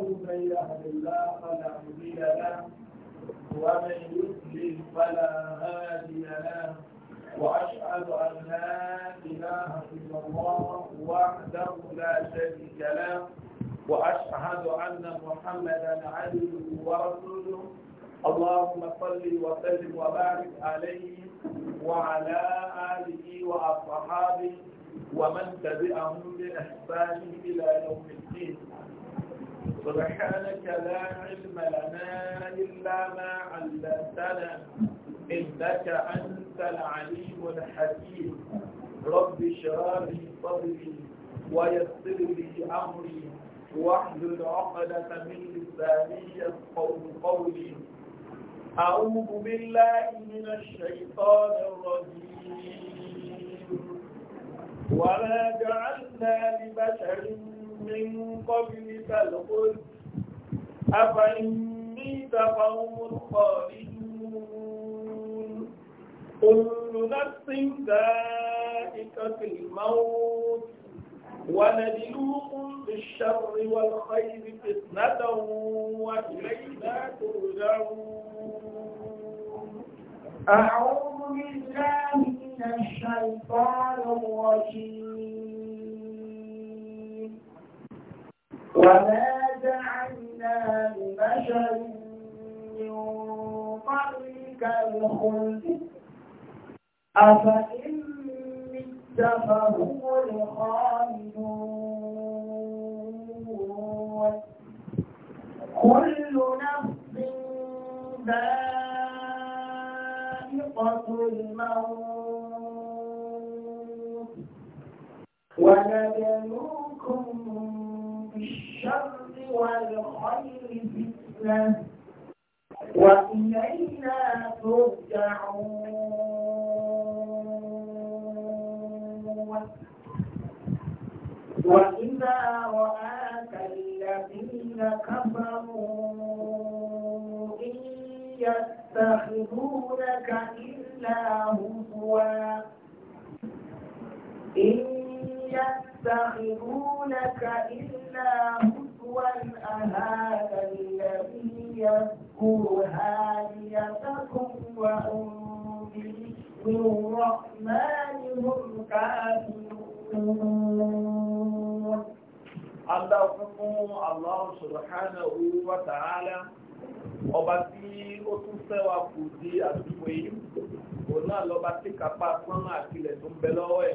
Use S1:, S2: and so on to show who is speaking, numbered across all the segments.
S1: من يهد الله فلا مضل له ومن يضلل فلا هادي له واشهد ان لا اله الا الله وحده لا شريك له واشهد ان محمدا عبده ورسوله اللهم صل وسلم وبارك عليه وعلى اله واصحابه ومن تبعهم باحسان الى يوم الدين سبحانك لا علم لنا إلا ما علمتنا إنك أنت العليم الحكيم رب اشرح لي صدري ويسر لي أمري واحلل عقدة من لساني يفقهوا قولي أعوذ بالله من الشيطان الرجيم وما جعلنا لبشر من قبلك الخلد أفإن ميت فهم الخالدون كل نفس ذائقة الموت ونبلوكم بالشر والخير فتنة وإلينا ترجعون
S2: أعوذ بالله من الشيطان الرجيم وما جعلنا لبشر من قبلك الخلد أفإن مت فهم الخالدون كل نفس ذائقة الموت ونبلوك الشر والخير فتنة وإلينا ترجعون وإذا رآك الذين كفروا إن يتخذونك إلا هزوا إن يتخذونك إلا هزوا أهذا الذي يذكر هاديتكم
S1: وهم
S2: بالرحمن هم كافرون
S1: Adáfúnfún Allah subhanahu wa ta'ala, ọba tí ó tún fẹ́wà kù di àdúgbò yìí, òun náà lọ́ba tí kápá pọ́nmà àtìlẹ̀ tó ń bẹ lọ́wọ́ ẹ̀.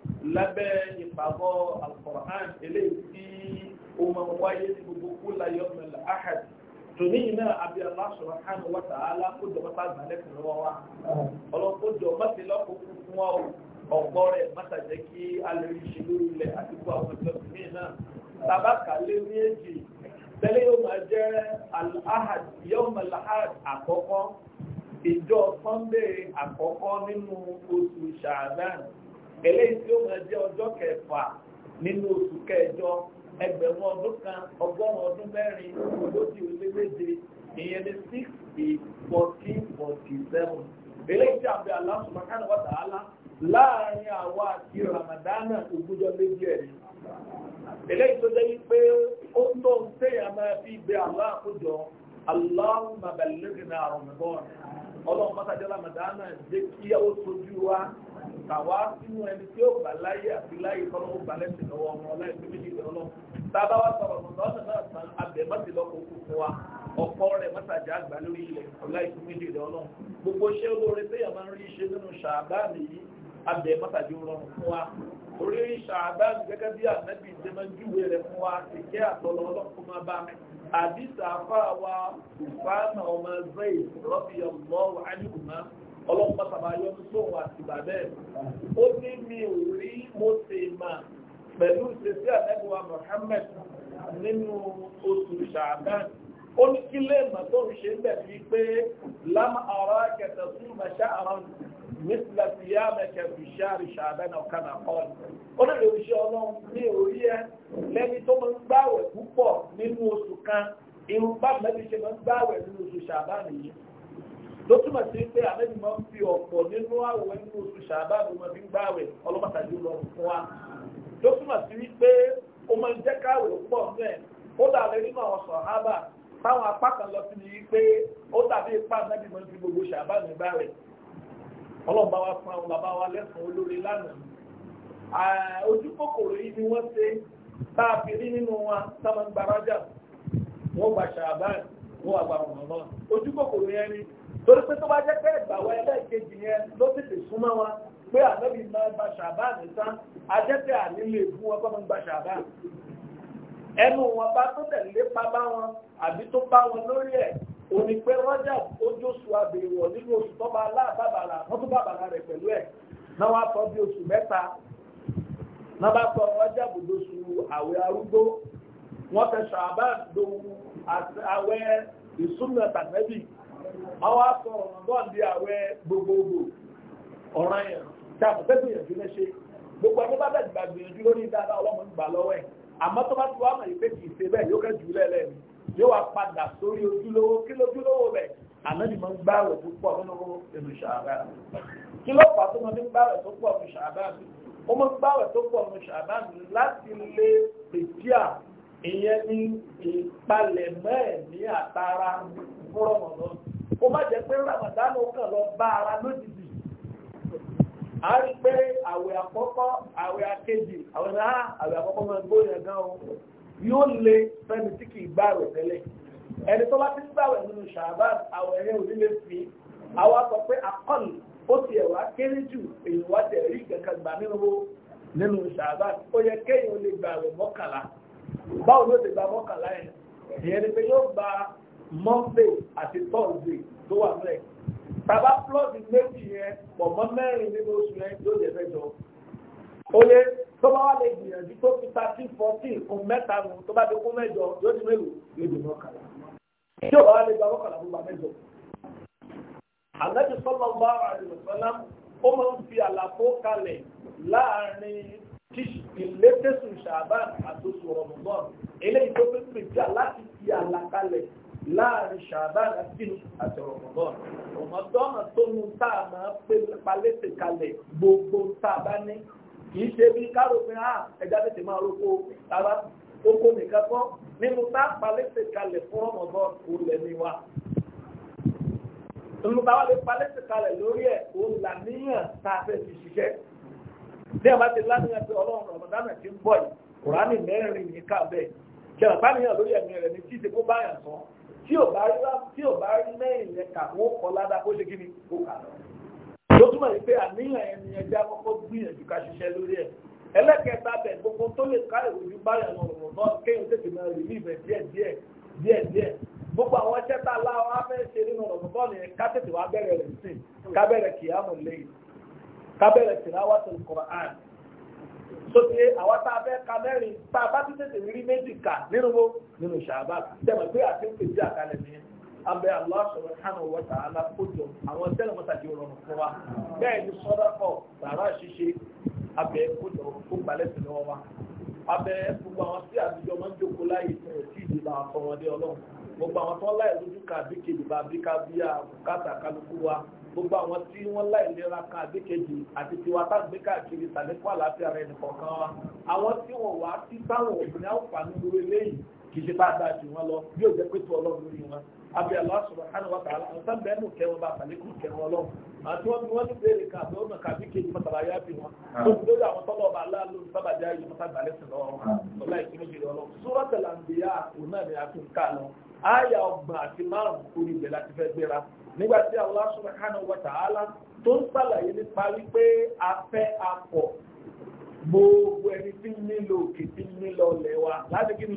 S1: lábẹ́ ìpàgọ́ alkọ̀rán eléyìí tí ó máa ń wáyé ní gbogbo kúlà yọmọlá ahad tòní iná àbí Allah subhanahu wa ta'ala kó jọ mọ́ta gbàlẹ́kùn lọ́wọ́ wa ọlọ́kó jọ mọ́tì lọ́kùnkùn fún wa ọ̀gbọ́ rẹ̀ mọ́tà jẹ́ kí alẹ́ ìṣe lórí ilẹ̀ àti kó àwọn ìjọsìn mí náà tàbákà lé ní èjì tẹ́lẹ̀ yóò máa jẹ́ ahad yọmọlá ahad àkọ́kọ́ ìjọ sunday àkọ́kọ́ nínú oṣù ṣàdánù eléyìí tí ó máa jẹ́ ọjọ́ kẹfà nínú oṣù kẹjọ ẹgbẹ̀rún ọdún kan ọgọ́rùn-ún ọdún mẹ́rin olóòtú olégbèdè ìyẹn ní six eight fourteen forty seven eléyìí tí àbí Allah subhanahu wa ta'ala láàrin àwa àti ramadana ogúnjọ́ méjì ẹ̀ ni eléyìí tó jẹ́ wípé ó ń tó ń tẹ̀yà máa fi gbé àlá àkójọ Allahumma ballighna Ramadan ọlọ́run pátá jẹ́ ramadana jẹ́ kí ó sojú wa gbà wá sínú ẹni tí ó gbà láyé àti láyé kọ́ lọ́wọ́ gbà lẹ́sìn lọ́wọ́ ọmọ ọláìsí méjì lọ́lọ́ tábà wá sọ̀rọ̀ lọ́nà náà san abẹ mọ́tì lọ́kọ̀ òkú fún wa ọ̀pọ̀ rẹ̀ mọ́tàjà àgbà lórí ilẹ̀ ọláìsí méjì lọ́lọ́ gbogbo iṣẹ́ olóore téèyàn máa ń rí iṣẹ́ nínú ṣàbáàmì yìí abẹ mọ́tàjà rọrùn fún wa orí ṣàbáàmì gẹ́gẹ́ bí ànábì ṣe máa ń júwe rẹ̀ fún wa ìkẹ́ àtọ́lọ́ ọlọ́kùnrin máa bá mi àdìsá àfáà wa ìfáàmà ọmọ zayd rọ́bì ọlọ́pàá sàbáyọ tó wà síbà bẹ́ẹ̀ ó ní mi ò rí mo ṣe mà pẹ̀lú ìṣesí àtẹ́gbẹ̀wá Muhammad nínú oṣù ṣàbán ó ní kí lè mà tó ń ṣe ń bẹ̀ fi pé lámà ọ̀rọ̀ kẹta sí màṣá àrùn mísìlá sí yá mẹ́kẹ́ fi ṣáàrì ṣàbán ọ̀kan àkọọ́lù ó ní ìròyìn ọlọ́run ní ló túmọ̀ sí pé àlejò máa ń fi ọ̀pọ̀ nínú àwẹ̀ nínú oṣù ṣàbá ló máa fi ń gbá àwẹ̀ ọlọ́pàtàdé lọ́rùn fún wa ló túmọ̀ sí wípé ó máa ń jẹ́ káwẹ̀ pọ̀ náà ó dà lé nínú àwọn sọ̀hábà táwọn apá kan lọ sí ni wípé ó dàbí ipá nábì máa ń fi gbogbo ṣàbá ní bá rẹ̀ ọlọ́ba wa fún àwọn bàbá wa lẹ́sùn olórí lánàá ojú kòkòrò yìí ni wọ́n ṣe bá a fi rí nínú wa sáwọn gbaraja wọ́n gbà ṣàbá wọ́n àgbà ọ̀nà náà ojú kòkòrò yẹn ni torí pé tó bá jẹ́ pé ìgbàwọ̀ ẹlẹ́ẹ̀kejì yẹn ló tètè súnmọ́ wọn pé ànábì máa gba ṣàbáàmì tán ajẹ́pẹ́ ànílé fún wọn kọ́mọ́ gba ṣàbáàmì ẹnu wọn bá tó tẹ̀lé pa bá wọn àbí tó bá wọn lórí ẹ̀ òní pé rọ́jà ojú oṣù àbẹ̀wọ̀ nínú oṣù tó bá aláàbàbàlà wọ́n tún bàbàlà rẹ̀ pẹ̀lú ẹ̀ náà wá sọ bí oṣù mẹ́ta náà bá sọ rọ́jà bùdó oṣù àwẹ̀ arúgbó wọ́n fẹ́ ṣàbáàmì lóhun àwẹ̀ ìsúnmọ̀ tàbẹ́bì àwọn aṣọ ọ̀rọ̀mọ̀gbọ́n di àwẹ̀ gbogbogbò ọ̀ràn yẹn tí a mọ̀ fẹ́ gbìyànjú lè ṣe gbogbo ẹni bá bẹ̀ gbà gbìyànjú lórí dáadáa ọlọ́mọ ìgbà lọ́wọ́ ẹ̀ àmọ́ tó bá ti wá mọ̀ ìpè kì í ṣe bẹ́ẹ̀ yóò kẹ́ jù lẹ́lẹ́ ni yóò wá padà sórí ojúlówó kí lójúlówó bẹ̀ àná ni mo ń gbá rẹ̀ púpọ̀ nínú inú ṣàbá kí ló fà tó mo ní gbá rẹ̀ tó pọ̀ nínú ṣàbá mi ó mo ń gbá rẹ̀ tó pọ̀ nínú ṣàbá mi láti lé pèjìà ìyẹn ní ìpalẹ̀mọ́ ẹ̀mí àtara fúrọ̀mọ̀lọ́sì kó má jẹ́ pé ramadan ó kàn lọ bá ara lójijì a rí pé àwẹ̀ àkọ́kọ́ àwẹ̀ àkejì àwẹ̀ náà àwẹ̀ àkọ́kọ́ máa gan o yóò lè fẹ́ni tí kì í gbà ẹni tó bá ti nínú yẹn ò fi àwọn sọ pé àkọlù ó ti ẹ̀wà kéré jù èyí wá tẹ̀ rí kankan gbà nínú nínú ṣàbán ó yẹ kéèyàn lè báwo ló monday àti thursday tó wà náà tàbá plọ́ọ̀dì méjì yẹn pọ̀ mọ́ mẹ́rin nínú oṣù yẹn yóò jẹ́ mẹ́jọ. oye tó bá wà lè gbìyànjú tó fi thirteen fourteen kún mẹ́ta nù tó bá dé kún mẹ́jọ yóò di mélòó yóò di mọ́kànlá. tí o bá wà lè gba mọ́kànlá fún wa mẹ́jọ. àlejò sọ́lọ́ bá àrùn sọ́lá ó máa ń fi àlàfo kalẹ̀ láàrin ìlétẹ̀sùn ṣàbá àtòsù ọ̀rọ̀ mọ́tò eléyìí tó fi pèjà láti fi àlàkalẹ̀ láàrin ṣàbáàlì àti àtọ̀rọ̀mọ̀dọ́n ọ̀mọ̀dọ́nà tó nu tá a máa pé palẹ́tì kalẹ̀ gbogbo tá a bá ní kìí ṣe bí káró pé á ah, ẹja tètè máa roko tara oko nìkan kọ́ nínú tá a palẹ́tì kalẹ̀ fún ọmọdọ́n kò lẹ̀ ní wa. nínú táwa lè palẹ́tì kalẹ̀ lórí ẹ̀ kò là níyàn tá a fẹ́ fi ṣiṣẹ́. bí a bá ti láníyàn pé ọlọ́run ọ̀mọ̀dánà ti ń bọ̀ yìí kùránì mẹ́rin ní káàbẹ̀ kẹ̀rọ̀pá tí ò bá rí tí ò bá rí mẹ́rin yẹn kà wọ́n kọ́ ládà ó ṣe kí ni ó kà lọ. tó túmọ̀ yìí pé àníyàn ẹni ẹja kọ́kọ́ gbìyànjú ká ṣiṣẹ́ lórí ẹ̀. ẹlẹ́kẹta bẹ̀ gbogbo tó lè ká ìròyìn báyọ̀ lọ rọ̀ náà kéyìn tètè máa rí ní ibẹ̀ díẹ̀ díẹ̀ díẹ̀ díẹ̀. gbogbo àwọn iṣẹ́ tá a lá wa fẹ́ ṣe nínú ọ̀rọ̀ bọ́ọ̀lù yẹn ká tètè wá bẹ̀rẹ̀ rẹ̀ sí ká bẹ̀rẹ̀ kìyàmù lẹ́yìn sókè àwọn tá a fẹ́ ka mẹ́rin tá a bá ti tètè rí méjì kà nínú wo nínú ṣàbá tẹ̀mọ̀ pé àti ń pèsè àkàlẹ̀ ní abẹ́ Allah subhanahu wa ta'ala kójọ àwọn tẹ́lẹ̀ mọ́tàkì rọrùn fún wa bẹ́ẹ̀ ni sọ́dọ̀ kọ̀ sàrà ṣíṣe abẹ́ kójọ fún gbalẹ̀ sí lọ́wọ́ wa abẹ́ gbogbo àwọn tí àbíjọ máa ń jókòó láyé tí ò tí ì gbogbo àwọn tó ń láì lójú kan àbíkejì bá àbíká bí i àbùkátà kálukú wa gbogbo àwọn tí wọ́n láì lera kan àbíkejì àti tiwa tá gbé káàkiri tàbí fún àlàáfíà rẹ̀ nìkan kan wa àwọn tí wọ́n wá sí sáwọn òbí ní àǹfààní lórí eléyìí kì í ṣe bá dáa jù wọn lọ bí ó jẹ́ pé tó ọlọ́run lórí wọn abẹ́ Allah subhanahu wa ta'ala àwọn sábẹ́ ẹnu kẹwọn bá àtàlékún kẹwọn ọlọ́run àti wọn bí wọn ah. ti béèrè ká àbẹ ọmọ kàbí kejì mọ́tàlá yá bí wọn tó ti lórí àwọn tọ́lọ̀ ọba aláàlú sábàjá yìí mọ́tàlá lẹ́sìn lọ́wọ́ wọn ọlá ìpínlẹ̀ jèrè ọlọ́run Suratul Anbiya òun náà ni a ń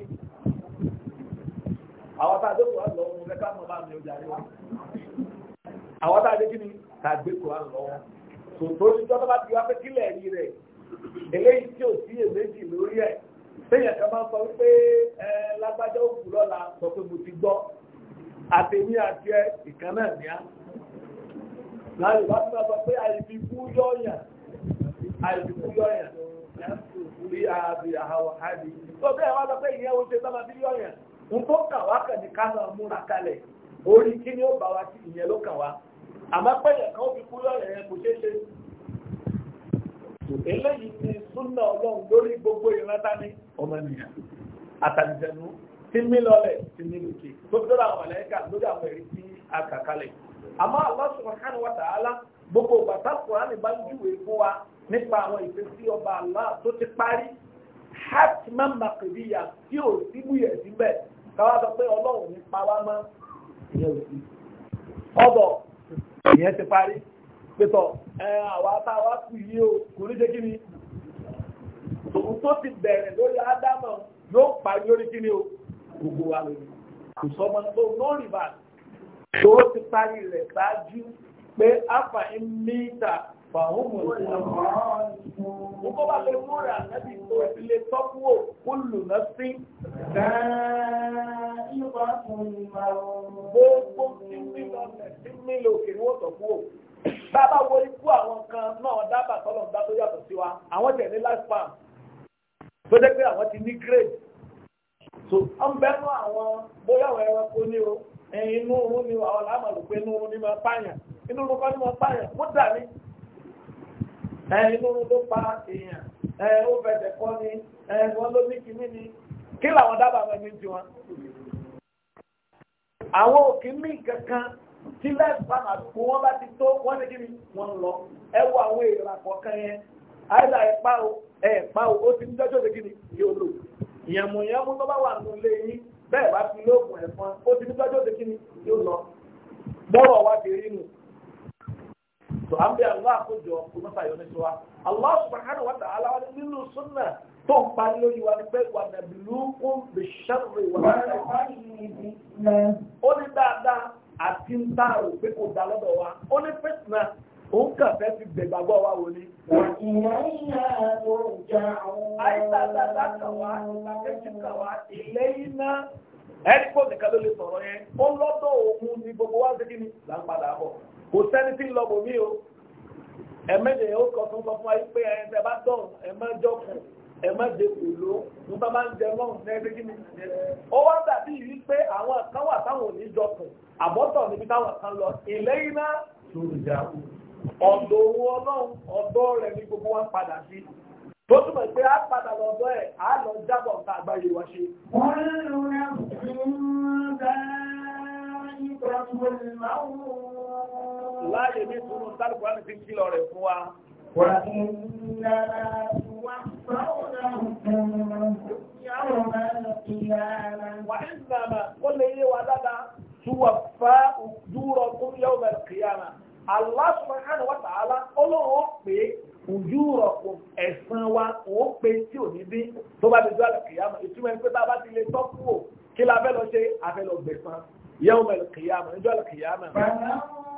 S1: àwọn tá a dé kòrán lọ́wọ́ wọn lẹ́ka mọ̀ bá mi ọjà rí wa àwọn tá a dé kíni tá a gbé kòrán lọ́wọ́ tòótọ́ ní tọ́lá bá ti wá pé kílẹ̀ rí rẹ̀ eléyìí tí ò sí èméjì lórí ẹ̀ sẹ́yìn kan máa ń sọ wípé ẹ lágbájá òkú lọ́la sọ pé mo ti gbọ́ àtẹ̀mí àti ẹ ìkan náà ní á láàrin bá tún sọ pé àìfi kú yọ̀yàn àìfi kú yọ̀yàn ní àbí àhàwọ̀ àdì tó bẹ́ẹ̀ wá sọ pé ìyẹn oṣù tó máa fi ń tó kàn wá kàn ní ká máa múra kalẹ̀ orí kí ni ó bá wa sí ìyẹn ló kàn wá àmọ́ pẹ̀yẹ̀ kan ó fi kú lọ́rẹ̀ yẹn kò ṣeé ṣe. eléyìí ni súnà ọlọ́run lórí gbogbo ìrántá ní ọmọnìyàn àtàlìjẹnu tí mí lọlẹ̀ tí mí lókè tó fi lọ́dọ̀ àwọn mọ̀lẹ́kà lórí àwọn ẹ̀rí tí a kà kalẹ̀. àmọ́ Allah subhanahu wa ta'ala gbogbo bàtà kùránì bá ń júwe fún wa nípa àwọn ìfésí ọba Allah tó ti parí hatman makiriya tí ò síbúyẹ̀ síbẹ̀ káwá sọ pé ọlọ́run ní pa wá mọ́ ìyẹn ò sí ọbọ̀ ìyẹn ti parí pẹ̀tọ̀ ẹ àwa tá a yìí o kò ní ṣe kí ni tòun tó ti bẹ̀rẹ̀ lórí ádámọ̀ yóò parí lórí kí ni o gbogbo wa lórí kò sọmọ tó lórí bá tó ti parí rẹ̀ ṣáájú pé àfàìmítà fàhùnmù
S2: ìlú
S1: kó bá lè múra nẹ́bí tó ilé tọ́kúwò kúlù náà sí. gbogbo tí mílò tí mílò òkè ni wọ́n tọ́kúwò. bàbá wo ikú àwọn kan náà dábàá tọ́lọ̀ ń dá tó yàtọ̀ sí wa àwọn jẹ̀ ní life farm tó jẹ́ pé àwọn ti ní grade. so wọ́n bẹ́nu àwọn bóyá àwọn ẹranko ní o inú oorun ni àwọn làmọ̀ rò pé inú oorun ni máa pààyàn inú oorun kan ni máa pààyàn kó dà ní inú ló pa èèyàn ó fẹsẹ̀ kọ́ ni wọ́n ló ní kìíní ni kí làwọn dábàá máa ní ju wọn. àwọn òkè mí kankan tí lẹ́sàn àdúgbò wọn bá ti tó wọ́n ní kíni wọ́n lọ ẹ wo àwọn èèyàn àkọ́kàn yẹn àìsàn ẹ̀pá o ẹ̀pá o ó ti ń jọ́jọ́ de kíni yóò lò yẹ̀mùyẹ̀mù tó bá wà nílé yín bẹ́ẹ̀ bá fi lóògùn ẹ̀fọn ó ti ń jọ́jọ́ de kíni yóò lọ bọ́rọ̀ wa ti rí nù so an bẹ àwọn àkójọ kòmọ́sá yọ ní tiwa Allah subhanahu wa ta'ala wa nínú súnà tó ń parí lórí wa ni pé wà nàbí lókun lè na wà náà ó ní dáadáa àti ń tá àrò pé kò dá lọ́dọ̀ wa ó ní fẹ́tìnà òun kàn fẹ́ fi gbẹ̀gbàgbọ́ wa wò ni. àìsà dáadáa kàn wá ìlàkejì kàn wá ìlẹ́yìn náà ẹni kó nìkan ló lè sọ̀rọ̀ yẹn ó lọ́dọ̀ òun ni gbogbo wa ń ṣe kí ni là ń padà bọ̀ kò sẹ́ni tí ń lọ bò mí o ẹ̀mẹ́jẹ̀ yẹn ó kọ fún fún ayé pé ẹ̀yẹn tẹ́ bá dọ̀n ẹ̀mẹ́jọ́kùn ẹ̀mẹ́jẹ̀kùn ló ń bá máa ń jẹ lọ́rùn lẹ́gbẹ́ kí ni. ó wá dàbí yìí pé àwọn kan wà táwọn ò ní jọkùn àbọ̀tọ̀ níbi táwọn kan lọ ìlẹ́yìn náà lórí ìjà ọ̀dọ̀ owó ọlọ́run ọ̀dọ̀ rẹ̀ ní gbogbo wa padà sí tó túmọ̀ pé a padà lọ́dọ̀ ẹ̀ á lọ jábọ̀ nǹkan àgbáyé wa ṣe. wọ́n lù láàyè ní túnú tálùkù láti fi kílọ̀ rẹ̀ fún wa. Wà ní ìlànà wà sáwọ́nà
S2: ìyàwó máa ń
S1: fi ara. Wà ní ìlànà ó lè yé wa dáadáa tí wà fá dúró fún yóò bẹ̀rẹ̀ kìyàmà. Allah subhanahu wa ta'ala olóhùn ó pè é ojú ẹ̀sán wa ó pè tí ò ní dín tó bá ti dúró àlẹ́ kìyàmà ìtumọ̀ ẹni pé tá a bá ti lè tọ́ kúrò kí la fẹ́ lọ ṣe àfẹ́ lọ gbẹ̀sán yóò bẹ̀rẹ̀ kìyàmà níjọ́ àlẹ́ kìyàmà.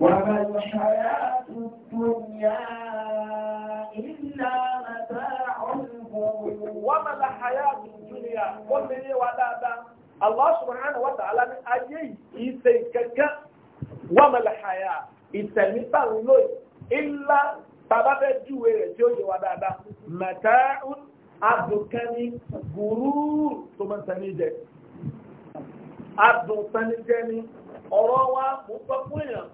S1: وما الحياة الدنيا إلا متاع وما الحياة الدنيا قل لي ولا Allah subhanahu wa ta'ala ní ayé ìṣe kankan wọ́n mẹ́lẹ̀háyà ìtẹ̀mítà ń lò ìlà bàbá fẹ́ júwe rẹ̀ tí ó yẹ wa dáadáa mẹ́tẹ́rún adùnkẹ́ni gùrúùrù tó máa ń tẹ́ni jẹ. adùnkẹ́ni jẹ́ni ọ̀rọ̀ wa mú pẹ́ fún èèyàn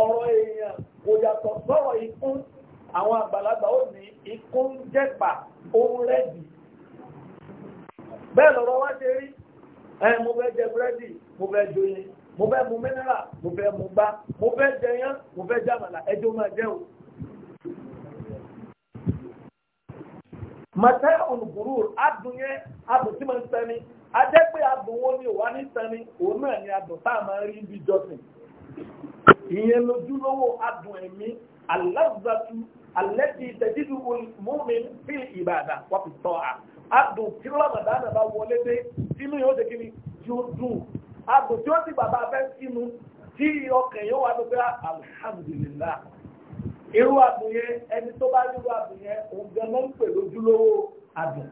S1: ọ̀rọ̀ èèyàn kò yàtọ̀ sọ́rọ̀ ikún àwọn àgbàlagbà ó ní ikún jẹ́pà ohun rẹ́dì bẹ́ẹ̀ lọ́rọ̀ wá ṣe rí ẹ mo fẹ́ jẹ búrẹ́dì mo fẹ́ joyin mo fẹ́ mu mineral mo fẹ́ mu gbá mo fẹ́ jẹ jẹyán mo fẹ́ jàmàlà ẹjọ́ máa jẹ́ o. mọ̀tẹ́ ònùgbùrù adùn yẹn adùn tí mo ń sẹ́ni ajẹ́ pé adùn wo ni òwa ní sẹ́ni òun náà ni adùn tá a máa rí bí jọ́sìn. ìyẹn lójúlówó adùn ẹ̀mí aláàzàtú alẹ́tì ìtẹ̀jídù mọ́min fi ìbàdà wàfi tọ́ a adùn tí Ramadan bá wọlé dé sínú yóò o ni tí ó dùn adùn tí ó ti bàbá fẹ́ sínú tí ọkàn yóò wá lópe irú adùn yẹn ẹni tó bá rí irú adùn yẹn òun gan ló ń pè lójúlówó adùn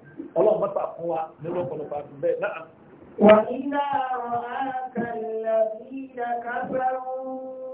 S1: fún wa nínú ọ̀pọ̀lọpọ̀ adùn bẹ́ẹ̀ náà.
S2: وإذا رآك الذين كفروا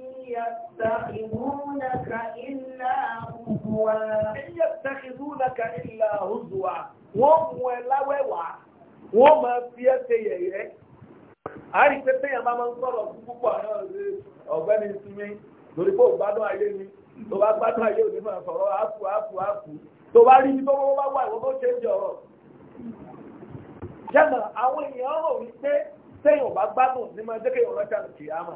S1: يتخذونك إلا هزوا إن يتخذونك إلا هزوا wọ́n mú ẹ láwẹ́wà wọ́n máa fi ẹ́ ṣe yẹ̀yẹ́ àárí pé téèyàn máa ń sọ̀rọ̀ fún púpọ̀ náà ṣe ọ̀gbẹ́ni sinmi lórí pé ògbádùn ayé ni tó bá gbádùn ayé òní máa sọ̀rọ̀ àpù àpù àpù tó bá rí ibi tó bá wà ìwọ́n tó ṣe ń jọ̀rọ̀. jẹ́nà àwọn èèyàn rò wípé téèyàn bá gbádùn ní máa jẹ́ kéèyàn rọ́ṣà kìí àmà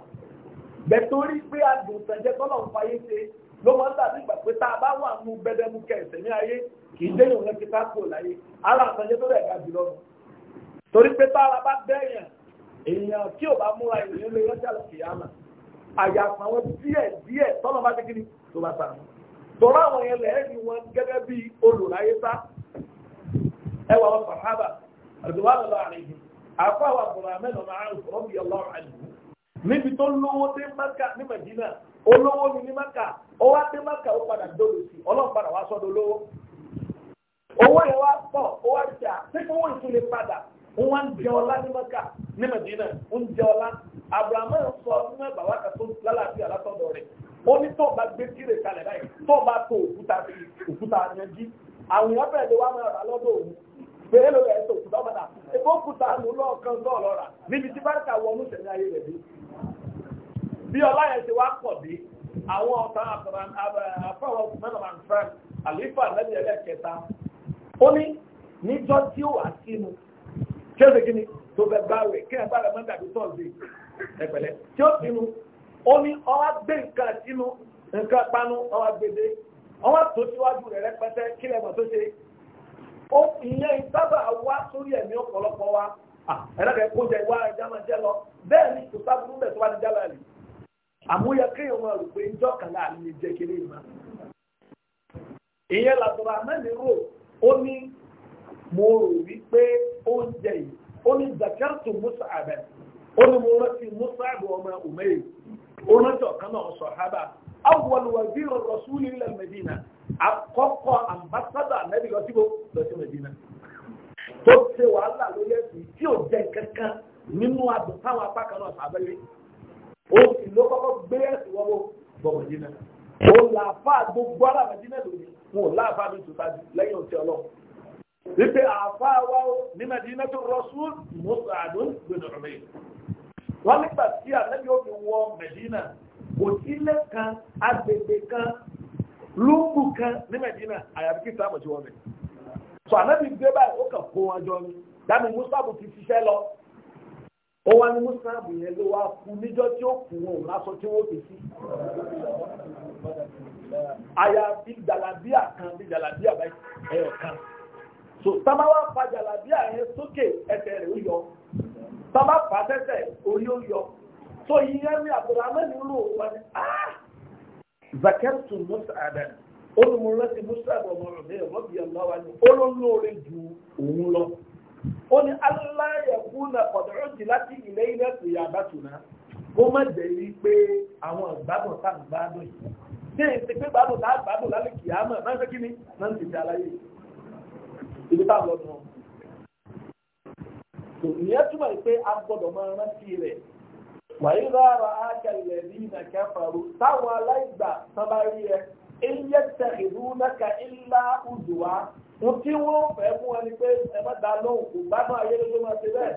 S1: bẹ̀tórí pé àgùntàn jẹ́ tọ́lọ̀ ń fayé ṣe ló máa ń dàbí ìgbà pé tá a bá wà mú bẹ́dẹ́mú kẹsẹ̀ ní ayé kì í déyìn òun ti káàkó láyé ara àtànjẹ tó dẹ̀ ga jùlọ nù. torí pé tára bá bẹ́yàn èèyàn tí ò bá múra èèyàn lè rọ́jà lọ kì í àmà àyàfà wọn díẹ̀ díẹ̀ tọ́lọ̀ bá kékeré tó bá sàmù. tọ́lá àwọn yẹn lẹ́ẹ̀rí wọn gẹ́gẹ́ bí olùráyé sá ẹwà wọn sàhábà àdùnnú wà lọ́wọ́ àrègbè àfọwọ́ àbùrọ̀ àmẹ́lọ́mọ́ àrùn níbi tó lówó dé mẹ́kà ní mẹ́dínà olówó ni ní mẹ́kà ó wá dé mẹ́kà ó padà dóòlù sí ọlọ́run padà wá sọ́dọ̀ olówó owó yẹn wá pọ̀ ó wá jà pé kí owó ìtúlẹ̀ padà wọ́n wá ń jẹ ọlá ní mẹ́kà ní mẹ́dínà ń jẹ ọlá abrahamu sọ nínú ẹgbà wá kàtó lálàáfíà látọ̀dọ̀ rẹ̀ ó ní tó bá gbé kíre kalẹ̀ báyìí tó bá tó òkúta òkúta yanjú àwọn èèyàn bẹ̀rẹ̀ lè máa rà lọ́dọ̀ òun pé èlò ẹ̀ tó òkúta ọ̀bàdà èkó òkúta àlùlọ́ kan tó ọ̀lọ́ra níbi tí bá bí ọláyẹ ti wá pọ̀ dé àwọn ọ̀tá àfọwọ́ mẹ́lọ̀ and frank àlífà lẹ́nu ẹlẹ́kẹta ó ní níjọ́ tí ó wà sínú kí ó ṣe kí ni tó fẹ́ bá rẹ̀ kí ẹ bá rẹ̀ mọ́ndà bí tọ́sí ẹ̀pẹ̀lẹ́ tí ó sínú ó ní ọwá gbé nǹkan sínú nǹkan panu ọwá gbèdé ọwá tó síwájú rẹ̀ rẹpẹtẹ kí lẹ́mọ̀ tó ṣe ó ìyẹn sábà wá sórí ẹ̀mí ọ̀pọ̀lọpọ̀ wa ẹ̀rẹ́dẹ̀ẹ́ kó jẹ ìwà ẹja máa jẹ lọ bẹ́ẹ̀ ni kò sábà àmúyẹ kéèyàn wọn rò pé njọ́ kan náà ní kiri ìmọ̀. ìyẹn làtọ̀rọ̀ àmẹ́ni rò ó ní mo rò wípé oúnjẹ yìí ó ní zakartu musa abẹ ó ní mo rántí musa abẹ ọmọ ó rántí ọ̀kan náà sọ hábà awwal wazir rasuli ilẹ̀ medina àkọ́kọ́ ambassador anabi lọ síbo lọ sí medina tó ṣe wàhálà lórí tí ò jẹ kankan nínú apá kan náà ó sì ló kọ́kọ́ gbé ẹ̀sìn wọ́wọ́ bọ̀bọ̀ jìnnà ó làáfà gbogbo alábà jìnnà lónìí wọn ò láàfà mi tó ta lẹ́yìn òtí ọlọ́run wípé àáfà wa ó ní Madina tó Rasul Musa àdún gbẹdọ̀ rẹ̀ wọ́n nígbà tí àtẹ́bí ó fi wọ Madina kò sí lẹ́kan agbègbè kan lóńgù kan ní Madina àyàfi kí sáà mọ̀ sí wọn bẹ̀. sọ ànábì gbé báyìí ó kàn kó wọn jọ ní dáàbò Musa bò ti ṣiṣẹ́ lọ ó wá ní mùsùlùmí yẹn ló wá kú níjọ́ tí ó kù wọn ò lásọ tí wọ́n fi sí. àyàfi jàlábíà kan bí jàlábíà báyìí ẹyọ kan so tábà wá fa jàlábíà yẹn sókè ẹsẹ̀ rẹ̀ ó yọ tábà fà sẹ́sẹ̀ orí ó yọ so ìyẹn ní abdulhamid ló wà ní zakẹ́tù mùsàdàn olùmọ̀rẹ́sì mùsàdàn ọmọ rẹ̀ bẹ́ẹ̀ rọ́bì ẹ̀ lọ́wọ́ ni ó ló lóore ju òun lọ. ó ní aláyẹ̀kú na ọ̀dọ̀rọ̀ jì láti ilé ilé ẹ̀sìn ìyá àbátúná kó má jẹ́ pé àwọn ìgbádùn tá à ń gbádùn yìí ṣé èsì pé gbádùn tá à ń gbádùn lálẹ́ kìí àmọ́ kí ni ń tètè tá lọ nù. tò ìyẹn túmọ̀ pé a gbọ́dọ̀ máa rántí rẹ̀ wàyí rárá ilẹ̀ ní Ohun tí wọ́n fẹ́ mú ẹni pé ẹ má dá lóhùn kò gbádùn ayé lójú máa ṣe bẹ́ẹ̀.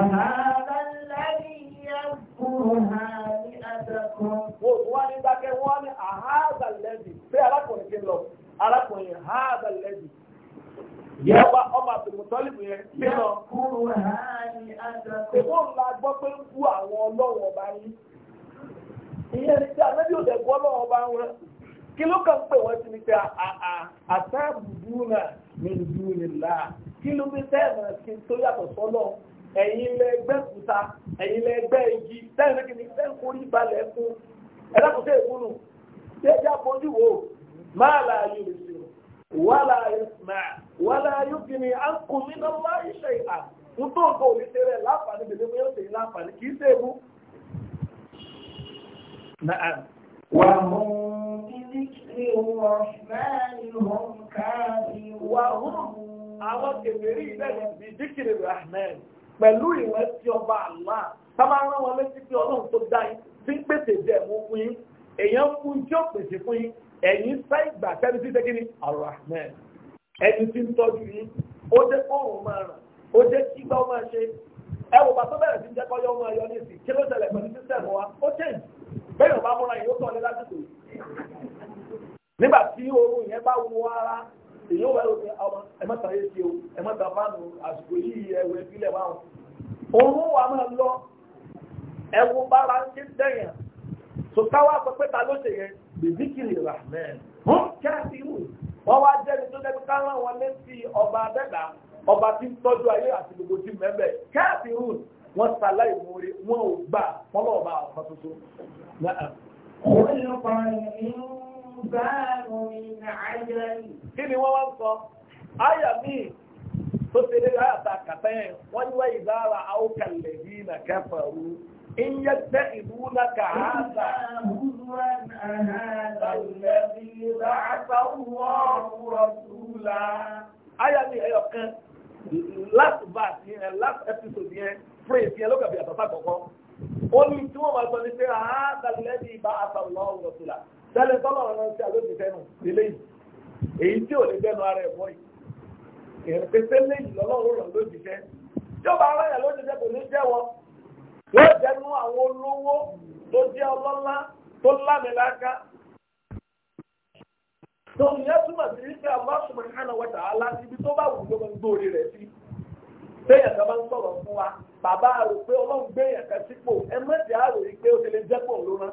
S1: Àhàbá láyé yẹ kúrò hà ní àdàkùn. Wọ́n wá ní dákẹ́ wọ́n ní àhàbá lẹ́dì. Ṣé arákùnrin kí n lọ? Arákùnrin àhàbá lẹ́dì. Yẹ́wà ọmọ àtùmùtọ́lìmù yẹn kí n lọ. Yẹ kúrò hà ní àdàkùn. Ṣèwọ́n la gbọ́ pé ń kú àwọn ọlọ́wọ̀ ọba yín. Ìyẹn ni tí kí ló kàn pé wọ́n ti ní pé àtàbùdúnà min dunillah kí ló fi sẹ́ẹ̀mọ̀ sí tó yàtọ̀ sọ́lọ́ ẹ̀yin lẹ́gbẹ́ kúta ẹ̀yin lẹ́gbẹ́ igi tẹ́lẹ̀ kí ni ẹ̀ ń forí balẹ̀ fún ẹ̀dá kò tẹ́ ìkúnnù tí ẹ já bójú wo máa là yóò ṣe wàlà yasma wàlà yóò fi ni à ń kún mí náà láì ṣe ìhà ń tó nǹkan òní ṣe rẹ̀ láǹfààní bèbè mi yóò ṣe láǹfààní kì í ṣe é mú ذكر الرحمن هم كافرون وهم àwọn kèfèrí ilẹ̀ ìdíkiri rahman pẹ̀lú ìwé tí ọba àlá sábà rán wọn létí pé ọlọ́run tó dá yín tí ń pèsè jẹ́ mú fún yín èèyàn fún tí ó pèsè fún yín ẹ̀yin sá ìgbà tẹ́lẹ̀ sí tẹ́kínní arahman ẹni tí ń tọ́jú yín ó jẹ́ kóòrùn máa ràn ó jẹ́ kí gbọ́ máa ṣe ẹ wò bàtọ́ bẹ̀rẹ̀ sí jẹ́ kọ́yọ́ máa yọ ní ìsìn kí ló ṣẹlẹ̀ pẹ̀lú sísẹ̀mù wa ó change bẹ́ẹ̀ ò bá múra yìí ó tọ̀ nígbà tí oorun yẹn bá wọ ara èyí ó wà lóde ọmọ ẹ mọ́ta yé ti o ẹ mọ́ta fáànù àsìkò yìí ẹ̀wẹ̀ ìbílẹ̀ wà wọn. oorun wa máa lọ ẹ̀wù bára ń ké dẹ̀yàn sọ̀tàwá sọ ta ló ṣe yẹn bèbíkìlì rahman hàn kí á ti wù wọ́n wá jẹ́ni tó dẹ́bi ká rán wọn létí ọba adẹ́gbà ọba tí ń tọ́jú ayé àti gbogbo tí mẹ́bẹ̀ kí á ti wù wọ́n ṣàlàyé wọn ò gbà wọ́n lọ́ọ́ bá ọ̀kan tuntun
S2: rúgbàánù ìrìnàjẹ́
S1: kí ni wọ́n wá sọ ayà míì tó ṣe lé láàtà kàtẹ́yìn wọ́n ní wáyé dára àókàlẹ̀ bí nà kẹfàrú in yẹ tẹ́ ìlú lákà áta ayà míì ẹyọ kan last verse yẹn last episode yẹn phrase yẹn ló àtàtà kọ̀ọ̀kan ó ní tí wọ́n máa sọ ní pé àádàlẹ́bí bá àtàlọ́ ọ̀rọ̀ tẹ́lẹ̀ tọ́lọ̀ ọ̀rọ̀ sí àlójì fẹ́nu lélẹ́ yìí èyí tí ò lè gbẹ́nu ara ẹ̀ bọ́ yìí èèyàn pé tẹ́lẹ̀ yìí lọ́lọ́run rọ̀ lójì fẹ́ tí ó bá ara lójì fẹ́ kò ní jẹnu àwọn olówó tó jẹ́ ọlọ́lá tó tó túmọ̀ sí wípé ibi tó bá ń gbòòrè rẹ̀ sí kan bá bàbá ọlọ́run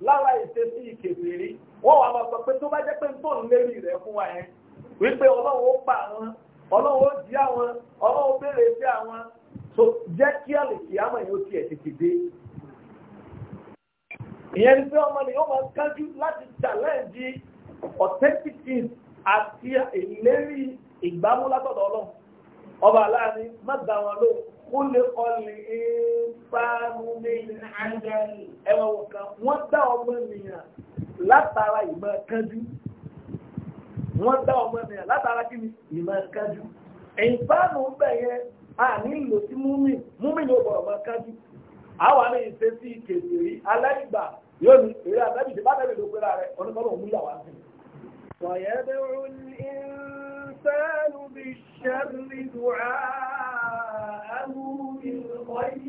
S1: lára ìṣesí ìkèfèrí wọ́n wà máa sọ pé tó bá jẹ́ pé tó ń lérí rẹ̀ fún wa yẹn wípé ọlọ́run ó pa àwọn ọlọ́run ó jí àwọn ọlọ́run ó béèrè sí àwọn tó jẹ́ kí àlèkè àmọ̀ yóò tiẹ̀ tètè dé. ìyẹn ni pé ọmọ nìyẹn máa kájú láti challenge authentic àti ìlérí ìgbámú ọlọ́run ọba aláàánú má dá wọn lóhùn kúlẹ̀kọ́ lè báàrù lẹ́yìn àjẹ́rì ẹwọ̀n kan wọ́n dá ọmọ ènìyàn látara ìmọ̀ kánjú wọ́n dá ọmọ ènìyàn látara kí ni ìmọ̀ kánjú ẹ̀yìn báàrù ń bẹ̀ yẹn a nílò sí múmi múmi ni ó bọ̀ ọmọ kánjú àwọn àmì ìṣe sí kèsìrí aláìgbà yóò
S2: الإنسان بالشر دعاءه بالخير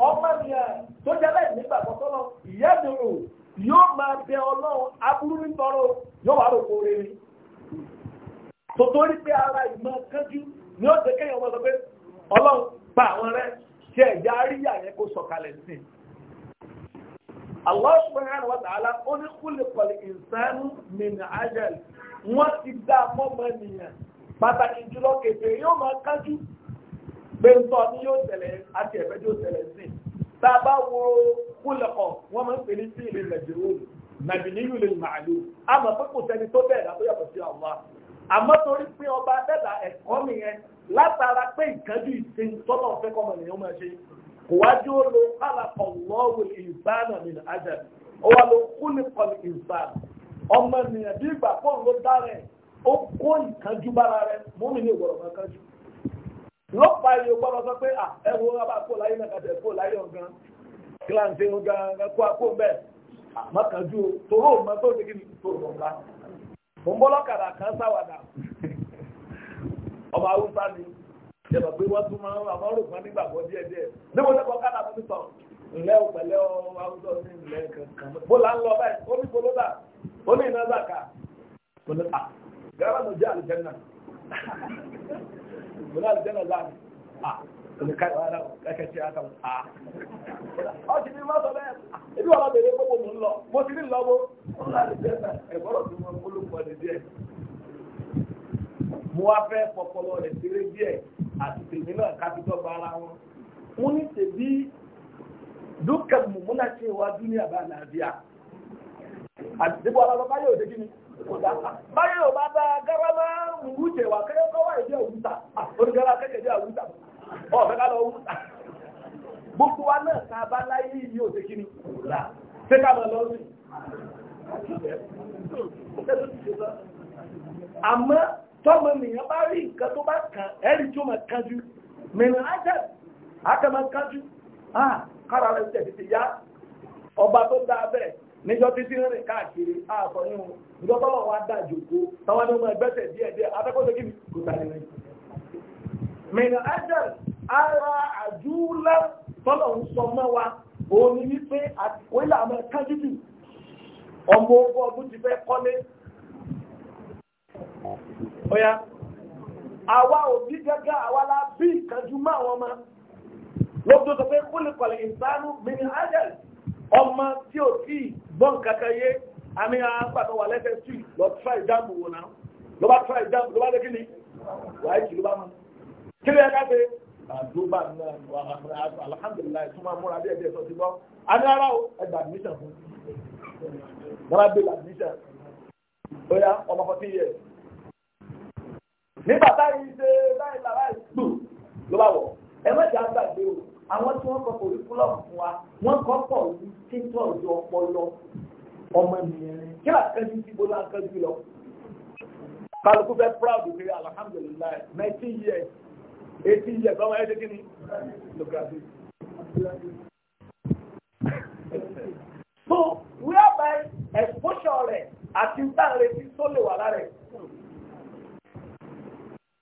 S2: ọmọ
S1: ènìyàn tó jẹ́lẹ̀ nígbà kọ́kọ́lọ́ ìyẹ́dùrù yóò máa bẹ ọlọ́run aburú ń tọrọ yóò wà rògbò rere tó torí pé ara ìmọ̀ kánjú ni ó tẹ́kẹ́ yẹn wọ́n sọ pé ọlọ́run pa àwọn rẹ ṣe ẹ̀já àríyá yẹn kó sọ̀kalẹ̀ sí i Allah subhanahu wa ta'ala ó ní kúlẹ̀kọ̀lẹ̀ ìsánú min ajal wọ́n ti dá mọ́mọ́ nìyẹn pàtàkì jùlọ kèfè yóò máa kájú pé ń tọ́ ni yóò tẹ̀lé àti ẹ̀fẹ́ yóò tẹ̀lé sí tá a bá wo kúlẹ̀kọ̀ wọ́n máa ń pè ní fíìlì nàìjíríà nàbìníyù lè màálù àmọ́ pé kò sẹ́ni tó bẹ̀rẹ̀ àbúyà kò sí àwọn àmọ́ torí pé ọba dẹ́là ẹ̀kọ́ nìyẹn látara pé ìkájú ìsìn tọ́lọ̀ fẹ́ kọ́ mọ̀nìyàn máa ṣe kò wá jó lo kálàkọ̀ lọ́wọ́ ìbáná mi àjẹ́ ó lo kúlẹ̀kọ̀ ìbáná ọmọ nìyẹn bí ìgbà fóun ló dára ẹ̀ o kó ìkánjú bára rẹ̀ mọ́mí ní ìwọ̀rọ̀ kan kánjú lọ́pàá yìí ó gbọ́dọ̀ sọ pé à ẹ wo rábà kó láyé náà kàtẹ́ kó láyé ọ̀gán kíláǹtì ọ̀gán kó àpò bẹ́ẹ̀ àmọ́kànjú toró òmọ tó ti kí ni tó lọ́ka mo ń bọ́lọ́kadà kan sáwàdà ọmọ haúsá ni ìjọba pé wọ́n tún máa ń nígbàgbọ́ díẹ̀ díẹ̀ níbo ní kọ́ mi sọ ǹlẹ́ gara mu je aljanna muna aljanna za mu a kuma kai wa na kaka ce aka a o ti ni ma so be ibi wa be re ko mo nlo mo ti ni lo mo muna aljanna e gboro ti mo kulu mo de díẹ̀ mo wá fẹ́ pọpọlọ rẹ̀ séré díẹ̀ àti tèmi náà ká fi dọ́gba ara wọn mo ní tèmi dukkan mu muna cewa duniya ba lafiya a duk wani ba yau da gini báyìí ò bá bá garama wù jẹ̀wà kẹ́kẹ́ kọ́ wáyé jẹ́ òwúta onígbàlá kẹ́kẹ́ jẹ́ òwúta ọ̀fẹ́ ká lọ òwúta gbogbo wa náà ká bá láyé yìí ò tẹ́kí ni là ṣé ká máa lọ sí àmọ́ tọ́mọ nìyẹn bá rí nǹkan tó bá kàn ẹ́rì tí ó máa kanjú mìíràn ájẹ́ àkàmọ́ kanjú kára rẹ̀ tẹ̀ yá ọba tó dáa bẹ́ẹ̀ níjọ́ títí rìn káàkiri ààbọ̀ ní ohun ìjọ tọ́lọ̀ wa dá jòkó táwọn ọmọ ẹgbẹ́sẹ̀ díẹ̀ díẹ̀ afẹ́kọ́sẹ́ kí kò tàbí rìn. mìnà ájẹ́l ara àjúlẹ̀ tọ́lọ̀ ń sọ mọ́ wa òun ni wípé àtìkóyìlà àmọ́ kájíbì ọmọ ogún ọdún ti fẹ́ kọ́lé. ọ̀yà àwa òbí gẹ́gẹ́ àwa la bí ìkanjú mọ́ àwọn ọmọ lóòótọ́ sọ pé kúlìkọ̀lì ìsánú mìnà ájẹ́l ọmọ tí ò tí bọ́n kankan yé àmì àgbàtọ̀ wà lẹ́sẹ̀ sí lọ tíra ìdáàbò wò náà ló bá tíra ìdáàbò ló bá lé kíni wàá jì ló bá mọ kí ló yẹ ká ṣe àdúgbà náà alhamdulilayi tó máa múra díẹ̀ díẹ̀ sọ ti bọ́ àmì ara o ẹgbà admission fún mọ́ra bẹ́ẹ̀ admission ó yá ọmọ fourteen years nígbà táyì ṣe báyìí làbáyìí gbù ló bá wọ̀ ẹ mẹ́ta gbàgbé o àwọn tí wọ́n kọ́ pọ̀ curriculum fún wa wọ́n kọ́ pọ̀ ní títọ́ ọ̀dọ́ ọpọlọ ọmọ ènìyàn rẹ̀ kí àkànjú ti bọ́lá àkànjú lọ. kálukú fẹ́ proud pé alhamdulilayi nineteen years eighteen years ọmọ ẹ̀ṣẹ̀ kí ni lọ́gàdì. so whereby exposure rẹ̀ àti ntàrẹ̀sí tó lè wà lára ẹ̀.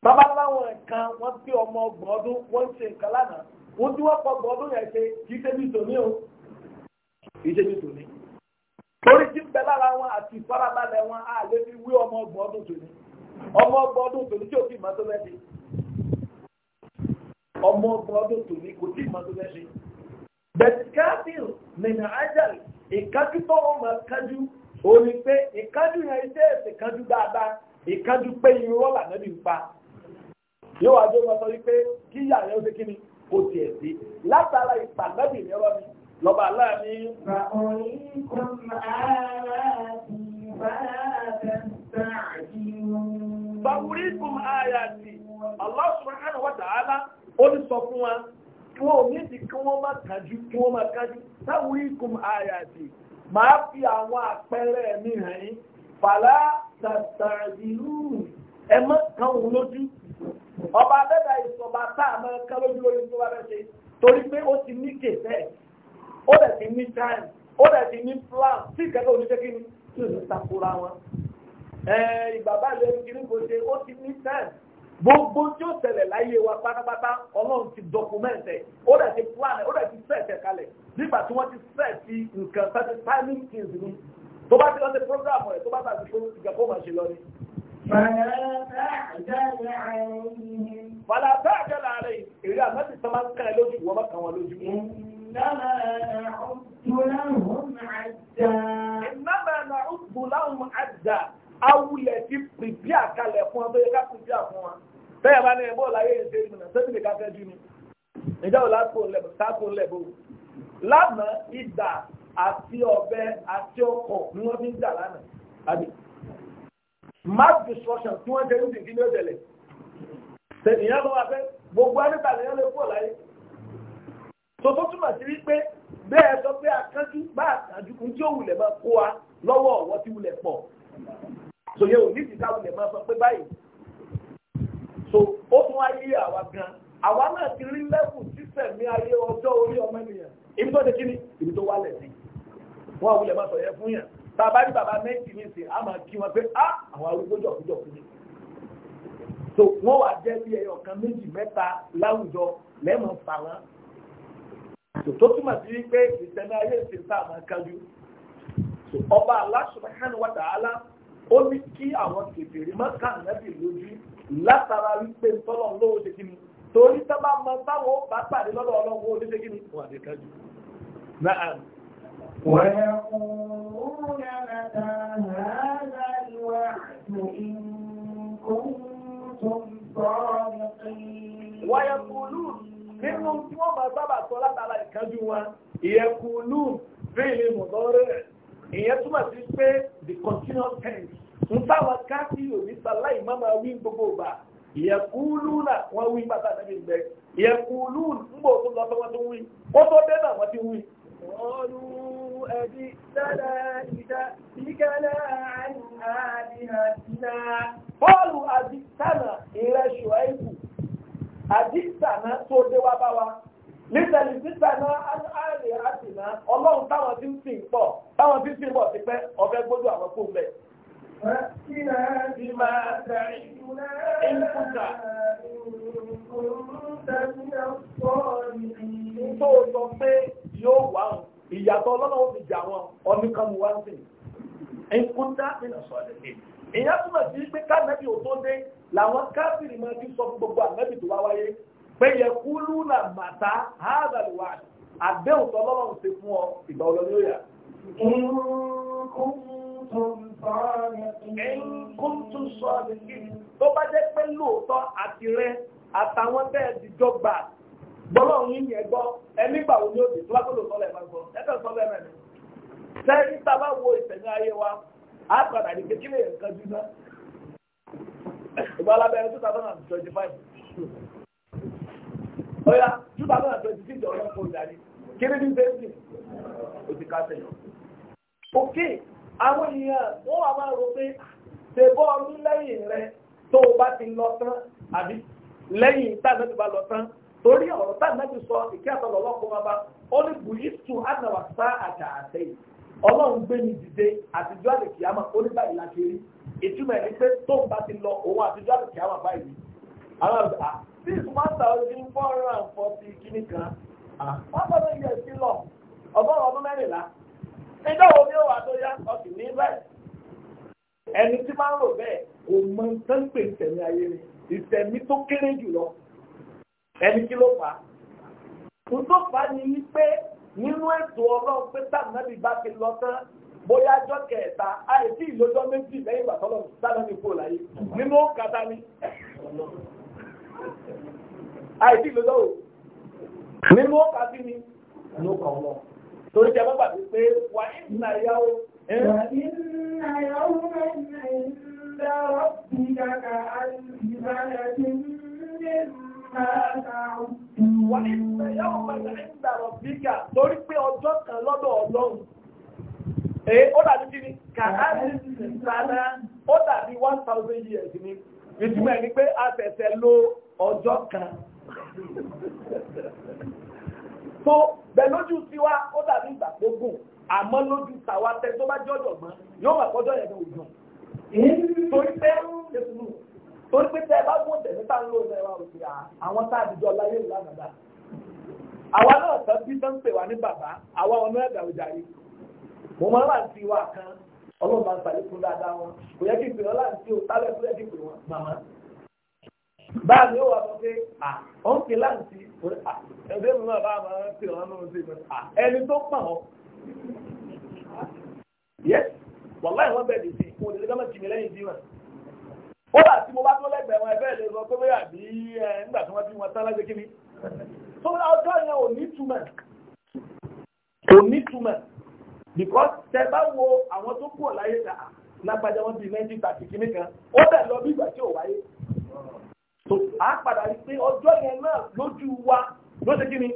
S1: babaláwo nǹkan wọ́n bí ọmọ ọgbọ̀n ọdún wọ́n ń ṣe nǹkan lánàá wọ́n tí wọ́n pọ̀ ọdún yẹn ṣe kì í ṣe bí tòní o kì í ṣe bí tòní. torí tí ń bẹ lára wọn àti ìfarabalẹ̀ wọn á lè fi wí ọmọ ọgbọ̀n ọdún tòní ọmọ ọgbọ̀n ọdún tòní tí ò fi mọ́tò bẹ́ẹ̀ ṣe ọmọ ọgbọ̀n ọdún tòní kò tí mọ́tò bẹ́ẹ̀ ṣe. bẹ̀tíkàfíl nìyà ájàl ìkájú tó wọn máa kájú òní pé ìkájú yẹn iṣẹ́ ẹ̀sìn kájú dáadáa ìkájú pé irọ́ làná kó tiẹ̀ dé látara ìpàdánù ìrọ́ mi lọ́ba aláàmì. Bàwúrí kùn àyà sí, Allah subhanahu wa ta'ala, ó ní sọ fún wa, kí wọ́n ní ti kí wọ́n máa kájú, kí wọ́n máa kájú, táwúrí kùn àyà sí, máa fi àwọn àpẹẹrẹ mi hàn yín, fàlá tàtàdìrú, ẹ má kàn wọ́n lójú ọba abẹ́bẹ̀ ìsọba tá a máa ká lójú lórí tó bá fẹ́ ṣe torí pé ó ti ní kèfẹ́ ó dẹ̀ ti ní time ó dẹ̀ ti ní plan tí ìkẹ́kẹ́ oníṣẹ́ kí ni tí ò ní takora wọn. ìgbà báyìí lórí kiri kò ṣe ó ti ní time gbogbo tí ó ṣẹlẹ̀ láyé wa pátápátá ọlọ́run ti dọkumẹ́ǹtẹ̀ ó dẹ̀ ti plan ó dẹ̀ ti sẹ̀tẹ̀ kalẹ̀ nígbà tí wọ́n ti sẹ̀tì nǹkan sẹ́tì timing things ni tó bá ti lọ sí program rẹ̀ tó bá ti lọ ni. Fàlá tààjẹ́ láàrin ìrí àmọ́sí sọ máa ń kàn lójú wọ́n bá kàn wọn lójú. Ìnáma na ọ̀tù láhùn àjà awulẹ̀ ti pìpì àkàlẹ̀ fún wọn tó yẹ ká pìpì àfún wọn. Bẹ́ẹ̀ bá ní ẹ̀bọ́ láyé ìṣe ìmìnà sẹ́bí lè ká fẹ́jú ni. Ìjọ́ ò lásìkò lẹ́bọ̀. Lánàá ìdà àti ọ̀bẹ àti ọkọ̀ ni wọ́n fi ń jà lánàá mass destruction tí wọ́n ṣe ní ìdí ní òjẹ̀lẹ̀ tẹ̀síyàn ló wá fẹ́ gbogbo ẹ̀ríkà lèyàn lè pọ̀ láyé tó tó túmọ̀ sí wípé bẹ́ẹ̀ sọ pé akánjú bá àkájú kún tí ó wulẹ̀ máa kó wa lọ́wọ́ ọ̀wọ́ tí wulẹ̀ pọ̀ sòye ò ní ìdíkà wulẹ̀ máa sọ pé báyìí so ó tún wá yí àwa gan àwa náà ti rí lẹ́kù sísẹ̀mí ayé ọjọ́ orí ọmọ ènìyàn ibi tó ṣe kí ni ibi tó wálẹ̀ sí wọn àwulẹ̀ máa sọ yẹn fún yàn bàbá ní bàbá méjì ní ìsìn a máa kí wọn pé á ah, àwọn arúgbó jọ̀kújọ̀kú ni so wọ́n wà jẹ́ bí ẹyọ kan méjì mẹ́ta láwùjọ lẹ́mọ̀ fà so tó túmọ̀ sí wípé ìsẹ̀mí ayé ìsìn tá a máa kájú ọba Allah subhanahu wa ta'ala ó ní kí àwọn kèfèrè má kà nábì lójú látara wípé tọ́lọ̀ lówó ṣe kí ni torí sábà máa táwọn bá pàdé lọ́dọ̀ ọlọ́wọ́ ó ní ṣe kí ni wà á lè kájú.
S2: Wọ́n yẹ يقولون متى هذا الوعد إن
S1: كنتم صادقين ويقولون nínú tí wọ́n máa sábà sọ látara ìkájú wa ìyẹ̀kùlù ìyẹn túmọ̀ sí pé the continuous tense ń táwọn káfíò ní sàláì má máa wí gbogbo ìgbà yẹkulúnà wọ́n wí bàtà níbi ìgbẹ́ yẹkulún ń bò tó lọ lọ́wọ́ tó wí ó tó dé náà wọ́n ti wí. ọdún أبئت
S2: لنا بك لا عن آلهتنا قالوا
S1: أبئتنا إلى شعيب أبئتنا تودي وبوا nítorí títà náà àárè àti náà ọlọ́run táwọn tí ń sìn pọ̀ táwọn tí ń sìn pọ̀ ti pẹ́ ọ̀fẹ́ gbọ́dọ̀ àwọn fún bẹ́ẹ̀.
S2: Fàtínà bí
S1: máa ìyàtọ̀ ọlọ́nà ó fi jà wọn ọdúnkanu wá sí ẹnkúndá nínú sọ̀rọ̀ ẹ̀ ìyá túmọ̀ sí pé kánẹ́bì ò tó dé làwọn káfíìrì máa ti sọ fún gbogbo ànẹ́bì tó wá wáyé pé yẹ kúlú nà màtá háàbàlùwà àdéhùn tó lọ́wọ́ ṣe fún ọ ìgbà ọlọ́ni ó yà. ẹnkúntún sọ̀rọ̀ tó bá jẹ́ pé lóòótọ́ àti rẹ àtàwọn bẹ́ẹ̀ dìjọ́ gbà bọ́lá òun yìí yẹn gbọ́ ẹni gbà wo ni ó di fúlákòlò sọ́lá ẹ̀ máa gbọ́ ẹ̀kọ́ sọ́lá ẹ̀ mẹ́rin sẹ́yìn sábà wo ìtẹ̀yìn ayé wa á padà ní kékeré yẹn kan jù náà ìgbà alábẹ́rẹ́ two thousand and twenty five ọ̀yà two thousand and twenty six ọ̀yà kò dàrí kéré ní bẹ́ẹ̀sì òtí kásẹ̀ yọ. òkè àwọn èèyàn wọ́n wà máa rò pé ah, ṣe bọ́ lẹ́yìn rẹ tó o bá ti lọ tán àbí lẹ́yìn tá a náà ti bá lọ tán torí ọ̀rọ̀ táà náà sọ ìkí àtọ̀lọ̀ ọlọ́kùn wa bá ó ní bùyí tu àdàwà sá àjà àtẹ̀yìn ọlọ́run gbé dìde àtijọ́ àlèkìyàmà ó ní báyìí la tó ń ti lọ òun àtijọ́ àlèkìyàmà báyìí àwọn àgbà six one thousand four hundred and forty kìíní kan yẹ ah, sí lọ ọgọ́rùn ọdún mẹ́rìnlá wo ni ó wà tó ẹni kí ló fà á tó fà á ní wípé nínú ètò ọlọ́run pé tàbí bá ti lọ tán bóyá ọjọ́ kẹta àìsí ìlójọ́ méjì lẹ́yìn ìgbà tọ́lọ́ sálámi kúrò láyé nínú kàtà ni àìsí ìlójọ́ o nínú kàtà ni ló kàn wọ́n torí jẹ́ bá gbàgbé pé wà nínú àyà o. wà
S2: nínú àyà o mẹ́rin ń dá ọ́ bí kàkà
S1: àìsí ìbára ti ń lé mi. Wà ní torí pé ọjọ́ kan lọ́dọ̀ ọlọ́run. Èé, ó dàbí kí ni? Kàáàlì ìsìnkánná, ó dàbí 1,000 years ni. Ìtumọ̀ ni pé a lo ọjọ́ kan. So, bẹ̀ lójú ó dàbí ìgbà gbógùn àmọ́ lójú tó bá jọ́jọ̀ yóò wà torí torí pé tẹ́ ẹ bá gùn tẹ̀mí tá ń lò ní ẹwà òkè àwọn tá àdìjọ láyé ìlú àgàdà àwa náà tán bí tán ń pè wá ní bàbá àwa ọmọ ẹ̀dà ọjà yìí mo máa wà sí wa kan ọlọ́run bá ń sàlẹ̀ fún dáadáa wọn kò yẹ kí n pè wọn láti o tálẹ̀ tó yẹ kí n pè wọn màmá báà ní ó wà sọ pé à ó ń pè láǹtì ẹgbẹ́ mi náà bá máa ń pè wọn náà sí mi à ẹni tó pọ̀ ọ́ yẹ wàláì wọn bẹ̀rẹ̀ sí i kò ní lè gbọ́dọ̀ ó bá tí mo bá tó lẹ́gbẹ̀ẹ́ wọn ẹgbẹ́ tó bí ẹ nígbà tí wọ́n bí wọn tán láti kíni tó ọjọ́ yẹn ò ní túmọ̀ kò ní because bá wo àwọn tó láyé wọn bíi nineteen thirty kan ó bẹ̀ lọ bí ìgbà tí ò wáyé a padà rí pé ọjọ́ yẹn náà lójú wa ló ṣe kíni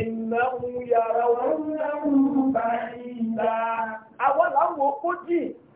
S1: iná ń yára wọn. àwọn làwọn ò kó jìn.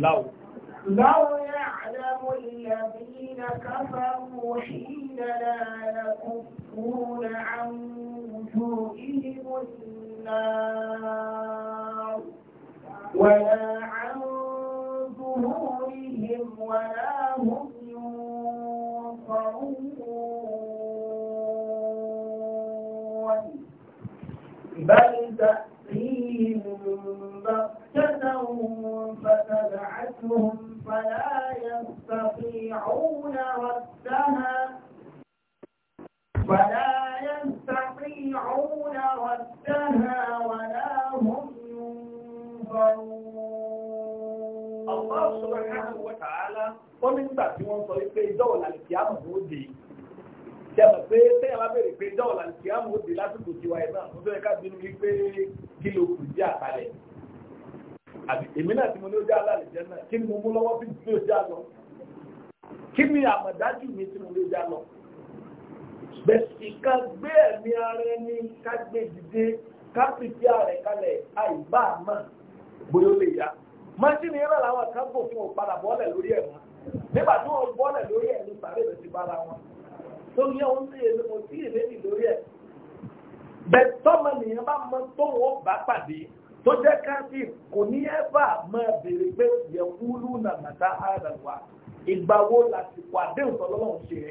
S1: لو لو
S2: يعلم الذين كفروا حين لا يكفون عن وجوههم النار ولا عن ظهورهم ولا هم ينصرون بل تأتيهم بغتة فتبعتهم فلا يستطيعون ردها فلا يستطيعون ردها ولا هم ينظرون
S1: الله سبحانه وتعالى ó ní nígbà tí wọ́n sọ wípé ìjọ́wọ̀ làlì kí á mọ̀ ó dé tí a mọ̀ pé tẹ́yà bá bèrè pé ìjọ́wọ̀ làlì kí á mọ̀ ó dé lásìkò tiwa ẹ̀ náà ó fẹ́ ká bínú wípé kí ló kù sí àkàlẹ̀ àbí èmi náà tí mo ní ó jẹ́ alálẹ̀jẹ́ náà kí ni mo mú lọ́wọ́ bí mi ò já lọ kí ni àmọ̀dájú mi tí mo lè já lọ bẹ̀sì ká gbé ẹ̀mí ara ẹni ká gbé dìde ká fìdí ààrẹ kalẹ̀ àìbá àmọ́ bóyá ó lè yá máṣíìnì yẹn làwọn kan bò fún òpadà bọ́ọ̀lẹ̀ lórí ẹ̀ mọ́ nígbà tí wọ́n bọ́ọ̀lẹ̀ lórí ẹ̀ ní sàrẹ́ rẹ̀ ti bára wọn tó yẹ wọn sí èlé mo sí èlé nì lórí ẹ̀ bẹ̀ tọ́mọ nìyẹn bá mọ tóun ó bá pàdé tó jẹ́ káàdì kò ní ẹ́fà máa bèèrè pé yẹ̀kúlù nà màtá àdàlùwà ìgbà wo lásìkò àdéhùn tọ́lọ́lọ́hún ṣe é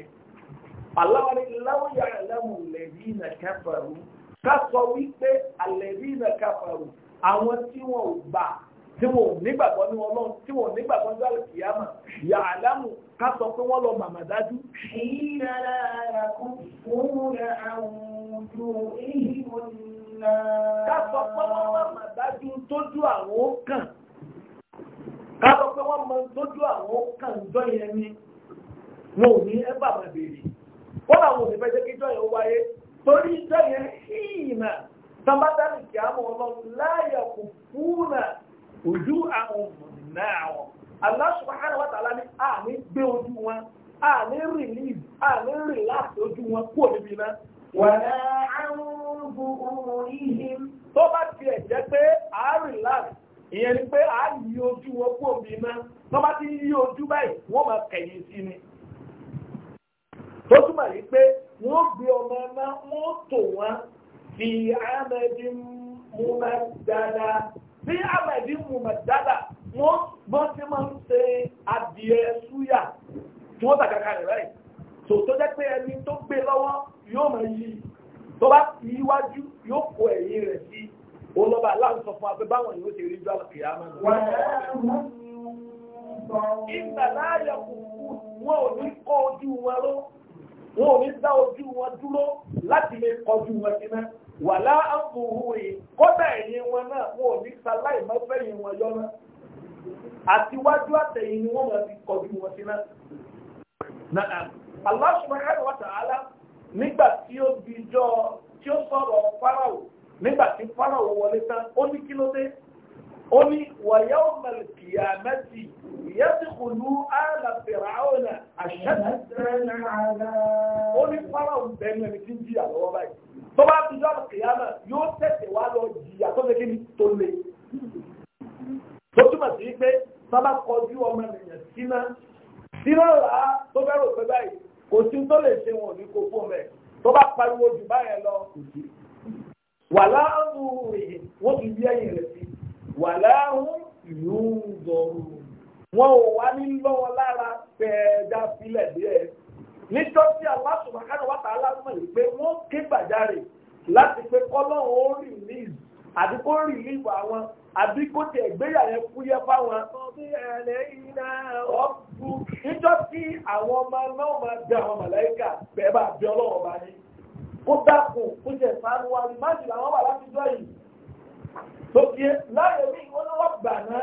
S1: aláwárí láwùjọ àlẹ́mù lẹ́bí nà kẹfàrú ká sọ wípé àlẹ́bí nà kẹfàrú àwọn tí wọn ò gbà tí wọn ò nígbàgbọ́ ní ọlọ́run tí wọn ò nígbàgbọ́ ní ọlọ́run kìyàmà yà àlámù ká sọ pé wọ́n lọ màmá dájú. èyí dára kó fún àwọn ojú èyí wọ́n ní ká sọ pé wọ́n má mà dájú tójú àwọn ó kàn ká sọ pé wọ́n mọ tójú àwọn ó kàn jọ yẹn ni wọn ò ní ẹ bà má béèrè wọ́n làwọn ò ní fẹ́ jẹ́ kí jọ yẹn ó wáyé torí ojú wọn. Allah subhanahu wa ta'ala ní àní gbé ojú wọn ojú wọn kúrò níbi náà wàrà àwọn ohun ìhìn tó bá tiẹ̀ jẹ́ pé àárín láti ìyẹn ni pé a yí ojú wọn kú omi náà tó bá ti yí ojú báyìí wọ́n máa kẹ̀yìn sí ni tó túmọ̀ yìí pé wọ́n gbé ọmọ náà wọ́n tò wọ́n fi amẹ́dí mú máa dáadáa bí amẹ́dí mú máa dáadáa wọ́n tí máa ń ṣe adìẹ súyà tí wọ́n tàkàkà rẹ̀ yóò máa yí tó bá ti iwájú yóò kó ẹ̀yìn rẹ̀ sí olọ́ba aláǹsọ fún abẹ́ báwọn yóò ti rí jọ́lá kìá máa lọ. ìgbà láàyè kùkù wọn ò ní kó ojú wọn lọ wọn ò ní dá ojú wọn dúró láti lè kọjú wọn síná wàlá àbúrúurì kọ́dà ẹ̀yìn wọn náà wọn ò ní sáláì mọ́fẹ́yìn wọn yọ náà àtiwájú àtẹ̀yìn ni wọ́n máa fi kọjú wọn síná. Allah subhanahu wa ta'ala nígbà tí ó di jọ tí ó sọ̀rọ̀ fáráwò nígbà tí fáráwò wọlé tán ó ní kí ló dé ó ní wàyà ọmọlẹ kìyàmẹ́tì yẹ́sìkùlú àlà fìràwọ̀nà àṣẹ́sẹ̀rẹ̀ ó ní fáráwò bẹ́ẹ̀ ní ẹni tí ń jìyà lọ́wọ́ báyìí tó bá ti kò sí tó lè ṣe wọn ò ní kó fún mẹ tó bá pariwo jù báyẹn lọ kò sí wà láàrú rèé wọn ti bí ẹ̀yìn rẹ sí wà láàrú ìlú ń dọrù wọn ò wá ní lọ́wọ́ lára fẹẹdá sílẹ̀ díẹ̀ nítorí Allah subhanahu wa ta'ala mọ̀ pé wọ́n ké gbàjáre láti pé kọ́lọ́hún ó rìlíìsì àbí kó rìlíìsì àwọn àbí kó tiẹ̀ gbéyàwó fúyẹ́ fáwọn. ọ̀bí ẹ̀rẹ́ iná ọ̀bí níjọ́ tí àwọn ọmọ náà máa bẹ àwọn màláíkà bẹ́ẹ̀ bá bẹ ọlọ́wọ́ bá ní kó dákun kó jẹ sánú wa ní májì làwọn wà láti jọ yìí tó láyé mi wọn ni wọn gbà ná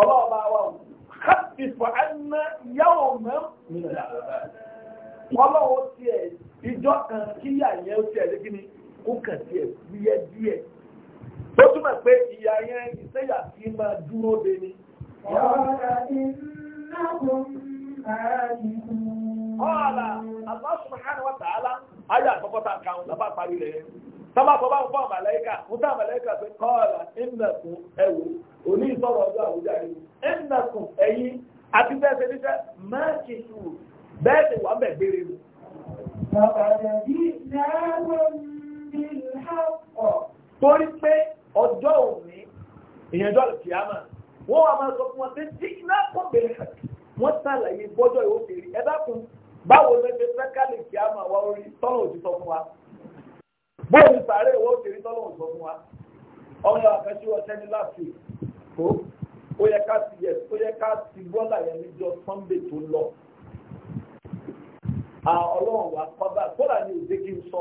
S1: ọlọ́wọ́ bá wà wò káàpì fún ẹnà yàwó mẹ́m ọlọ́wọ́ tiẹ̀ ìjọ kan kíyà yẹn ó tiẹ̀ lé kíni kó kàn tiẹ̀ díẹ̀ díẹ̀ tó túmọ̀ pé ìyá yẹn ìṣẹ́yà ti máa dúró de ni. ọ̀rọ̀ ìlú. Ọ̀la, Allah subhanahu wa ta'ala, ayé àkọ́kọ́ta kan lábá parí rẹ̀. Sábà sọ bá ń fọ́ àmàlẹ́kà, mú tá àmàlẹ́kà pé kọ́ọ̀lá, ìnàkùn ẹ̀wò, òní ìsọ̀rọ̀ ọjọ́ àwùjá rẹ̀. Ìnàkùn ẹ̀yìn àti bẹ́ẹ̀ ṣe níṣẹ́, máa kì í sùn, wọ́n wà máa sọ fún wọn pé jíjìnà kò bẹ̀rẹ̀ wọ́n sàlàyé bọ́jọ́ ìwò fèrè ẹ dákun báwo ló ṣe fẹ́ ká lè kí á máa wá orí tọ́lọ̀ òjì sọ fún wa bóòlù sàárè ìwò fèrè tọ́lọ̀ òjì sọ fún wa ọmọ yàrá kan ṣíwọ́ sẹ́ni láti kó ó yẹ ká ti yẹ ó yẹ ká ti bọ́là yẹn níjọ́ Sunday tó lọ ọlọ́run wa kọ́ba kódà ni òde kí n sọ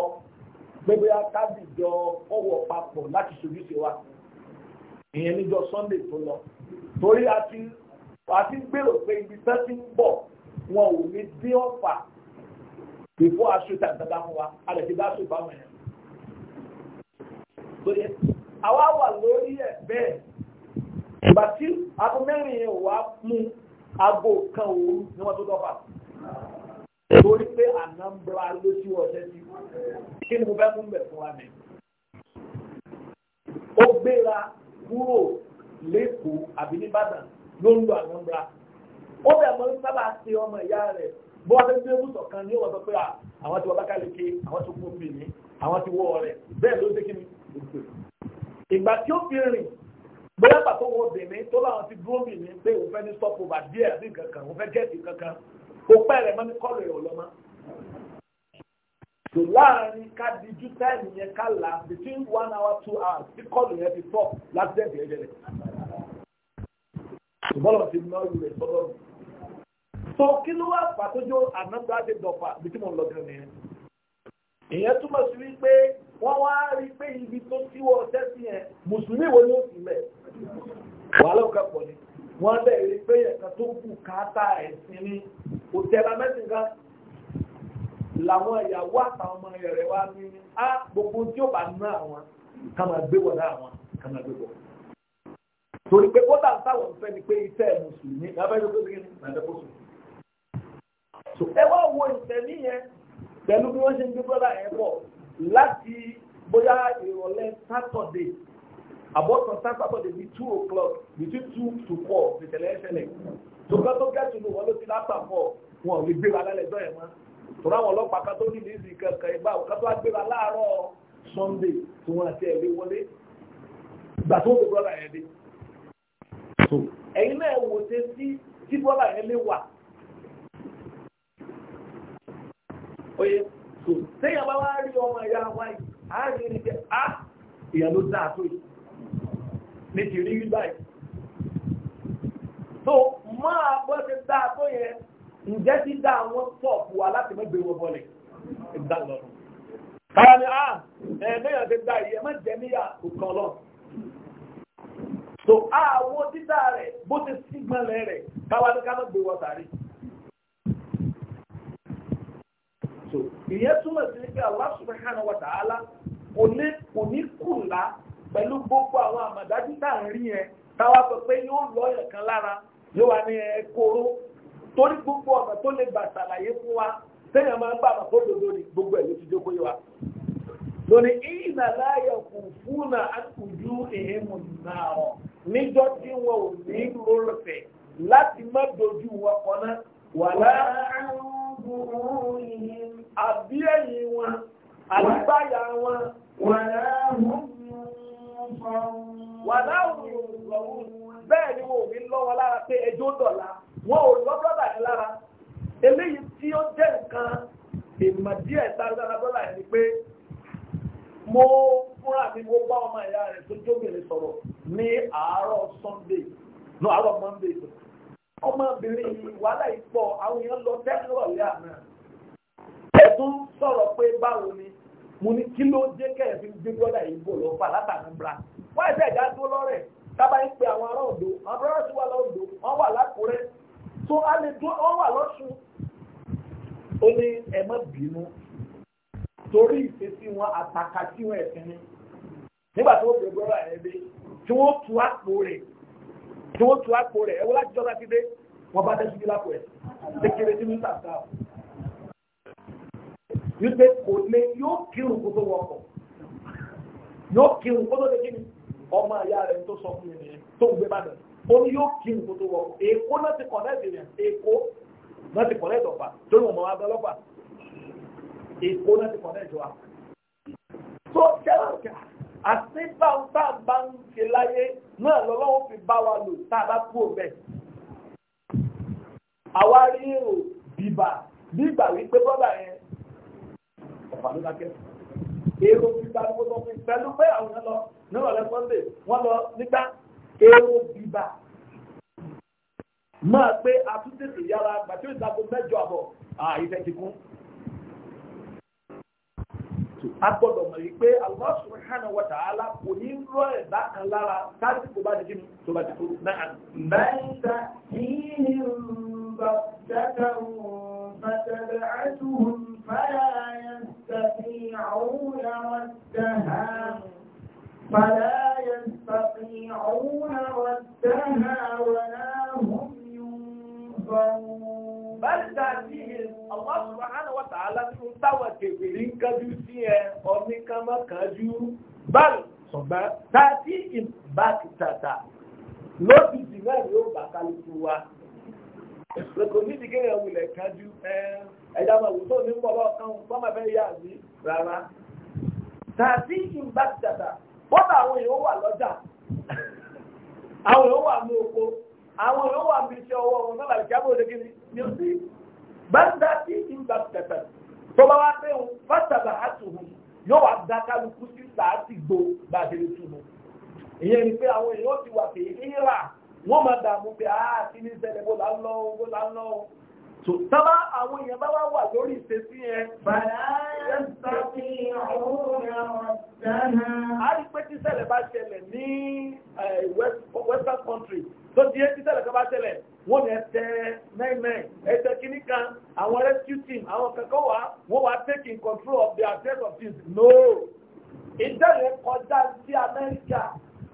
S1: gbogbo ya ká bìjọ ọwọ́ papọ̀ láti ṣojúṣe wa ìyẹn níjọ́ Sunday tó lọ torí àti gbèrò pé ibi tán ti ń bọ̀ wọn ò ní dé ọ̀fà bífó aṣọ tàǹtàǹtà fún wa a lè fi bá aṣọ ìbámu yẹn. àwa wà lórí ẹ̀ bẹ́ẹ̀ ìgbà tí aago mẹ́rin yẹn wà mú aago kan òru ni wọ́n tó dọ́fà torí pé Anambra ló sí ọ̀sẹ̀ sí kí ni mo fẹ́ mú bẹ̀ fún wa mi. ó gbéra kúrò lẹ́kọ̀ọ́ àbí nìbàdàn ló ń lo Anambra ó bẹ̀ mọ́ sábà ṣe ọmọ ìyá rẹ̀ bọ́ ọdún tí ebùsọ̀ kan ní wọ́n sọ pé àwọn ti wọ Abakaliki àwọn ti kú bì ní àwọn ti wọ ọ̀rẹ́ bẹ́ẹ̀ ló ṣe kí ni ìgbà tí ó fi rìn bóyá pàtó wọn obìnrin tó láwọn ti dúró bì ní pé òun fẹ́ ní stop over díẹ̀ àbí kankan òun fẹ́ gẹ̀ẹ́sì kankan kò pẹ́ rẹ̀ mọ́ ní kọ́lù ẹ̀ ọ̀lọ́mọ́ láàrin ká dijú táìmù yẹn ká là between one hour two hours tí kọ́ọ̀lù yẹn ti tọ̀ láti dẹ́ẹ̀dì ìbọ́lọ̀ ti ná ìlú sọ́dọ̀ mi. so kí ló wá pàtójó ànágbá ti dọ̀pà bí tí mo lọ gan nìyẹn. ìyẹn túmọ̀ sí wípé wọ́n wá rí pé ibi tó síwọ́ ọ̀sẹ̀ sí yẹn mùsùlùmí wo ni ó sì mẹ́ wàhálà ọ̀kà pọ̀ ni wọ́n bẹ̀ rí pé ẹ̀ka tó kù káàtà ẹ̀sìn ni òtẹ́lá mẹ́sìnká làwọn ìyàwó àtàwọn ọmọ rẹ̀ wá ní á gbogbo tí ó bá ná àwọn kàmá gbé wọ̀ náà àwọn kàmá gbé wọ̀ náà torí pé kódà ń táwọn fẹ́ ni pé iṣẹ́ mùsùlùmí lábẹ́jọ́ tó gbé nàdẹ́kọ́sùn. ẹ wá wo ìtẹ̀mí yẹn pẹ̀lú bí wọ́n ṣe ń gbé bọ́dà yẹn pọ̀ láti bóyá ìrọ̀lẹ́ sátọ̀dé àbọ̀tàn sátọ̀dé bíi two o'clock between two to four ìṣẹ̀lẹ̀ ẹ̀ṣẹ̀lẹ̀ tó kọ́ tó gẹ̀ẹ́sì ló wọ́n ló ti látà fọ́ wọn ò lè gbéra lálẹ́ ẹjọ́ yẹn mọ́ tọ́lá àwọn ọlọ́pàá kan tó nílùú ìsìn kankan ìgbà òkan tó wá gbéra láàárọ̀ Sunday tí wọ́n àti so ẹ̀yin náà wò ṣe sí tí bọ́lá oye so sẹ́yìn bá rí ọmọ ìyá wa yìí á rí rí pé á ah, ìyá ló dáa tó yìí ní ti rí so máa bọ́ ṣe dáa tó yẹn ǹjẹ́ ti dá àwọn tọ́ọ̀pù wa láti a ah, ti dá ìyẹn so a títà rẹ̀ bó ti sígbọ́nlẹ̀ rẹ̀ káwádé ká náà gbé wọ́n so ìyẹn túmọ̀ sí pé Allah subhanahu wa ta'ala ala ní kò ní gbogbo àwọn amada tá à ń rí yẹn táwa sọ pé yóò lọ́yọ̀ kan lára yóò wá ní gbogbo ọ̀nà tó lè gbà ṣàlàyé fún wa máa ń gbà gbogbo ẹ̀ ló ti wa. lónìí kò fún náà á kùjú náà ọ̀. níjọ́ tí wọn ò ní lórúfẹ̀ láti má dojú wọn kọ́ná wà láàárín àbí ẹ̀yìn wọn àdúgbàyà wọn wà láàárín bẹ́ẹ̀ ni wọn ò ní lọ́wọ́ lára pé ẹjọ́ dọ̀la wọn ò lọ́ brọ́dà yẹn lára eléyìí tí ó jẹ́ nǹkan ìmọ̀ díẹ̀ sára brọ́dà yẹn ni pé mo fúnra mi mo bá ọmọ ìyá rẹ̀ tó jókèrè sọ̀rọ̀ ní àárọ̀ sunday ní àárọ̀ monday ọmọbìnrin wàhálà ìpọ̀ àwọn èèyàn lọ tẹ́lọ̀lẹ́ àná ẹ̀tún sọ̀rọ̀ pé báwo ni mo ní kí ló jẹ́ kẹ́ẹ̀fín gbé brọ́dà yìí bò lọ fà látàrí bra wọ́n ẹ̀sẹ̀ ìjà dúró lọ́rẹ̀ tábà ń pe àwọn ará Oǹdó àwọn brọ́dà sì wà lọ́dọ̀ wọ́n wà lákùrẹ́ tó a lè dún wọ́n wà lọ́sùn ó ní ẹ má bínú torí ìfesí wọn àtàkà tí wọn ẹ̀sìn ni nígbà tó gbé brọ́dà yẹn dé tí wọ́n tu àpò rẹ̀ tí wọ́n tu àpò rẹ̀ ẹwọ́n láti jọba ti dé wọ́n bá dẹ́ síbi lápò ẹ̀ lékeré tí ní sàtà ọ̀ wípé kò lè yóò kírun kó tó wọkọ̀ yóò kírun kó tó lè kí ni ọmọ àyà rẹ̀ tó sọ fún yẹn tó ń gbé bá dẹ̀ ó ní yóò kírun kó tó wọkọ̀ èkó náà ti kọ̀lẹ́tì yẹn èkó náà ti kọ̀lẹ́tì ọ̀fà torí wọn máa bẹ lọ́fà èkó náà ti kọ̀lẹ́tì wa. tó àṣìbá tá a bá ń ṣe láyé náà lọ́lọ́wọ́ fi bá wa lò tá a bá kú òbẹ̀. àwa rí èrò bíbà bíbà wípé bọ́dà yẹn ọ̀pá ló dákẹ́. èrò bíbà ni mo sọ fún un pẹ̀lú pé àwọn yẹn lọ nírọ̀lẹ́ sunday wọ́n lọ nígbà èrò bíbà. máa pé atúntètè yára gbàtí ó mẹ́jọ àbọ̀ àìfẹ́ ti kún a gbọ́dọ̀ mọ̀ wípé Allah subhanahu wa ta'ala kò ní rọ́ ẹ̀dá kan lára káàdì kò bá di kíni tó bá di kó náà. bẹ́ẹ̀ta
S2: yìí
S1: bá dáadáa wọn
S2: fàtàlẹ́ àtúhùn fàyà yẹn tàbí àwọn àwọn فلا يستطيعون ردها
S1: ولا هم ينظرون bẹ́ẹ̀dà ní Allah subhanahu wa ta'ala tó táwọn kèfèrí ń kájú sí ẹ ọmí kan mọ́ kájú bẹ́ẹ̀ ṣùgbọ́n tàbí ìbákitàtà lójijì náà ni ó bá kálukú wa lóko nídìí kéèyàn wulẹ̀ kájú ẹ̀dá máa wò tó ní pọ̀lọ́ kan bọ́mọ fẹ́ yá àbí rárá tàbí ìbákitàtà bọ́tà àwọn èèyàn wà lọ́jà àwọn èèyàn wà ní oko àwọn yóò wà bí iṣẹ́ ọwọ́ wọn náà làlùkẹ́ àbò òdegin ni ó sì gbàǹdà tí ìgbà tẹ̀tẹ̀ tó bá wá pé òun fásitàbà àtùhù yóò wá dá kálukú sí sàátì gbó bá a ṣeré túnú ìyẹn ni pé àwọn èèyàn ti wà pé ìhìnrà wọ́n máa dààmú pé àá kí ní ṣẹlẹ̀ bó là ń lọ bó là ń lọ so tábà àwọn èèyàn bá wá wà lórí ìṣesí yẹn. bàrà yẹn bá fi òun ọ̀sán náà. a rí pé tí ṣẹlẹ̀ eh, western country tó di ẹ́ títẹ̀lẹ̀ kan bá tẹ̀lẹ̀ wọ́n ní ẹ̀tẹ́ mẹ́ẹ̀mẹ́ ẹ̀tẹ́ kìíní kan àwọn rescue team àwọn kankan wà wọ́n wà taking control of the affairs of things no ìdẹ́rẹ̀ kọjá sí Amẹ́ríkà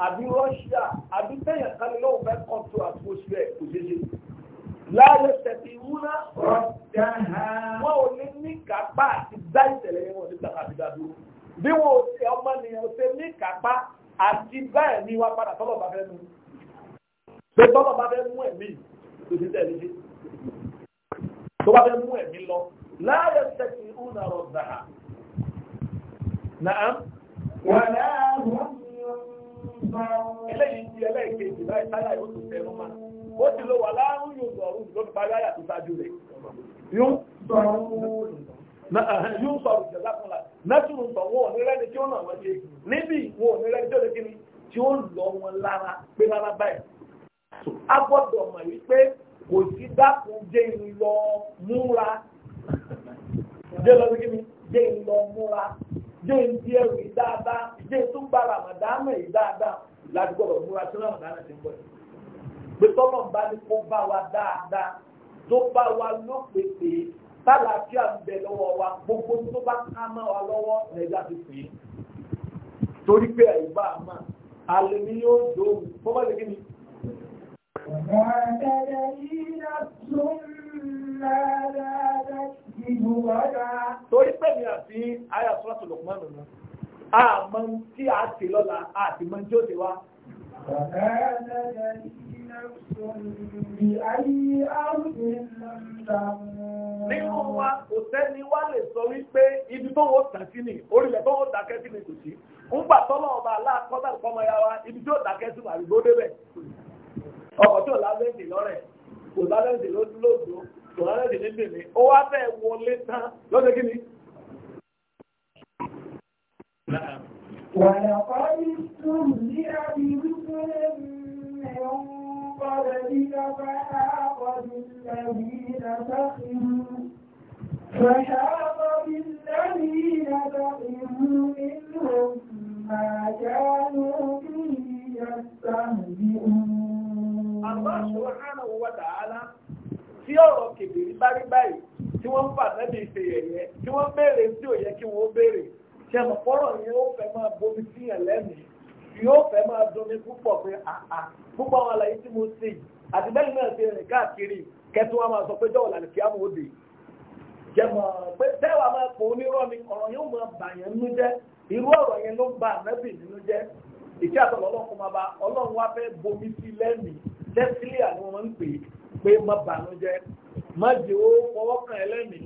S1: àbí Russia àbí tẹ̀yàn kan lóun fẹ́ control atmosphere kò ṣeé ṣe láàrẹ tẹ̀sí wúná ọ̀dà wọn ò ní ní kápá àti dá ìṣẹ̀lẹ̀ yẹn wọn ní kápá àti dádúró bí wọn ò ṣe ọmọ nìyẹn ò ṣe ní kápá àti bẹ́ẹ̀ ni wọn padà tọ́lọ̀ bá fẹ́ nu pé bọ́lá bá fẹ́ mú ẹ̀mí kò sí tẹ̀lé dé tó bá fẹ́ mú ẹ̀mí lọ láàyè tẹ̀sí ọ̀nà ọ̀rọ̀ dàá náà wàlá àwọn eléyìí ti ẹlẹ́ẹ̀kejì láì táyà yóò tún tẹnu ma ó ti lo wàlá àwọn yóò sọ ọ̀run ló ti parí àyà tó ṣáájú rẹ̀ yóò sọ ọ̀run jẹ̀ lápúnlá nẹ́tùrù sọ wọn ò ní rẹ́ni tí ó nà wọ́n ṣe níbi wọn ò ní rẹ́ni tí ó lè kí ni tí ó lọ wọn lára pé rárá báyìí a gbọ́dọ̀ mọ̀ wípé kò sí dákun jẹ́ ìlọ múra jẹ́ lọ sí kí ni jẹ́ ìlọ múra jẹ́ ìdí ẹrù dáadáa jẹ́ tó gba ramadana yìí dáadáa láti gbọ́dọ̀ múra sí ramadana ti ń bọ̀ yìí pé tọ́lọ̀ bá ní kó bá wa dáadáa tó bá wa lópèsè tálàáfíà ń bẹ lọ́wọ́ wa gbogbo tó bá ká mọ́ wa lọ́wọ́ nàìjíríà ti pè é torí pé àyíbá àmà àlè ni yóò dòwú fọ́nmọ́lẹ́gẹ́
S2: وما تدري نفس ماذا تكسب غدا
S1: torí pé mi àti àyà sọ́tù lọ́kùnmọ́ nù mọ́ a mọ tí a ti lọ́la a ti mọ tí ó ti wá. وما
S2: تدري نفس
S1: بأي أرض تموت. nínú wa kò sẹ́ni wá lè sọ wípé ibi tó wọ́n tà sí ni orílẹ̀ tó wọ́n dákẹ́ sí ni kò sí. ń gbà tọ́lọ́ ọba aláàkọ́sà kọ́mọ ya wa ibi tó dákẹ́ sí ni àrùgbó débẹ̀ ọkọ̀ tó lálẹ́dì lọ́rẹ̀ kò lálẹ́dì lódò kò lálẹ́dì níbèmí ó wá fẹ́ wọlé tán lọ́dẹ kí ni.
S2: Wàyàpá ní tún ní àbí wípé mẹ́rin kọ́lẹ̀ ní ọgbà àpọ̀ nílẹ̀ yìí na sáfìmù. فحاق بالذين بغيوا منهم ما
S1: كانوا به يستهزئون Allah subhanahu wa ta'ala tí ọ̀rọ̀ kèbèrè bá rí báyìí tí wọ́n ń fà nẹ́bí ìṣe yẹ̀yẹ́ tí wọ́n béèrè tí ò yẹ kí wọ́n béèrè ṣẹ̀mọ̀ fọ́rọ̀ yẹn ó fẹ́ máa bomi síyàn lẹ́mìí yóò fẹ́ máa dunni púpọ̀ pé àà púpọ̀ àwọn àlàyé tí mo ṣe àti bẹ́ẹ̀ náà ṣe rìn káàkiri kẹtù wa máa sọ pé jọ́wọ́ làlùkí á mọ̀ òde jẹmọ̀ pé tẹ́wà máa pò ó nírọ́ ni ọ̀rọ̀ yóò máa bà yẹn nínú jẹ́ irú ọ̀rọ̀ yẹn ló ń bà nẹ́bì nínú jẹ́ ìṣe àtọ̀lọ́ ọlọ́run wá fẹ́ bomi sí lẹ́mìí tẹ́sílíà ni wọ́n ń pè pé má bànújẹ́ má jẹ́ ó fọwọ́ kan ẹlẹ́mìí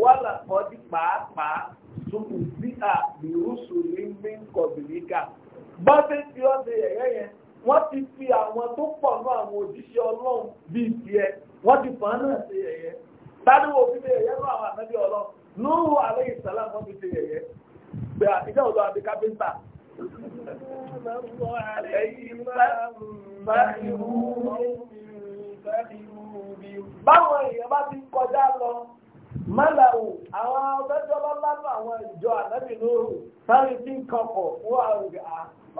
S1: wà lákọ́ di pàápàá sùkù sí àbírùsù lẹ́gbẹ́ kọ̀bìlíkà bá fẹ́ fi ọ́ ṣe yẹ̀yẹ́ yẹn wọ́n ti fi àwọn tó pọ̀ ní àwọn òjíṣẹ́ ọlọ́run bíi tiẹ̀ wọ́n ti fọ́n náà ṣe yẹ̀yẹ́ tani wo fi ṣe yẹ̀yẹ́ ní àwọn ànábì ọlọ́run Nuhu alayhi salam wọ́n fi ṣe yẹ̀yẹ́ gbé àtijọ́ ọ̀dọ́ àbí Báwọn èèyàn bá ti kọjá lọ, Mọ́láwù, àwọn ọ̀fẹ́jọba lánà àwọn ìjọ ànábìnú sáré tí ń kọkọ̀ fún àwọn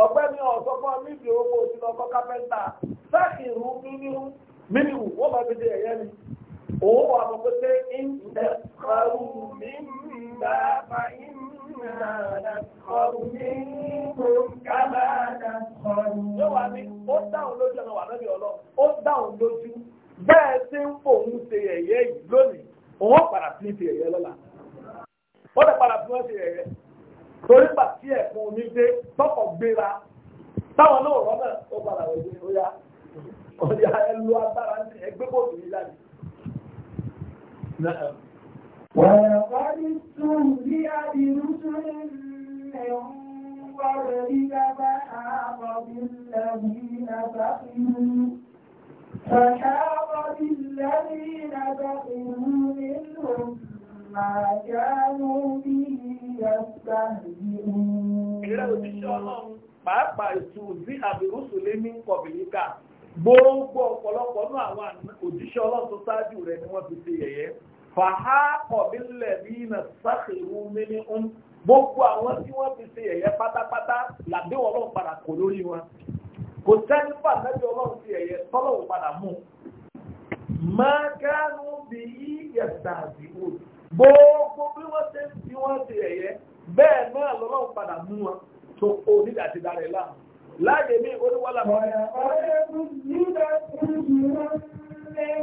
S1: ọ̀gbẹ́ni ọ̀sọ́kọ́ níbi owó òsìlọ ọkọ̀ kápẹ́ntà. Sáàkìrù mímú wọ́n Yóò wá ní ó dáhùn lójú ọmọ wà lórí ọlọ́run, ó dáhùn lójú. Bẹ́ẹ̀ tí ń fòun ṣe ẹ̀yẹ yìí lónìí, òun padà sí ṣe ẹ̀yẹ lọ́la. Ó lè padà fún ọ́n ṣe ẹ̀yẹ. Torí gbà tí ẹ̀fún omi dé tọkọ̀ gbéra. Táwọn náà rọ́ náà ó padà wọ̀ sí ọ̀yà. Ọ̀yà ẹ lo agbára ẹgbẹ́ bòtù yìí láti.
S2: ولقد استهزئ برسل من قبلك فحاق بالذين بخلوا فحاق بالذين بخلوا منهم ما
S1: كانوا به يستهزئون. gbogbo ọ̀pọ̀lọpọ̀ náà àwọn òjíṣẹ́ ọlọ́run tó rẹ̀ ni wọ́n fi ṣe yẹ̀yẹ́ fàhákọ̀ bílẹ̀ bí iná sáfìrú mímí ń gbogbo àwọn tí wọ́n fi ṣe ẹ̀yẹ pátápátá làbí wọn lọ́wọ́ padà kò lórí wọn kò sẹ́ni fàtẹ́jọ́ ọlọ́run fi ẹ̀yẹ tọ́lọ́wọ́ padà mú máa kánú bí yẹ̀sà àdìgbò gbogbo bí wọ́n ṣe fi wọ́n ṣe ẹ̀yẹ bẹ́ẹ̀ náà lọ́lọ́run padà mú wọn tó onídàá ti darẹ̀ láàmú láàyè ní oníwàlámọ́. ọ̀rẹ́ ọ̀rẹ́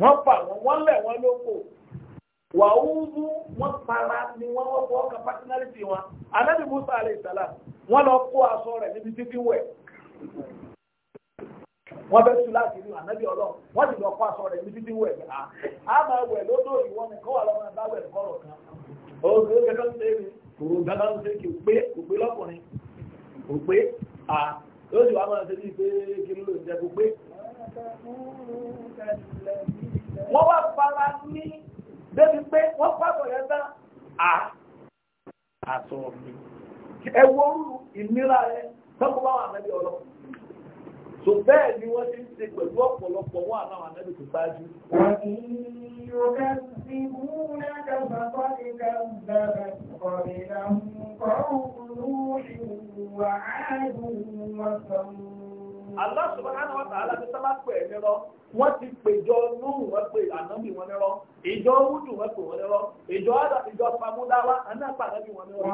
S1: wọ́n pa wọn wọ́n lẹ̀ wọ́n lóko wàhùnú wọ́n para ni wọ́n wọ́n fọ́ ka pàtínálítì wọn anábì musa alayhi salam wọ́n lọ kó aṣọ rẹ̀ níbi títí wẹ̀ wọ́n bẹ sùn láti rí ànábì ọlọ́run wọ́n sì lọ kó aṣọ rẹ̀ níbi títí wẹ̀ A, á máa wẹ̀ lódò ìwọ nìkan wà lọ́wọ́ bá wẹ̀ kọ́rọ̀ kan òun kò kẹ́kọ̀ọ́ ń sẹ́yìn kò dáná ń sẹ́yìn kò pé kò pé lọ́kùnrin kò pé à lóṣù máa ń sẹ́yìn pé kí ló ń jẹ kò pé wọ́n wá fara ní débi pé wọ́n pàtó yẹn tán à àtọ̀ mi ẹ wo orú ìnira rẹ tọ́kọ̀ bá wà nẹ́bí ọlọ́ so bẹ́ẹ̀ ni wọ́n ti ń ṣe pẹ̀lú ọ̀pọ̀lọpọ̀ wọn àtàwọn anẹ́bí tó ṣáájú.
S2: Yorùbá ti mú lẹ́ka bàbá ìka bẹ̀rẹ̀ kọ̀ọ̀dì àwọn kọ̀ọ̀kùnrin wà á dùn wọn
S1: sọ̀rọ̀. Allah subhanahu wa ta'ala ti sábà pè é nírọ́ wọ́n ti pèjọ lóhùn wọ́n pè ànábì wọn nírọ́ ìjọ wúdù wọ́n pè wọ́n nírọ́ ìjọ àdà ìjọ pamúdáwá anápa ànábì wọn nírọ́.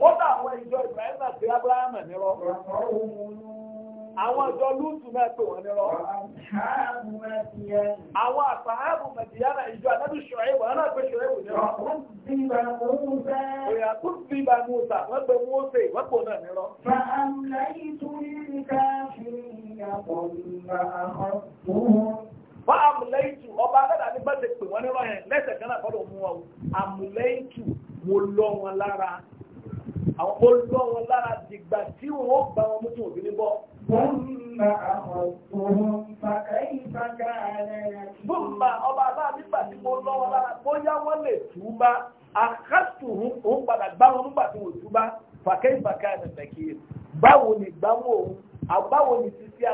S1: ó dà àwọn ìjọ Ibrahim àti Abraham nírọ́ àwọn ọjọ́ lúùtù náà pè wọ́n nírọ́ àwọn àpàhábù mẹ̀díyànà ìjọ àdábì ṣọ̀rẹ́ wọ́n náà pè ṣọ̀rẹ́ wọ́n nírọ́ wọ́n ti bá Mùsà wọ́n pè Mùsè wọ́n pò náà nírọ́ wọ́n amúlẹ́ìtù ọba alẹ́dà ní bá ti pè wọ́n nírọ́ yẹn lẹ́sẹ̀ kan náà fọ́dọ̀ mú wọn amúlẹ́ìtù mo lọ wọn lára àwọn mo lọ wọn lára dìgbà tí Bọ́m̀bà àkọ̀tòrò fàkàífà káàrẹ̀. Bọ́m̀bà ọba aláàbí pàtí mo lọ́wọ́ lára bóyá wọ́n lè túbá. Àkásùrù òun padà gbá wọn nígbà tí wọ́n túbá. Fàkàífà káàrẹ̀ nàkì. Báwo ni gbáwó ni títí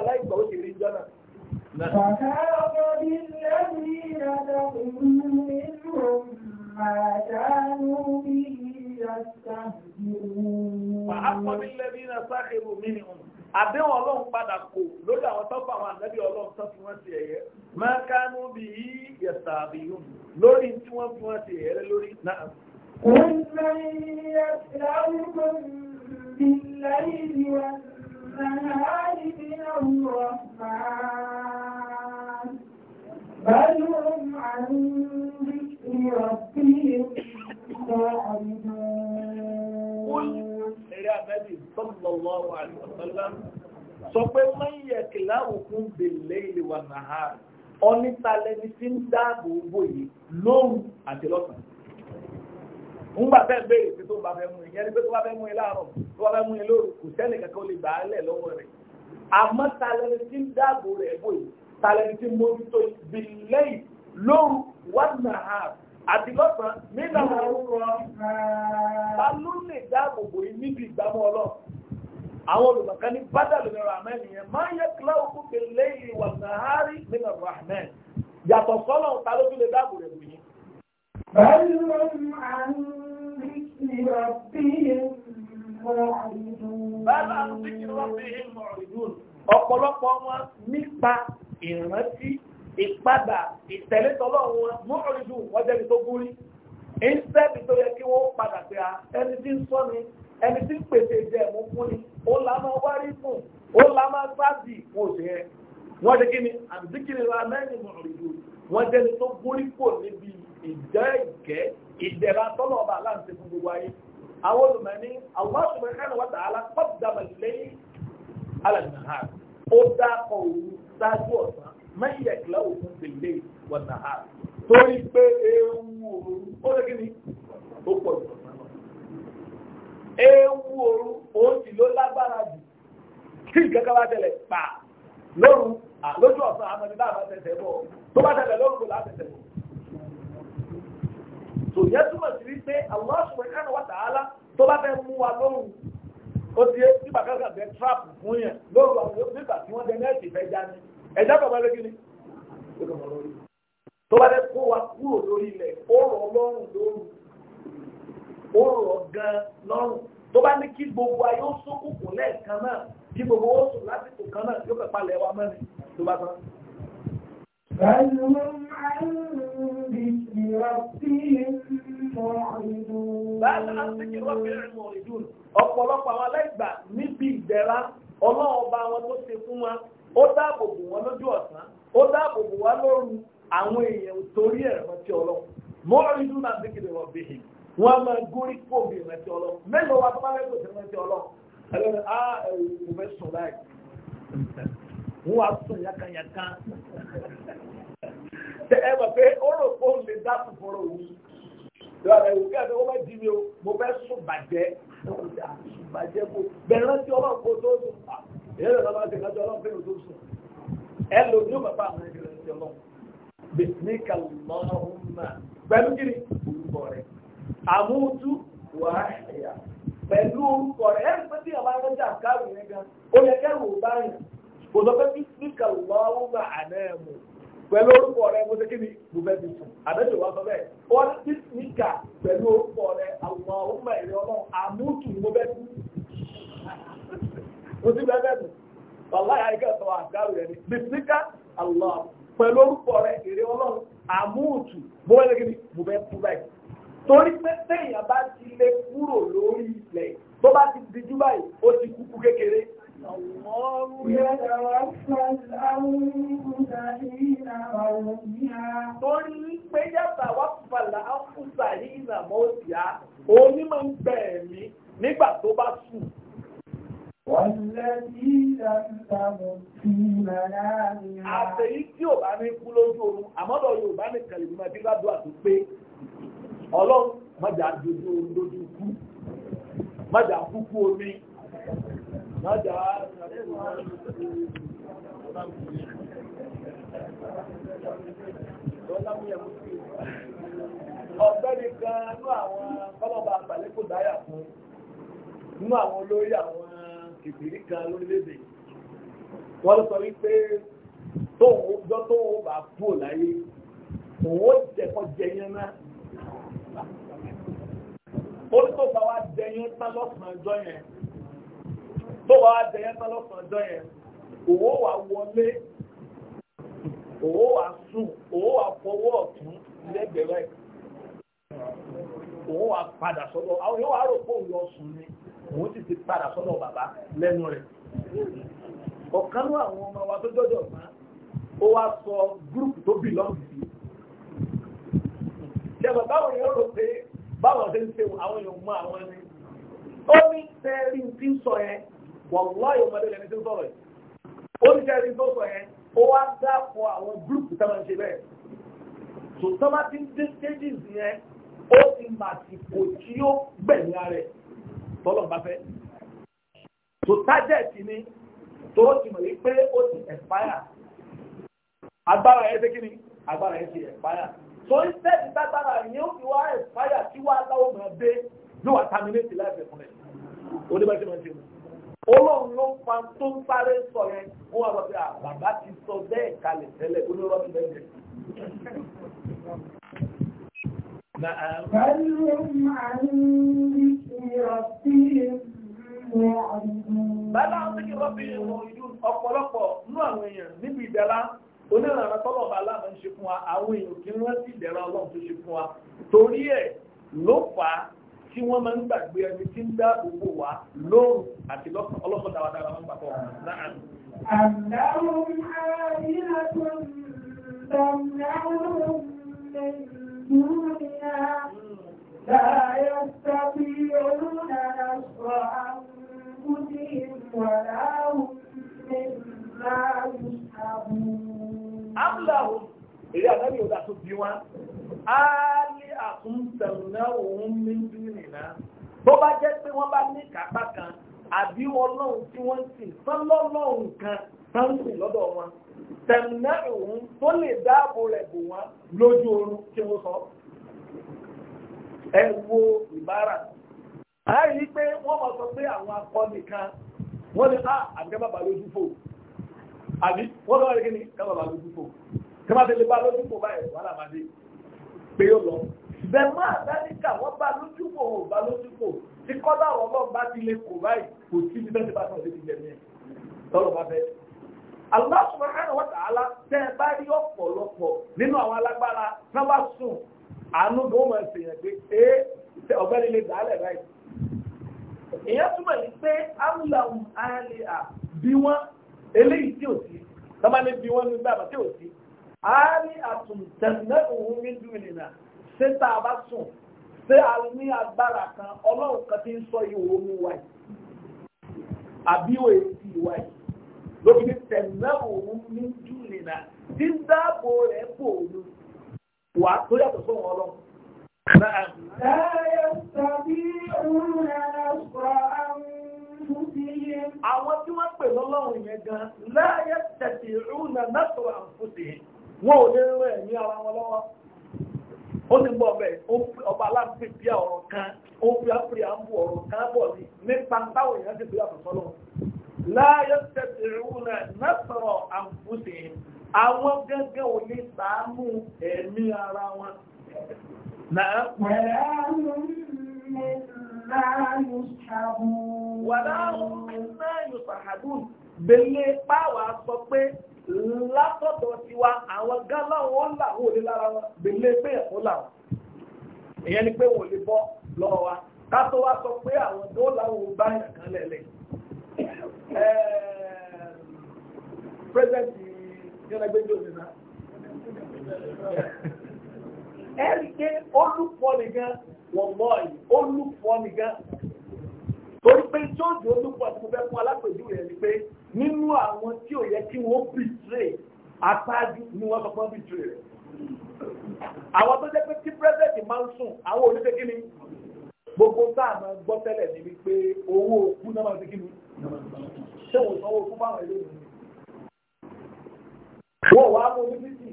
S1: àdéhùn ọlọ́run padà kò lórí àwọn tọ́pọ̀ àwọn ànábì ọlọ́run tó fi wọ́n ti ẹ̀yẹ máa kánú bí i yẹ̀sà àbí yóò lórí tí wọ́n fi wọ́n ti ẹ̀yẹ lórí náà.
S2: Bẹ́ẹ̀ni
S1: eré abẹ́bí sallallahu alaihi wasallam sọ pé mẹ́yẹ̀ kìlá òkun bèlè ilé wa nàá ọ̀nìtalẹ́ni tí ń dáàbò bò yìí lóhùn àti lọ́sàn-án. Ngbà fẹ́ béèrè pé tó bá fẹ́ mú ìyẹn ni pé tó bá fẹ́ mú ẹ láàárọ̀ tó bá fẹ́ mú ẹ kò sẹ́ni kankan lè gbà lẹ̀ lọ́wọ́ rẹ̀. Àmọ́ talẹ́ni tí ń dáàbò rẹ̀ bò yìí tí mójútó bìlẹ́yìn lóhùn wàdùnà ààrùn Adi lọ́sàn nígbà wọn rúrọ ta ló yìí níbi ìgbàmọ́ àwọn olùmọ̀kan ní bádàlú ní rahman yẹn máa ń yẹ kíláwù kú pé lẹ́yìn wà nínú rahman yàtọ̀ sọ́nà ta ló tún ló ń ìrọ̀ bí ìmọ̀ ọ̀pọ̀lọpọ̀ wọn nípa ìpadà ìtẹ̀lẹ́tọ̀lọ́ wọn mọ́rin jù wọ́n jẹ́bi tó gúrí ìṣẹ́bi tó yẹ kí wọ́n padà pé a ẹni tí ń sọ ni ẹni tí ń pèsè jẹ mú fún ni ó la máa wárí fún ó la máa sáàbì fún òṣè yẹn wọ́n jẹ́ kí ni àbíkiri ra mẹ́rin mọ́rin jù wọ́n jẹ́bi tó gúrí kò níbi ìjẹ́ ìgẹ́ ìdẹ̀ra tọ́lọ̀ ọba aláǹtẹ̀ fún gbogbo ayé àwọn olùmọ̀ẹ́ni àwọn subhanahu wa ta'ala kọ́ mẹ́yẹ̀ kílá òkun gbèlè wọ̀nà á torí pé ewu òru ó lè kíni ó pọ̀ jù ewu òru òun sì ló lágbára jù kí nǹkan kan bá tẹ̀lẹ̀ pa lóru lójú ọ̀sán àmọ́ni náà bá tẹ̀sẹ̀ bọ̀ tó bá tẹ̀lẹ̀ lóru kò látẹ̀sẹ̀ bọ̀ tò yẹ túmọ̀ sí wípé Allah subhanahu wa ta'ala tó bá fẹ́ mú wa lóru ó ti yé nígbà kan kan bẹ fún yẹn lóru àwọn yóò nígbà tí wọ́n dẹ ẹ̀dá bàbá lé kíni tó bá dé kó wa kúrò lórí ilẹ̀ ó rọ̀ lọ́rùn lóru ó rọ̀ gan lọ́rùn tó bá ní kí gbogbo ayé ó sókùnkùn lẹ́ẹ̀kan náà kí gbogbo ó sùn lásìkò kan náà yóò pẹ̀pà lẹ̀ wa mẹ́rin tó bá tán. Ọ̀pọ̀lọpọ̀ àwọn aláìgbà níbi ìdẹ̀ra ọlọ́ọ̀ba wọn tó ṣe fún wa ó dáàbò bò wọn lójú ọ̀sán ó dáàbò bò wá lóru àwọn èèyàn torí ẹ̀rọ ti ọlọ́run mọ́rin dún náà bí kìlọ̀ bí i wọ́n á máa gúrí kóbi ìrántí ọlọ́run mélòó wa tó bá lẹ́gbẹ̀ẹ́ sí ìrántí ọlọ́run ẹlẹ́ni á ẹ̀rù kò fẹ́ sùn láì wọ́n á sùn yákanyàká ẹ mọ̀ pé ó rò pé òun lè dá fòfòrò òun ìwà ẹ̀rù kí ẹ̀fẹ́ wọ́n bá mi o mo fẹ́ sùn bàjẹ́ bẹ̀rẹ̀ rántí ọlọ́run kó tó sùn pàpọ̀ ìyẹn lọ bá ti kájọ ọlọ́run pé òtún sùn ẹ lò ní bàbá àwọn ẹgbẹ́ rẹ̀ ti ọlọ́run bèsì kàlùmọ́ọ́mà pẹ̀lú kiri orúkọ rẹ̀ àmútú wàhálà pẹ̀lú orúkọ rẹ̀ ẹ̀rí pé tí àwọn arẹ́jà kárù yẹn gan ó yẹ kẹ́rù ò bá yàn kò sọ pé bèsì kàlùmọ́ọ́mà àná ẹ̀ mú pẹ̀lú orúkọ rẹ̀ mo ṣe kí ni mo fẹ́ ti sùn àbẹ́jọ́ wa sọ bẹ́ẹ̀ wọ́n ti níkà pẹ̀lú orúkọ rẹ̀ àwọn ọmọ ìrẹ́ ọlọ́run àmútú mo fẹ́ ti kò sí bẹ́ẹ̀ bẹ́ẹ̀ bàbá yà ike sọ àdárò yẹn ni bisimika allah pẹ̀lú orúkọ rẹ èrè ọlọ́run àmúùtù mo bẹ́ẹ̀ lẹ́gẹ́ni mo bẹ́ẹ̀ kú báyìí torí pé téèyàn bá ti lé kúrò lórí ilẹ̀ tó bá ti dijú báyìí ó ti onímọ̀ ń bẹ̀ẹ̀mí nígbà tó bá sùn. Wọ̀lẹ́bí lọ́tàmù sí mẹ́láàrin. Àtẹ̀yí tí ò bá ní kú lójú oorun, àmọ́dọ̀ Yorùbá ní kẹlẹ̀ mímọ́ bí ládùúgbà tó pé Ọlọ́run mọ́jà dojú oorun lójú kú, mọ́jà kúkú omi, mọ́jà ọ̀gbẹ́ni kan nú àwọn kọ́lọ́ba àgbàlẹ́kọ̀dáyà fún nínú àwọn olórí àwọn kìbìrí kan lórílẹ̀-èdè wọ́n lọ sọ wípé tóun ọjọ́ tóun bá bò láyé òun ó jẹ̀kọ́ jẹyẹn náà ó tó bá wá jẹyẹn tán lọ́sàn-án ọjọ́ yẹn tó bá wá jẹyẹn tán lọ́sàn-án ọjọ́ yẹn òun ó wà wọlé òun ó wà sùn òun ó wà fọwọ́ ọ̀tún lẹ́gbẹ̀ẹ́ òun ó wà padà sọ́dọ̀ àwọn yóò wá rò pé òun lọ sùn ni òun sì ti padà sọ́dọ̀ bàbá lẹ́nu rẹ̀ ọ̀kan ló àwọn ọmọ wa tó jọjọ ma ó wá sọ gúrùpù tó bì lọ́ọ̀dù sí ṣẹ̀bọ̀ báwọn èèyàn rò pé báwọn ṣe ń ṣe àwọn èèyàn mọ àwọn ẹni ó ní sẹ́ẹ̀rì tí ń sọ yẹn wàláyé ọmọdé lẹni tí ń sọ̀rọ̀ yẹn ó ní sẹ́ẹ̀rì tó sọ yẹn ó wá dáàpọ̀ àwọn gúrùpù tá máa ń ṣe bẹ́ẹ̀ tó tọ́ ń dé stages yẹn ó ti màtìkò tí ó gbẹ̀yìn ara rẹ̀ tọ́lọ̀ bá fẹ́. tó tájẹ̀tì ni tó ti mọ̀ wípé ó ti expire agbára ẹ̀ ṣe kí ni agbára ẹ̀ ti expire tó ń tẹ́sí tágbára yẹn ó fi wá expire tí wàá láwọ̀ máa dé yóò wá terminate láìpẹ́ fún ẹ̀ oníbàjẹ́ máa ń ṣe mọ́ olóhùn ló ń fa tó ń sáré sọ yẹn wọn wà lọ sí àbàbà ti sọ bẹ́ẹ̀ kalẹ̀ tẹ́lẹ̀ onírọbì بل هم عن ذكر ربهم معرضون بل عن ذكر ربهم معرضون ọ̀pọ̀lọpọ̀ nú àwọn èèyàn níbi ìdẹ̀ra onírànà tọ́lọ̀bà aláàmà ń ṣe fún wa tí wọ́n máa ń gbàgbé ẹni tí ń dá gbogbo wa lóòrùn àti ọlọ́pọ̀ dáradára máa ń gbàgbọ́
S2: láàárín. الدنيا لا يستطيعون نصر أنفسهم ولا هم مما يسحبون
S1: أم لهم إذا لم يدعوا بيوان Ali àtúntẹ̀nà òun méjì nìna. Tó bá jẹ́ pé wọ́n bá ní kápá kan, àbí ọlọ́run tí wọ́n ń sìn, sán lọ́lọ́run kan, sán sìn lọ́dọ̀ wọn tẹ̀mínà òun tó lè dáàbò rẹ̀ bò wọ́n lójú oorun kí wọ́n sọ. ẹ wo ìbára a rí i pé wọ́n mọ̀ sọ pé àwọn akọni kan wọ́n ní a ah, àbíkábàbà lójú fò àbí wọ́n lọ́wọ́ rẹ̀ kí ni kábàbà lójú fò kábàbà lójú fò báyìí wàhálà máa dé pé yóò lọ bẹ̀mọ́ àdáríkà wọ́n bá lójúkò ò bá lójúkò tí kọ́lá ọlọ́run bá ti lè kò báyìí kò tí ní bẹ́ẹ̀ bá sọ̀rọ̀ Allah subhanahu wa ta'ala tẹ́ ẹ bá rí ọ̀pọ̀lọpọ̀ nínú àwọn alágbára náà bá sùn àánú bó máa ṣèyàn pé é tẹ ọ̀gbẹ́ni lè dàálẹ̀ báyìí. ìyẹn túmọ̀ ní pé amúláhùn àlè à bí wọ́n eléyìí tí ò sí tọ́ba ní bí wọ́n ní bàbá tí ò sí àbí òye ti wáyé. ló fi tẹ̀lé òun ní júlìnà tí ń dáàbò rẹ̀ bò òun wà tó yàtọ̀ sóhun ọlọ́run.
S2: Láyé
S1: tàbí àwọn tí wọ́n pè lọ́lọ́run yẹn gan láyé tẹ̀sí òun náà ò rẹ̀ ní ara wọn lọ́wọ́ ó ọba ọ̀rọ̀ kan ó fi ọ̀rọ̀ kan bọ̀ ní ti fi láyé tẹ̀síwúnà nẹ́sọ̀rọ̀ àǹfùsì àwọn gẹ́gẹ́ ò ní sàánú ẹ̀mí ara wọn. Wàdá ọ̀pínlẹ̀ yóò sàhàdùn belé páwà sọ pé látọ̀tọ̀ tiwa àwọn gáláwọ̀ làwọn òde lára wọn belé pé ẹ̀kọ́ làwọn. Ìyẹn ni pé wọ́n lè bọ́ lọ́wọ́ wa. Ká tó wá sọ pé àwọn tó láwọn ò kan lẹ̀lẹ̀ pírẹsidẹ́ntì yọlẹgbẹjọ mi náà ẹ̀rí pé olùpọ̀ nìkan wọ̀n mọ́ ẹ̀ olùpọ̀ nìkan torí pé jọ́ọ̀jì olùpọ̀ tí mo fẹ́ fún alápèjúwe rẹ̀ ni pé nínú àwọn tí ò yẹ kí wọ́n bìtìrè aṣáájú ni wọ́n sọ fún bìtìrè rẹ̀ àwọn tó jẹ́ pé tí pírẹsidẹ́ntì máa ń sùn àwọn olùdókè ni gbogbo sáà máa gbọ́ tẹ́lẹ̀ ni wípé owó òkú náà máa ń ṣe kí ni ṣé wò sanwó fún báwọn ilé ìwé wò wá mú ní títì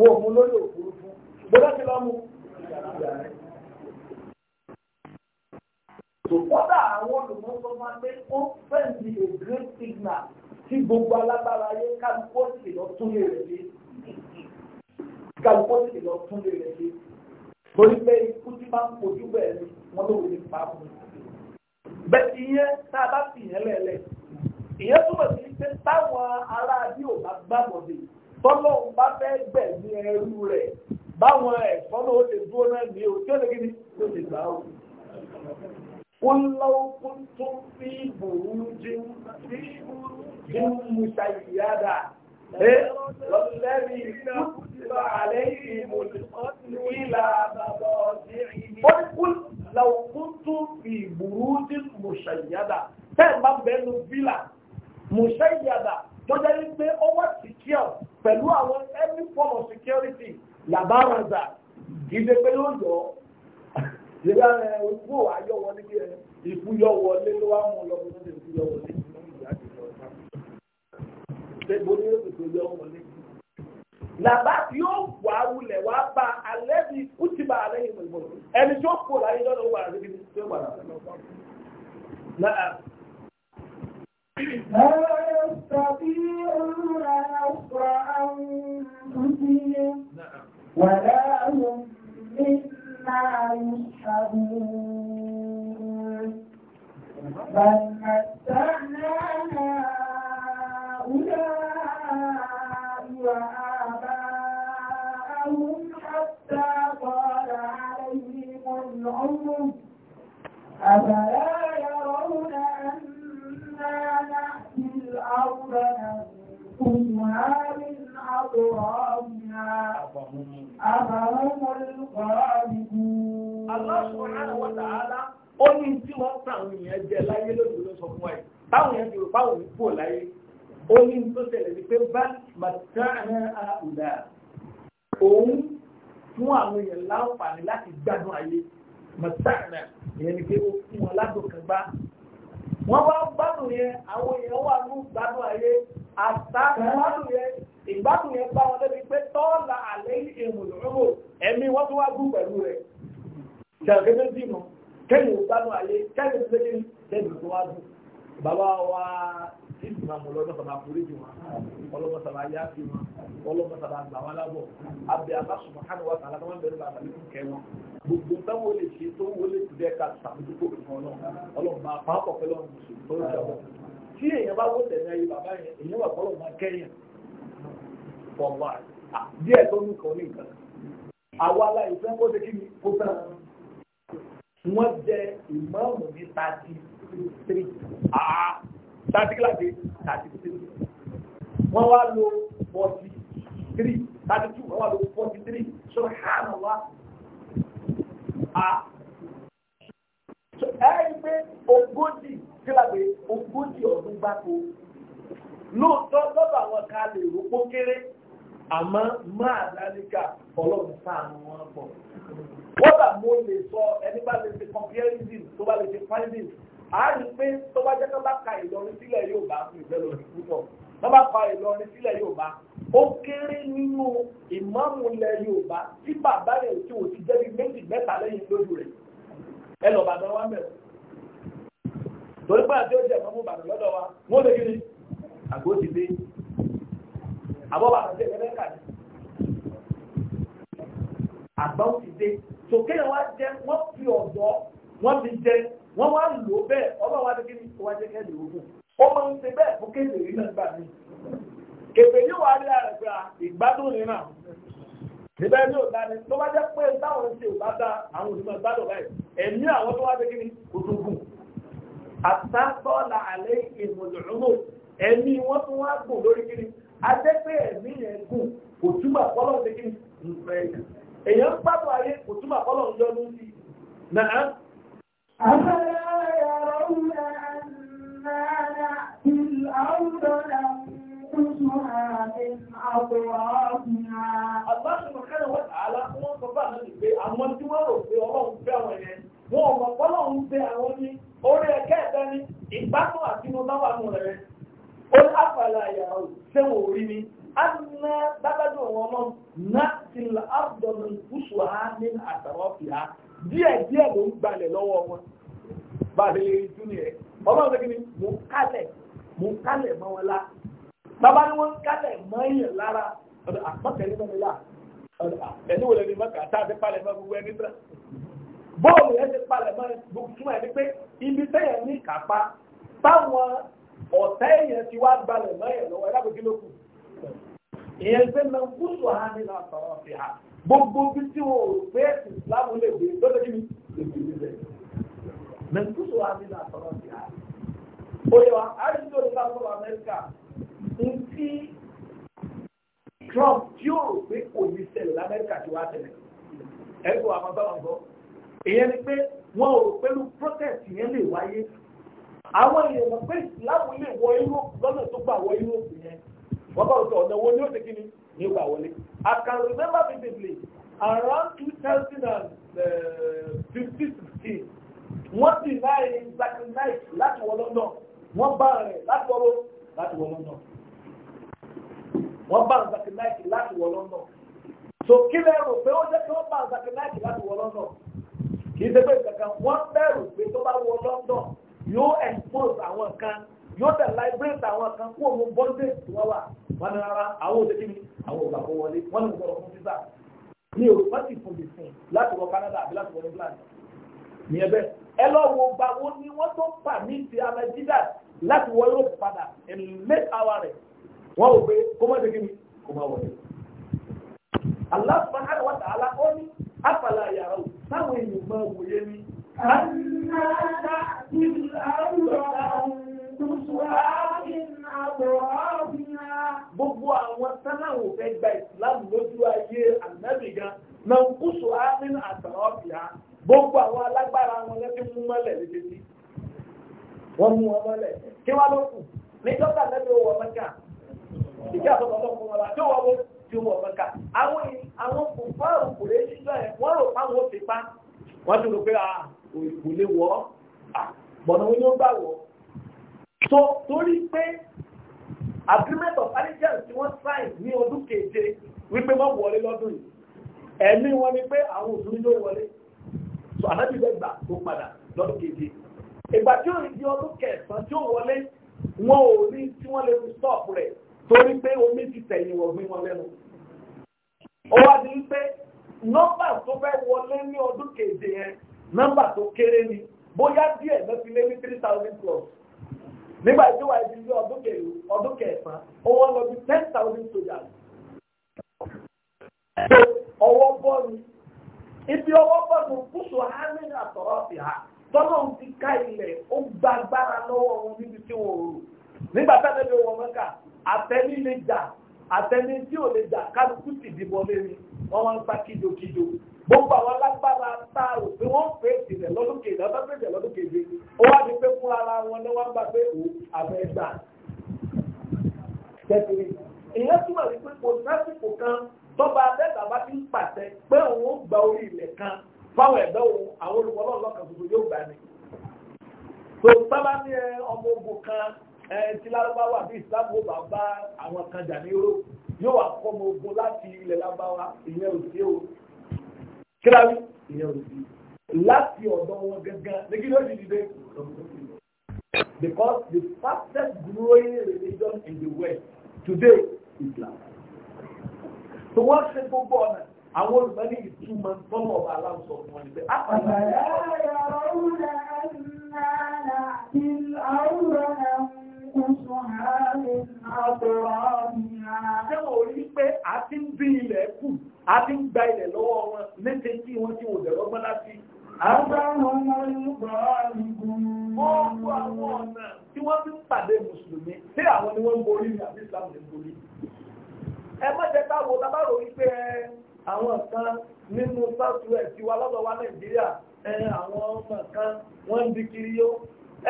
S1: wò mú lórí òfurufú gbọ́dọ̀ ti lọ mú. Sòkòtà àwọn olùmọ̀sọ́ máa ń pé ó fẹ́ǹdì a great signal tí gbogbo alágbára ayé kálukú sì lọ túnlé rẹ̀ dé. Kálukú sì lọ túnlé rẹ̀ dé. Torí pé ikú tí máa ń fojú bẹ̀rẹ̀ ni wọ́n ló wọlé pa fún bẹ́ẹ̀ ìyẹn tá a bá fi ìyẹn lẹ́lẹ̀ ìyẹn túmọ̀ sí pé táwọn ará bí ò bá gbàgbọ́dé tọ́lọ́ ń bá fẹ́ gbẹ̀mí ẹrú rẹ̀ báwọn ẹ̀fọ́ náà ó lè dúró náà ní o tí ó lè kí ni ó lè gbà ó. wọ́n lọ́wọ́ kó tún fi bùrú jí ń mú ṣàyíyá dáa. Fọ́nkún eh? lọ́kúntú fi burújí mùsànyádà. Tẹ́ẹ̀ máa bẹnu fílà mùsànyádà tó jẹ́ wípé ó wà secure pẹ̀lú àwọn every form of security làbáraza ìdè pé yóò yọ ìgbà rẹ̀ eh, ojú ṣe mo ní òṣìṣẹ́ ilé ọmọ ní. Làbá tí ó wà wulẹ̀ bá alẹ́ bí kùtìbà alẹ́ yìí mọ̀ Ẹni tí ó kó láyé lọ́dọ̀ wà níbi tí ó wà náà.
S2: لا يستطيعون نصر أنفسهم ولا هم منا يشهدون بل متعنا هؤلاء وآباءهم حتى طال عليهم العمر أفلا يرون أنا نأتي الأرض ننقصها من أطرافها
S1: أفهم الخالقون الله سبحانه وتعالى ó ní tí wọ́n tàwọn èèyàn jẹ láyé lónìí ló sọ fún wa yìí táwọn èèyàn ti rò báwọn ń pò láyé ó ní tó ṣẹlẹ̀ sí pé bá màtáàná àùdà òun fún àwọn èèyàn láǹfààní láti gbádùn ayé màtáàná ìyẹn ni pé ó fún wọn ládùn kan bá wọ́n bá gbádùn yẹn àwọn èèyàn wà ní gbádùn ayé àtàgbádùn yẹn ìgbádùn yẹn bá wọn débi pé tọ́ọ̀là àlẹ́ ìhùn lọ́wọ́ ẹ̀mí wọ́n tún wá gùn pẹ̀lú rẹ̀ ṣàkébé sí mọ́ kẹ́yìn gbádùn ayé kẹ́yìn tó ìlú máa mú lọ́dọ̀ bàbá àforíjì wọn ọlọ́mọ sábà yá sí wọn ọlọ́mọ sábà gbà wọn lábọ̀ abẹ́ abásùnmọ́ hánú wa tààlà káwọn bẹ̀rẹ̀ bàbá nínú kẹ wọn gbogbo táwọn olè ṣe tó wọlé tùdẹ́ ká sàmójúkò fún ọlọ́run ọlọ́run máa pa ọkọ̀ pẹ̀lú ọ̀run mùsùlùmí tó ń jọ̀bọ̀ tí èèyàn bá wọ́n tẹ̀lé ayé bàbá yẹn èèyàn wà kọ́lọ̀ máa kẹ́yìn fọ̀mà díẹ̀ tó ní kan ní nǹkan àwa la ìfẹ́ kó kí ni jẹ ìmọ̀ọ́mù ní thirty thirty kíláàsì thirty three wọ́n wá lo forty three thirty two wọ́n wá lo forty three sọ̀rọ̀ wá a ẹ̀rí pé ogójì kíláàsì ogójì ọdún gbáko lóòótọ́ lọ́dọ̀ àwọn ká lè rúpó kéré àmọ́ máa lálẹ́kà ọlọ́run sáànù wọn pọ̀. wọ́n bá mo lè sọ ẹni bá lè ṣe comparison tó bá lè ṣe findings a rí pé tó bá jẹ́ tọ́ba ka Ìlọrin sílẹ̀ yóò bá fún ìfẹ́ lọ sí púpọ̀ tọ́ba ka Ìlọrin sílẹ̀ yóò bá ó kéré nínú ìmáàmù ilẹ̀ Yorùbá tí bàbá rẹ̀ tí ò ti jẹ́ bí méjì mẹ́ta lẹ́yìn lójú rẹ̀ ẹ lọ bàbá wa mẹ́rin torí pé àti ọjà ìmọ̀mú bàbá lọ́dọ̀ wa wọ́n lè kí ni àgbo ti dé àbọ̀bà àti ẹ̀rẹ́ mẹ́ta ni àgbọ̀n ti dé tòkè wa jẹ́ wọ́n fi ọ̀dọ́ wọ́n fi jẹ́ wọ́n wá lò bẹ́ẹ̀ ọlọ́wọ́ adékè ní kó wá jẹ́ ogun ó máa ń bẹ́ẹ̀ fún náà gbà mí rí ara gba ìgbádùn ní náà níbẹ̀ ní ni tó bá jẹ́ pé ṣe ò bá dá àwọn òṣìṣẹ́ gbádùn báyìí ẹ̀mí àwọn tó wá ẹ̀mí wọ́n tún wá gùn lórí pé ẹ̀mí yẹn gùn أفلا يرون
S2: أنا نأتي الأرض ننقصها
S1: من أطرافها الله سبحانه وتعالى wọ́n sọ bá àná pé àwọn tí wọ́n rò pé ọlọ́run fẹ́ àwọn díẹ̀ díẹ̀ ló ń gbalẹ̀ lọ́wọ́ wọn bá a lè tún ní ẹ̀ ọlọ́run tó kí ni mò ń kálẹ̀ mò ń kálẹ̀ mọ́ wọn lá bàbá ni wọ́n ń kálẹ̀ mọ́ èèyàn lára ọ̀dọ̀ àpọ̀tẹ̀lẹ́ mọ́ mi lá ẹni wo lè ní mọ́kà tá a ti palẹ̀ mọ́ gbogbo ẹni tán bọ́ọ̀lù yẹn ti palẹ̀ mọ́ gbogbo túmọ̀ ẹni pé ibi tẹ́yẹ̀ ní kápá táwọn ọ̀tá èèyàn ti wá gbalẹ̀ mọ́ ẹ̀ lọ́wọ́ ẹ̀ lábẹ́ kí ló kù ìyẹn ti gbogbo bí tí wọn ò pé ìsìláàmù lè gbé lọ́dọ̀ kí ni èdè ìgbésẹ̀. mẹ́tùsù wa ní àtọ́rọ̀ sí i. oyè wa àìsí òní bá sọ̀rọ̀ amẹ́ríkà ń tí Trump tí ó rò pé kò ní ṣẹlẹ̀ lamẹ́ríkà tí wàá tẹ̀lé ẹ̀kọ́ àwọn báwọn gbọ́. èyẹ ni pé wọn ò rò pẹ̀lú protest yẹn lè wáyé. àwọn èèyàn mọ̀ pé ìsìláàmù lè wọ Europe lọ́nà tó gbà wọ Europe yẹn. wọ́n bá ní ìgbà wọlé I can remember vividly around two thousand and fifteen sixteen wọ́n ti láì sacrifice láti wọ London wọ́n bá rẹ̀ láti wọ́ láti wọ London wọ́n bá sacrifice láti wọ London so kí lè rò pé ó jẹ́ kí wọ́n bá sacrifice láti wọ London kì í ṣe pé kankan wọ́n bẹ̀rù pé tó bá wọ London yóò expose àwọn kan yóò tẹ̀ láìbírẹ̀tì àwọn kan kú òun bọ́ndé tí wọ́n wà wọ́n ní rárá àwọn òṣèlú mi àwọn ògbà kó wọlé wọ́n ní mo sọ̀rọ̀ fún visa ní o wọ́n sì fún mi fún láti wọ Canada àbí láti wọ England ní ẹbẹ ẹ lọ wo gba wo ni wọ́n tó pa ní ti amẹ́jídà láti wọ Europe padà in late hour rẹ̀ wọ́n ò pé kó má dégé mi kó má wọlé. Allah subhanahu wa ta'ala ó ní àpàlà yàrá o táwọn èèyàn máa wòye ní. àná àti àwùjọ àwọn. Gbogbo àwọn sáláwò fẹ́ gba ìsìláàmù lójú ayé ànábì gan, na ń kú sọ ámìn àtàrà ọ̀fìá, gbogbo àwọn alágbára wọn lẹ́bí mú mọ́lẹ̀ lédè sí. Wọ́n mú wọn mọ́lẹ̀. Kí wá ló kù? Ní dọ́kà lẹ́bí owó ọmọkà. Ìjẹ́ àtọ́kọ̀ ọlọ́kùnrin wọn la, tí wọ́n wọ́n ti owó ọmọkà. Àwọn kò fáwọn kò lè ẹ̀, wọ́n rò fáwọn ó pa. Wọ́n ti rò pé à, òyìnbó wọ́ so torí pé agreement of allegiance tí wọ́n sign ní ọdún keje wípé wọ́n wọlé lọ́dún yìí ẹ̀mí wọn ni pé àwọn òṣèlú yóò wọlé so ànábì bẹ́ẹ̀ gbà tó padà lọ́dún keje ìgbà tí ó rí di ọdún kẹsàn-án tí ó wọlé wọn ò rí tí wọ́n lè fi stop rẹ̀ torí pé omi ti tẹ̀yìn wọ̀gbìn wọn lẹ́nu ó wá di wípé nọ́mbà tó fẹ́ wọlé ní ọdún keje yẹn nọ́mbà tó kéré ni bóyá díẹ̀ lọ́sí ní three thousand plus nígbà tí wàá di ilé ọdún kẹrù ọdún kẹsàn-án owó lọ bí ten thousand soldiers. ọwọ́ bọ́ọ̀lù ibi ọwọ́ bọ́ọ̀lù kùsù hàmínú àtọ̀rọ̀ fi hà tọ́lọ́ ń ti ká ilẹ̀ ó gba agbára lọ́wọ́ wọn níbi tí wọ́n rò nígbà táwọn ẹgbẹ́ wọn mọ́ka àtẹ́ni lè jà àtẹ́ni tí ò lè jà kálukú sì dìbọn lé mi wọ́n wá ń pa kíjokíjo gbogbo àwọn alágbára tá a rò pé wọ́n fẹ́ ìdílé lọ́dún kejì lọ́dún kejì lọ́dún kejì ó wá di pé fún ara wọn ní wọ́n gbà pé òun àfẹ́ gbà. tẹ́tìrì ìyẹn túmọ̀ sí pé kò sásìkò kan tọ́ba abẹ́ta bá ti ń pàṣẹ pé òun ó gba orí ilẹ̀ kan fáwọn ẹ̀dọ́ òun àwọn olùkọ́ náà lọ́kàn tuntun yóò gbà ní. tó sábà ní ọmọ ogun kan tí lárúbáwá àbí ìsìlámù ó bá bá àwọn kan jà ní Europe yóò wá kọ́ ọmọ ogun láti ilẹ̀ lárúbáwá ìyẹn òsì kíláàrí láti ọ̀dọ̀ wọn gẹ́gẹ́ nígbì ló ti dìde because the fastest growing religion in the world today is Islam so wọ́n ṣe gbogbo ọ̀nà àwọn olùgbọ́n ní ìtumọ̀ tọ́lọ̀ ọba aláwùsọ fún wọn níbẹ̀. àpàlà yàrá
S2: òun náà ní àwòrán àárín
S1: àtọ̀rọ̀ àmì ṣé wọ́n rí pé a ti ń bí ilẹ̀ kù a ti gba ilẹ̀ lọ́wọ́ wọn tí wọ́n ti wò dẹ̀rọ́gbọ́n láti. àwọn tí wọ́n fi tí ni wọ́n borí ní àbí Islam kan nínú South West lọ́dọ̀ wa Nàìjíríà ọmọ kan wọ́n di kiri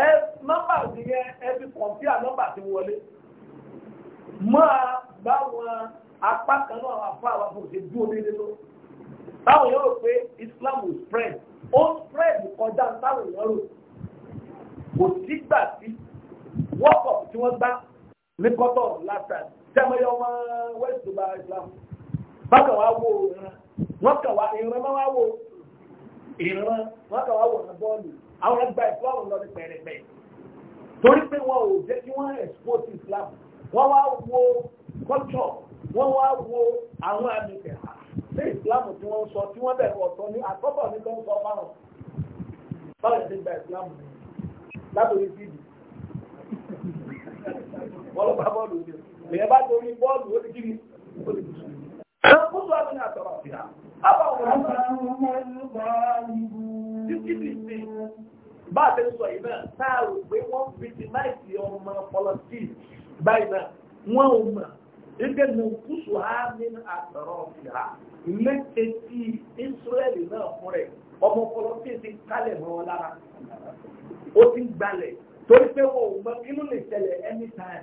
S1: Ẹ nọ́mbà yẹn ẹ fi nọ́mbà ti wọlé. Máa bá wọn. apá kan náà àwọn afọ àwọn afọ òṣèlú dúró déédéé lọ táwọn pé Islam ò spread ó spread kọjá táwọn èèyàn rò kò sígbà sí world cup tí wọ́n gbá ní kọ́tọ̀ last time tẹ́mọ̀yọ́ wọn west gba Islam bákan wá wo, ìran wọ́n kàn wá ìran máa wá wò ìran wọ́n kàn wá wò ìran bọ́ọ̀lù àwọn ẹgbẹ́ Islam lọ ní pẹ̀rẹ̀pẹ̀ torí pé wọn ò jẹ́ kí wọ́n expose Islam wọ́n wá wo culture wọ́n wá wo àwọn àmì kẹ̀hà sí ìsìlámù tí wọ́n ń sọ tí wọ́n bẹ̀rù ọ̀tọ̀ ní àkọ́bọ̀ ní tó ń sọ márùn báwo ni ti gba ìsìlámù ni látòrí fídì wọ́n lọ bá bọ́ọ̀lù òde èèyàn bá torí bọ́ọ̀lù ó ti kí ni ó ti kí ni. Kóso àmì náà sọ̀rọ̀ sí i. Àbá òun ló sọ bá a ti sọ yìí náà táà rò pé wọ́n fi ti máìsì ọmọ pọlọtì gẹ́gẹ́ ní kúṣù á ní àtọ̀rọ̀ ìhà mẹ́tẹ̀ tí Ísírẹ́lì náà fún rẹ̀ ọmọ ọpọlọ tí èsì kálẹ̀ mọ́ wọn lára ó ti ń gbalẹ̀ torí pé wọn ò mọ kí ló lè ṣẹlẹ̀ anytime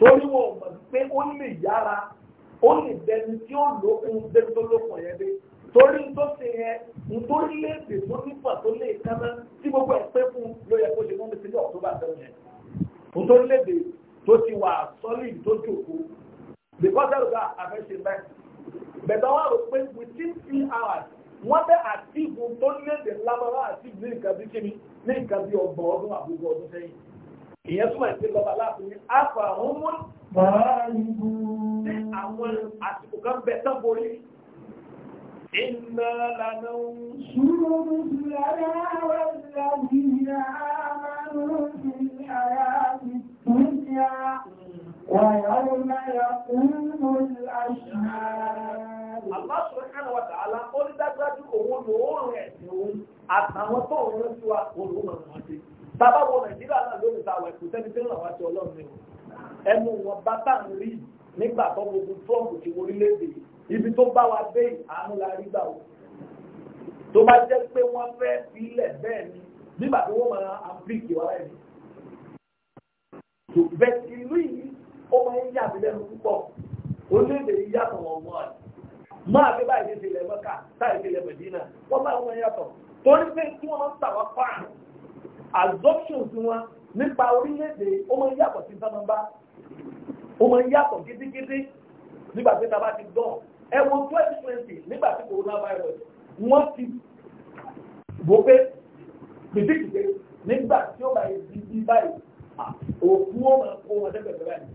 S1: torí wọn ò mọ pé ó lè yára ó lè dẹni tí ó lókun dẹni tó lókun yẹn dé torí ń tó ṣe yẹn ń tó lé èdè tó nípa tó lè kánná tí gbogbo ẹ̀ pé fún ló yẹ kó ṣe mọ́ mi sí ní ọ̀túnbà tó yẹn ń tó lé tó ti wà sọ́lì tó jòkó because ẹ̀rù gba àfẹ́ṣe bẹ́ẹ̀ bẹ̀tẹ̀ wà rò pé within three hours wọ́n fẹ́ àtìbù tó léde lámọ́rá àtìbù ní nǹkan bí kíni ní nǹkan bí ọgbọ̀n ọdún àbúgbọ̀ ọdún sẹ́yìn ìyẹn túmọ̀ sí lọ́ba láàfin ní afa ọmọ báyìí ní àwọn àsìkò kan bẹ borí iná
S2: ṣùgbọ́n mo ti rárá wà láti ní àmàlùmí àyà
S1: ìtúnyà. ويوم يقوم الأشهاد الله سبحانه وتعالى ó ní dájúdájú òun ló oòrùn ẹ̀sìn òun àtàwọn tó ń rántí wa olùwọ́n máa wọ́n ṣe bàbá wo nàìjíríà náà ló ń ta àwọn ẹ̀kú sẹ́ni tí ń ràn wá sí ọlọ́run ni o ẹnu wọn bá tà ń rí nígbà tó gbogbo Trump ti wọ orílẹ̀-èdè ibi tó bá wa dé àánú la rí gbà o tó bá jẹ́ pé wọ́n fẹ́ sílẹ̀ bẹ́ẹ̀ ni nígbà tí wọ́n máa àpíríkì wa láì ní. bẹ́ẹ̀ ìlú yìí ó máa ń yà mí lẹ́nu púpọ̀ orílẹ̀-èdè yìí yàtọ̀ wọn mọ́ ẹ̀ máa fi báyìí ní ìṣẹ̀lẹ̀ mọ́kà táyì ìṣẹ̀lẹ̀ mẹ̀dínà wọ́n máa ń wọ́n yàtọ̀ torí pé tí wọ́n máa ń tàwọn fáànù absorption tí wọ́n nípa orílẹ̀-èdè ó máa ń yàtọ̀ sí sábàbá ó máa ń yàtọ̀ gidigidi nígbà tí tábà ti dán ẹ̀wọ̀n twenty twenty nígbà tí coronavirus wọ́n ti wò pé pìdíkìdé nígbà tí ó bá yẹ di báyìí òkú ó kó wọn dẹ́gbẹ̀ẹ́ báyìí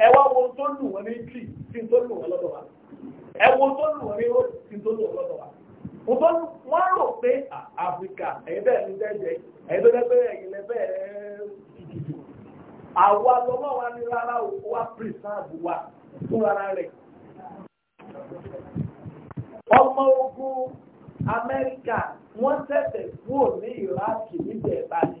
S1: ẹ wá wo tó lù wọ́n ní tree tí n tó lù wọ́n lọ́dọ̀ wa ẹ wo tó lù wọ́n ní road tí n tó lù wọ́n lọ́dọ̀ wa wọ́n rò pé Áfíríkà ẹ̀yìn bẹ́ẹ̀ ní dẹ́jẹ́ ẹ̀yìn tó dẹ́gbẹ́ ẹ̀yìn lẹ́fẹ́ ìdìbò àwa lọ́mọ́ wa ní rárá òkú wa pírísáàbù wa fún rárá rẹ̀ ọmọ ogun Amẹ́ríkà wọ́n tẹ̀sẹ̀ kúrò ní Ìrákì níbẹ̀ báyìí.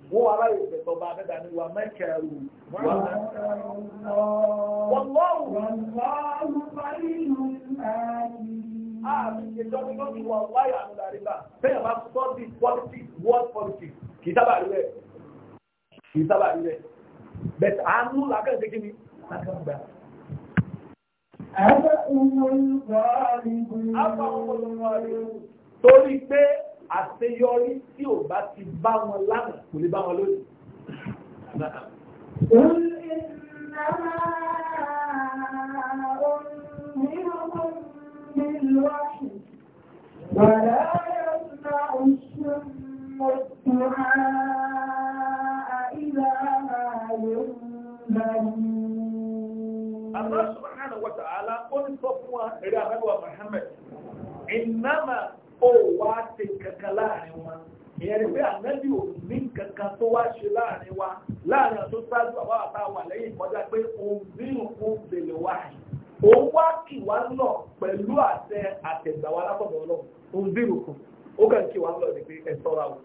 S1: wọ́n wá ráyè ìgbẹ̀tọ̀ bá abẹ́dà ní wa mẹ́kẹ̀rù wọ́n lọ́wọ́ àmì ìjọba ló ti wà láyà àmúdaríbà bẹ́ẹ̀ bá sọ di politics world politics kì í sábà rí rẹ̀ kì í sábà rí rẹ̀ bẹ́ẹ̀ àánú làákàtúntì kí ni làákàtúntà. Àbá ọmọ olùkọ́ àríwú. Àbá ọmọ olùkọ́ àríwú. Torí pé àṣeyọrí tí ò bá ti bá wọn lánàá kò lè bá wọn lónìí.
S2: ولا يسمع الشم الدعاء إذا
S1: ما ينبغي Allah subhanahu wa ta'ala ó ń sọ fún wa eré àmẹ́wà Muhammad ó wá ti kankan láàrin wọn ìyẹn ni pé ànábì ò ní kankan tó wá ṣe láàrin wa láàrin ọ̀tún sáájú àwọn àtàwà lẹ́yìn kọjá pé òun bírùn fún bèlè wáyé òun wá kì wá lọ pẹ̀lú àtẹ àtẹ̀gbàwá lápọ̀dọ̀ ọlọ́run òun bírùn fún ó kàn kì wá lọ ní pé ẹ sọ́ra o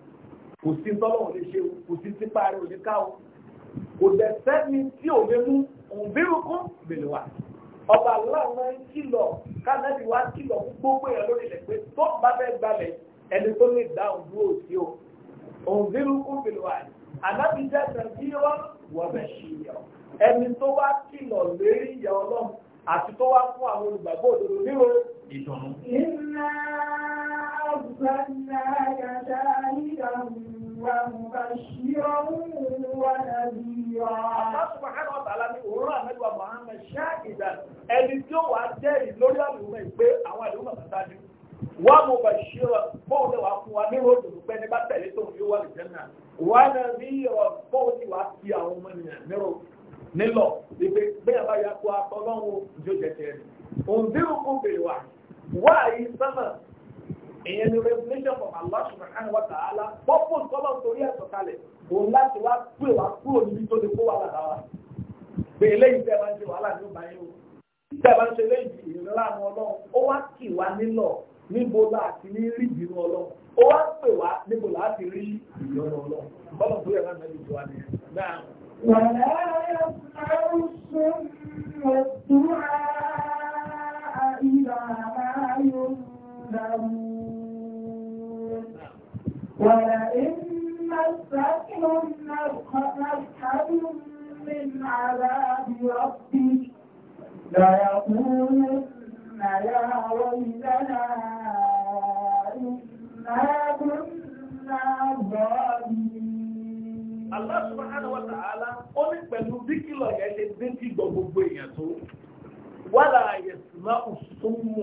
S1: kò sí tọ́lọ́run lè ṣe o kò sí sípa rẹ̀ ò ní ká o kò dẹ̀ sẹ́ni tí ò lè mú òun bírùn fún bèlè wáyé ọba aláàmọ ń kìlọ̀ kánábì wá kìlọ̀ gbogbo yẹn lórí ilẹ̀ pé tó bá fẹ́ gbalẹ̀ ẹni tó lè dá òun dúró sí o òun bínú kún bínú wa ànábì jẹ́ nàìjíríà wọ́n bẹ̀ ṣì yọ ẹni tó wá kìlọ̀ lérí ìyá ọlọ́run àti tó wá fún àwọn olùgbàgbọ́ òdodo níro ìdùnnú.
S2: ìlà àgbà náà yàtọ̀ àyíká mi. ومبشرا ونذيرا الله
S1: سبحانه وتعالى ní òwúrọ̀ àmẹ́gbà Muhammad ṣáàkìdá ẹni tí ó wà jẹ́rìí lórí àlùmọ̀ ìpé àwọn àlùmọ̀ tàbí wà mubashira bóun ni wà fún wa ní ròdò pẹ́ ní tẹ̀lé tó fi wà lìjẹ́ náà wà nadhira bóun ni wà fi àwọn ọmọ ènìyàn nírò nílọ̀ ìpè bẹ́ẹ̀ bá yà kó atọ́ lọ́wọ́ ìjọ jẹjẹrẹ òǹdírùkú bèrè wà wà yìí sánà ìyẹn ni revelation from Allah subhanahu wa ta'ala pọ́pọ̀ sọ́lọ́ torí ẹ̀sọ̀ kalẹ̀ òun láti wá pè wá kúrò níbi tó lè kó wà lára wa pé eléyìí tẹ́ ń ṣe wàhálà ní ọba yẹn o tẹ́ máa ń ṣe eléyìí ìrora ọlọ́run ó wá kì wá nílọ̀ níbo láti ní rí ọlọ́run ó wá pè wá níbo láti rí ọlọ́run
S2: يعلمون
S1: ولئن
S2: مستهم نفحة من عذاب ربك ليقولن يا ويلنا إنا كنا
S1: ظالمين الله سبحانه وتعالى ó ní pẹ̀lú bí kìlọ̀ yẹn ṣe dé tí gbọ̀ gbogbo èèyàn tó wàlà àyẹ̀sìmá òṣùṣùmù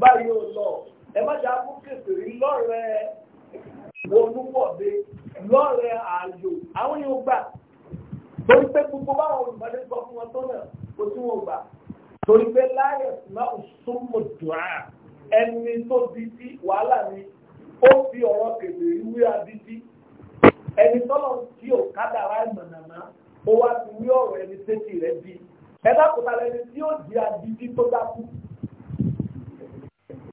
S1: báyìí ò lọ ẹ má ṣe àbúkèsè rí lọ́rẹ̀ẹ́ olúwọ̀dé lọ́rẹ̀ẹ́ ààyò àwọn yóò gbà torí pé gbogbo báwọn olùmọ̀lé sọ fún wọn tó náà kò tí wọn gbà torí pé láyé náà ò súnmọ́ dùn á ẹni tó di sí wàhálà ni ó fi ọ̀rọ̀ kèdè ìwé àdídí ẹni tọ́lọ̀ tí ò kádàrá ìmọ̀nàmá ó wá ti wí ọ̀rọ̀ ẹni tẹ́tì rẹ̀ bí ẹ dákòtà lẹni tí ó di àdídí tó dákú.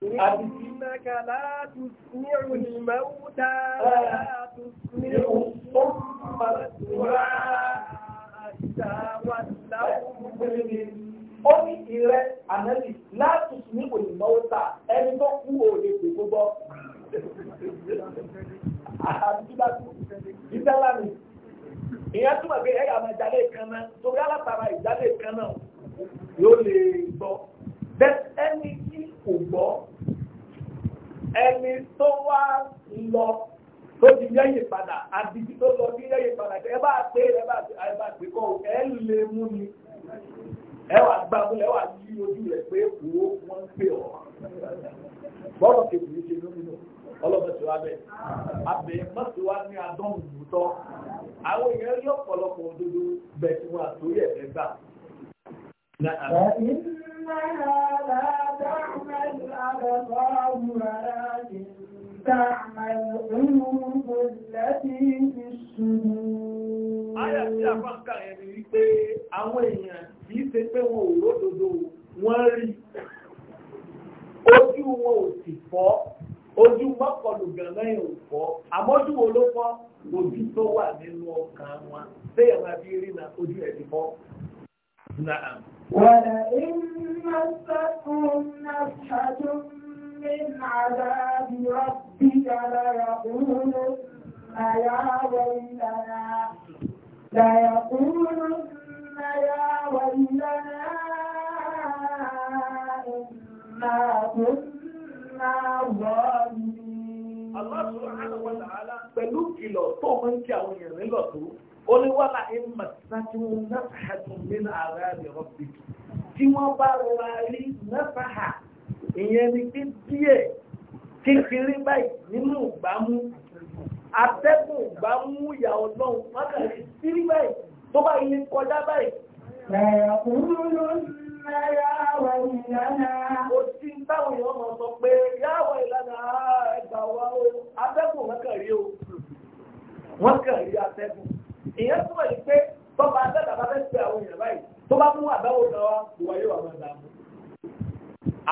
S1: إنك لا تسمع الموتى ولا تسمع الصم الدعاء إذا ولوا مؤمنين ó ní ìrẹ́ ànábì láti ní òyìnbọ́ta ẹni tó kú òde kò tó bọ́. Ìjálá mi, ìyẹn túmọ̀ pé ẹ̀yà máa jalè kan náà, torí alátara ìjalè kan náà yóò lè gbọ́. Bẹ́ẹ̀ ẹni tí kò gbọ́ ẹni tó wá lọ tó ti yẹ́yẹ padà àdìsí tó lọ sí yẹ́yẹ padà ẹ bá pé ẹ bá pé kọ́ ẹ lè mú ni ẹ wà gbàgbọ́ ẹ wà yí ojú rẹ̀ pé òwò wọn pè ọ́ bọ́ọ̀lù kejì ṣe lómìnà ọlọ́mọ tí wá bẹ̀ abẹ mọ́tò wá ní adọ́hùn mú tọ́ àwọn èèyàn yọ ọ̀pọ̀lọpọ̀ òdodo bẹ̀ tí wọ́n àtòrí ẹ̀ فإنها
S2: لا تعمى الأبصار ولكن تعمى القلوب التي في الصدور.
S1: Àyà tí a fọ́n kà ẹni wípé àwọn èèyàn kìí ṣe pé wọn ò ródòdó wọ́n rí. Ojú wọn ò sì fọ́, ojú mọ́kànlù gàngan yẹn ò fọ́, àmọ́jú wo ló fọ́? Ojú tó wà nínú ọkàn wọn. Ṣé ìyàwó àbí rí na ojú ẹ̀ ti fọ́? Náà.
S2: ولئن مستهم نفحة من عذاب ربك ليقولن يا ويلنا ليقولن يا ويلنا إنا كنا
S1: ظالمين الله سبحانه وتعالى pẹ̀lú kìlọ̀ tó máa ń kí ó ní wọ́n là ń màtá tí wọ́n náfàá tó nínú ààrẹ rẹ̀ rọ́bì tí wọ́n bá rọra rí náfàá ìyẹn ni pé díẹ̀ kékeré báyìí nínú ìgbàmú atẹ́gùn ìgbàmú ìyà ọlọ́run wákàtí sírí báyìí tó bá yí kọjá báyìí. Ó ti ń táwọn èèyàn máa sọ pé yáwọ̀ ìlànà ẹgbàá wa ó ìyẹn túmọ̀ ní pé tọ́ba dẹ́gbà bá fẹ́ pe àwọn èèyàn báyìí tó bá mú àdáwò kan wá ìwà yóò àwọn ẹ̀dá mú.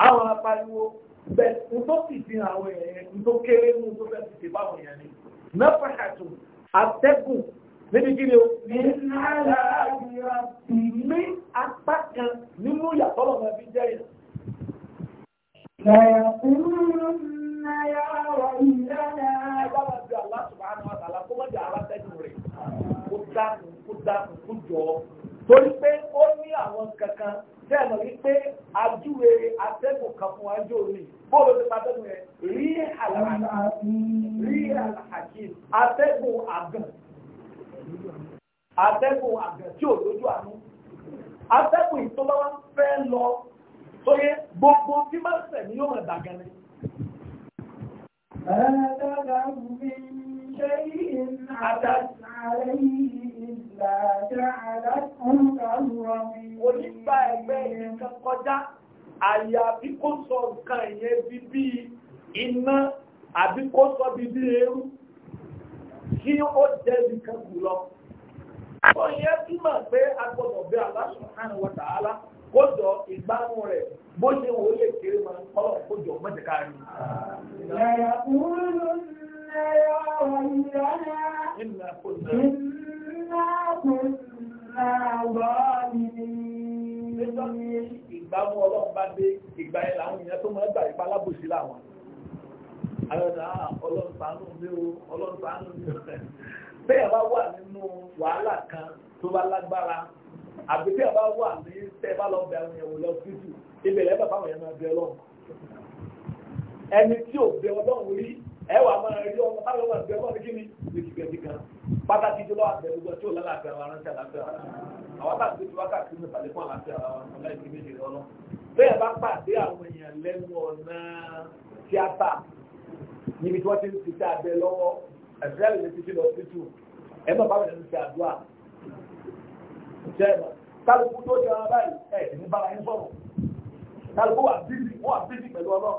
S1: àwọn apariwo bẹ́ẹ̀ n tó sì fi àwọn èèyàn yẹn n tó kéré mú tó fẹ́ fi ṣe báwọn èèyàn ni. mẹ́fà àtò àtẹ́gùn níbi kí ni o. ní apá kan nínú ìyàtọ̀ lọ́mọ fi jẹ́ yẹn. Sọ̀rọ̀ kúrú ń náyà wà ìlànà. Ẹ bá wà sí Allah subhanahu wa ta'ala kó má jẹ́ aláṣẹ́jú rẹ̀ dákun kó dákun kó jọ torí pé ó ní àwọn kankan bẹ́ẹ̀ lọ rí pé ajúwe atẹ́gùn kan fún ajó mi bóòlù ti pàtẹ́gùn yẹn rí àlàhàkì atẹ́gùn àgàn atẹ́gùn àgàn tí ò lójú àánú atẹ́gùn ìtọ́lá wa fẹ́ lọ tó yẹ gbogbo tí máa ń sẹ̀ ní yóò mọ̀ dàgẹ́ ni.
S2: Ẹ̀ẹ́dẹ́gbẹ̀rún mi.
S1: شيء عتت عليه إلا جعلته كالرميم onígbà ẹgbẹ́ nǹkan kọjá àyàbí kó sọ nǹkan ìyẹn bí bí iná àbí kó sọ bí bí eérú kí ó jẹ́ nǹkan kù lọ. ó mà pé a bí Allah
S2: إنا
S1: كنا ظالمين ìgbàmú ọlọ́run bá dé ìgbà ẹ̀ làwọn èèyàn tó máa gbà ìpa alábòsí làwọn àyọ̀dá ọlọ́run ṣàánú mi o ọlọ́run ṣàánú mi o bẹ́ẹ̀ bá wà nínú wàhálà kan tó bá lágbára àbí bẹ́ẹ̀ bá wà ní tẹ́ bá lọ bẹ àwọn èèyàn wò lọ sí jù ibẹ̀ lẹ́bàá báwọn èèyàn máa bẹ ọlọ́run ẹni tí ò bẹ ọlọ́run rí ẹwà máa rí ọmọ táwọn ọmọ ìgbẹ́ ọmọ kí ni ìgbẹ́ ti gan pàtàkì jùlọ àgbẹ̀lúgbọ́ tí ò lálàáfíà wa rántí àlàáfíà wa àwọn àtàkùn tí wọ́n kà sí ìpàdé fún àlàáfíà wa ọ̀la ìdí méjì rẹ ọlọ́ bẹ́ẹ̀ bá pàdé àwọn èèyàn lẹ́nu ọ̀nà tíátà níbi tí wọ́n ti ń ti abẹ lọ́wọ́ ẹ̀fẹ́ lè ti fi lọ sí tù ẹ má báwọn ẹni ti àdúrà jẹ́ẹ̀mọ̀ kálukú tó jẹ́ ara báyìí ẹ̀ ní bára yín sọ̀rọ̀ kálukú wà bíbí wọ́n wà bíbí pẹ̀lú ọlọ́ọ̀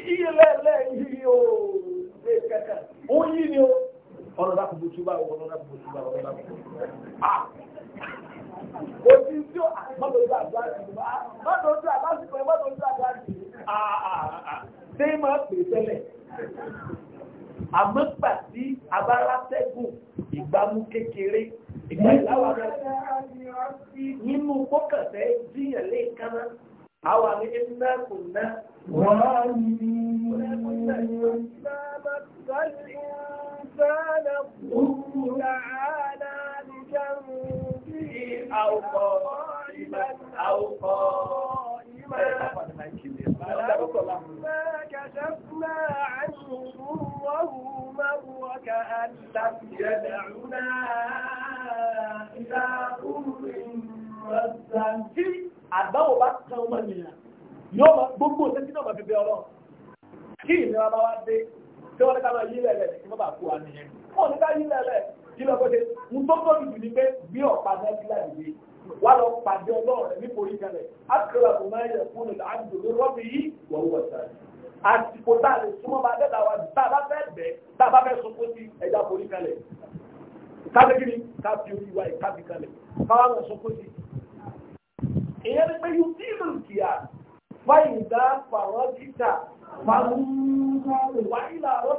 S1: iye lẹ́lẹ́ yìí o lè kẹ́kẹ́ ó yí ni o ọ̀nà dàpọ̀ bó túbà ọ̀nà dàpọ̀ bó túbà ọ̀nà dàpọ̀ bó túbà kò sí tí ó àgbàdọ̀dọ̀ àgbàdì àgbàdọ̀dọ̀ àgbàdìpọ̀ àgbàdọ̀dọ̀ àgbàdì ṣé máa pè tẹ́lẹ̀ àmọ́ gbà sí abárasẹ́gùn ìgbàmú kékeré ìgbà ìláwà rẹ̀ nínú kókàtẹ́ jíyàn lè kánná أو كنا الإنسان تعالى àwọn àmì iná
S2: kò ná wọ́n كشفنا عنه ضره مر
S1: وكأن لم يدعنا إلى أمر مسا àdáwò bá kan ọmọ ènìyàn yóò máa gbogbo sẹ́ńtì náà máa fi bẹ ọlọ́run kí ìnira bá wá dé tí wọ́n ní ká máa yí lẹ̀lẹ̀ kí wọ́n bá kú wa nìyẹn wọ́n ní ká yí lẹ̀lẹ̀ kí lọ́kọ́ ṣe ń tó tóbi jù ní pé bí ọ̀pá náà ti láàyè wà lọ pàdé ọlọ́run rẹ̀ nítorí kalẹ̀ akérò àbùmáyẹ̀ fún ilẹ̀ àdùnnú rọ́bì yìí wọ́n wọ̀ sáré àsìkò tá a lè súnmọ́ bá dẹ́ta wa jù tá a bá fẹ́ bẹ̀ tá a bá fẹ́ sunkún sí ẹja forí kalẹ̀ kábẹ́kiri ká fi orí wa yìí ká fi kalẹ̀ káwọn sunkún sí èyàn ní pé yóò tí ìlú kì á fáyìn dá pàrọ̀ títà pàrọ̀ wáyìlà rọ̀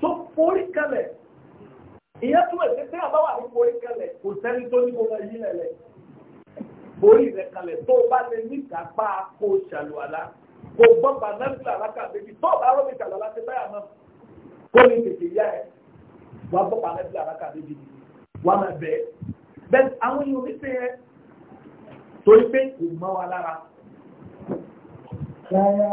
S1: tó forí kalẹ̀ ìyẹn túmọ̀ sí pé àbáwà ní forí kalẹ̀ kò sẹ́ni tó ní gbogbo yìí lẹ̀lẹ̀ borí rẹ̀ kalẹ̀ tó o bá lè ní ìdápá kó o ṣàlùwàlá kó o gbọ́ bànáfìlà alákàbẹ́bí tó o bá rọ́ mi ṣàlùwàlá ti báyà náà kó o lè yá ẹ̀ wá gbọ́ bànáfìlà alákàbẹ́bí ni wà máa bẹ̀ ẹ́ bẹ́ẹ̀ àwọn èèyàn oníṣẹ́ ẹ torí pé kò mọ́ wa lára. Ìyàwó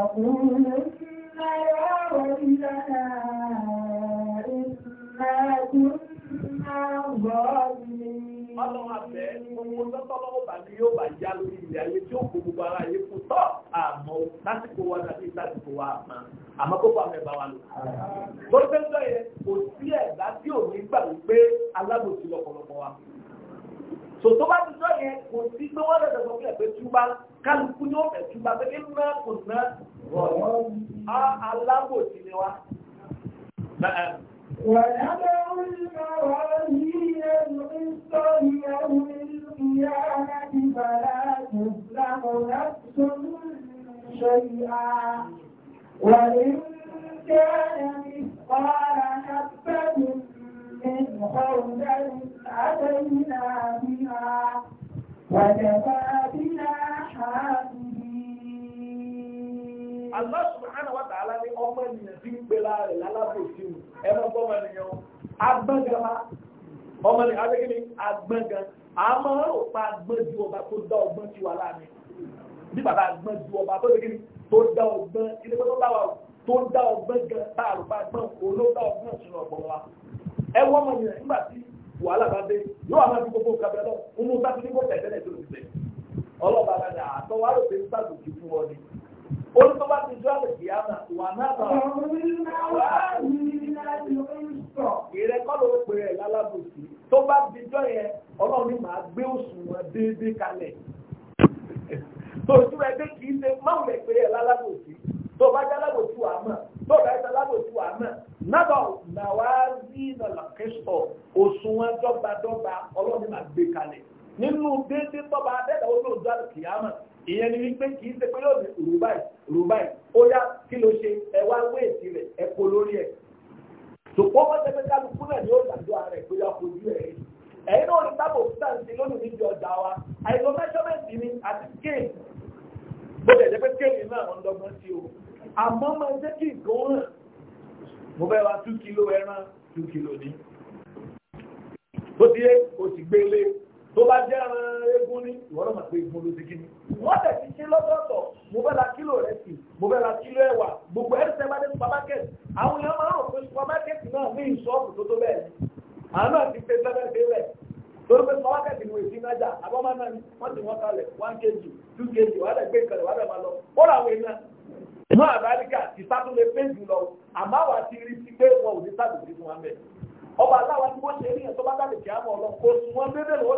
S1: ọlọ́run abẹ́ gbogbo tọ́tọ́ lọ́wọ́ bá ní yóò bá yá lórí ilẹ̀ ayé tí ó kó gbogbo ara yé fún tọ́ àmọ́ lásìkò wa tàbí lásìkò wa àmọ́ àmọ́ kó fà mẹ́ba wa lò. tó ṣe ń sọ yẹn kò sí ẹ̀dá tí ò ní gbà wípé alábòsí lọ́pọ̀lọpọ̀ wa tòtò bá ti sọ kò sí pé wọ́n lọ́dọ̀ sọ fún ẹ̀fẹ́ túbá kálukú
S2: ní القسط يوم القيامة فلا تظلم نفس شيئا وإن كان مثقال حبة من خردل أتينا بها وكفى
S1: بنا حافظين الله سبحانه وتعالى ní ọmọ ènìyàn tí ń gbé lára rẹ̀ lálábòsí ẹ̀rọ gbọ́mọ ènìyàn agbẹ́gàmá ọmọ ní adékèmí agbọ́n gan àmọ́ ó pa agbọ́n ju ọba tó dá ọgbọ́n ti wà láàmì bí bàbá agbọ́n ju ọba tó dékèmí tó dá ọgbọ́n ilé pẹ́ tó bá wà tó dá ọgbọ́n gan tá a rò pa agbọ́n òun ló dá ọgbọ́n sínú ọgbọ́n wa ẹ wọ́n mọ̀ nìyẹn nígbà tí wàhálà bá dé yóò àmà fi gbogbo kabila náà nínú sáfì nígbà tẹ̀ tẹ́lẹ̀ tó ti tẹ̀ ọlọ́ba bá dà àtọ́ wa ló fi ń sáàbù jù fún wọn ni olùkọ́ bá ti dúró àlèkè àmà wà náà bá wà. ìrẹ́kọ́ ló pè é níjọ́ yẹn ọlọ́run ní màá gbé òṣùwọ̀n déédéé kalẹ̀ tó ojú ẹ dé kì í ṣe máwùn lè pè é lálábòsí tó bá jẹ́ alábòsí wàá mọ̀ tó bá jẹ́ alábòsí wàá mọ̀ nábà nàwárí nàlàkẹ́sọ̀ òṣùwọ̀n dọ́gbadọ́gba ọlọ́run ní màá gbé kalẹ̀ nínú déédéé tọ́ba adẹ́dàá olóòjọ́ àlùkìyàmọ̀ ìyẹn ni wípé kì í ṣe pé yóò ní rúbáì rúbáì ó yá kí ló ṣe ẹ wá wéètì rẹ ẹ kó lórí ẹ. tòpọ́ bá jẹ́ pé kálukú náà ni ó dàdó ara ẹ̀ pé yá fojú ẹ̀ rí ẹ̀yin náà ní sábò sáǹtì lónìí níbi ọjà wa àìsọ mẹ́ṣọ́mẹ́ǹtì ni àti scale bó tẹ̀lé pé scale náà wọ́n dọ́gbọ́n sí o àmọ́ máa jẹ́ kí ìgbọ́n hàn mo fẹ́ wa two kilo ẹran two kilo ní. tó ti yé o ti gbélé tó bá jẹ́ ẹran eégún ní ìwọ́n náà máa pé eégún ló ti kí ni. wọ́n tẹ̀ sí ṣe lọ́tọ̀ọ̀tọ̀ mo fẹ́ ra kílò rẹ̀ sí mo fẹ́ ra kílò ẹ̀wà gbogbo ẹ̀rẹ́sẹ̀ bá dé àwọn náà ti pé sẹ́fẹ́ sílẹ̀ torí pé sọ́wọ́kẹ́tì ni èsì nájà àbọ̀mọ náà ni wọ́n ti wọ́n kalẹ̀ one kg two kg wàá dẹ̀ gbé ìkàlẹ̀ wàá dẹ̀ máa lọ ó rà wẹ̀ náà mọ́ àbáríkà ìsátúnlé pé jù lọ àmọ́ àwa ti rí sí pé wọn ò ní sábìsì fún wa mẹ́ ọba aláwa tí wọ́n ṣe ní ẹ̀ tó bá dàbí kí á mọ̀ ọ lọ kó sun wọn bébè lọ́wọ́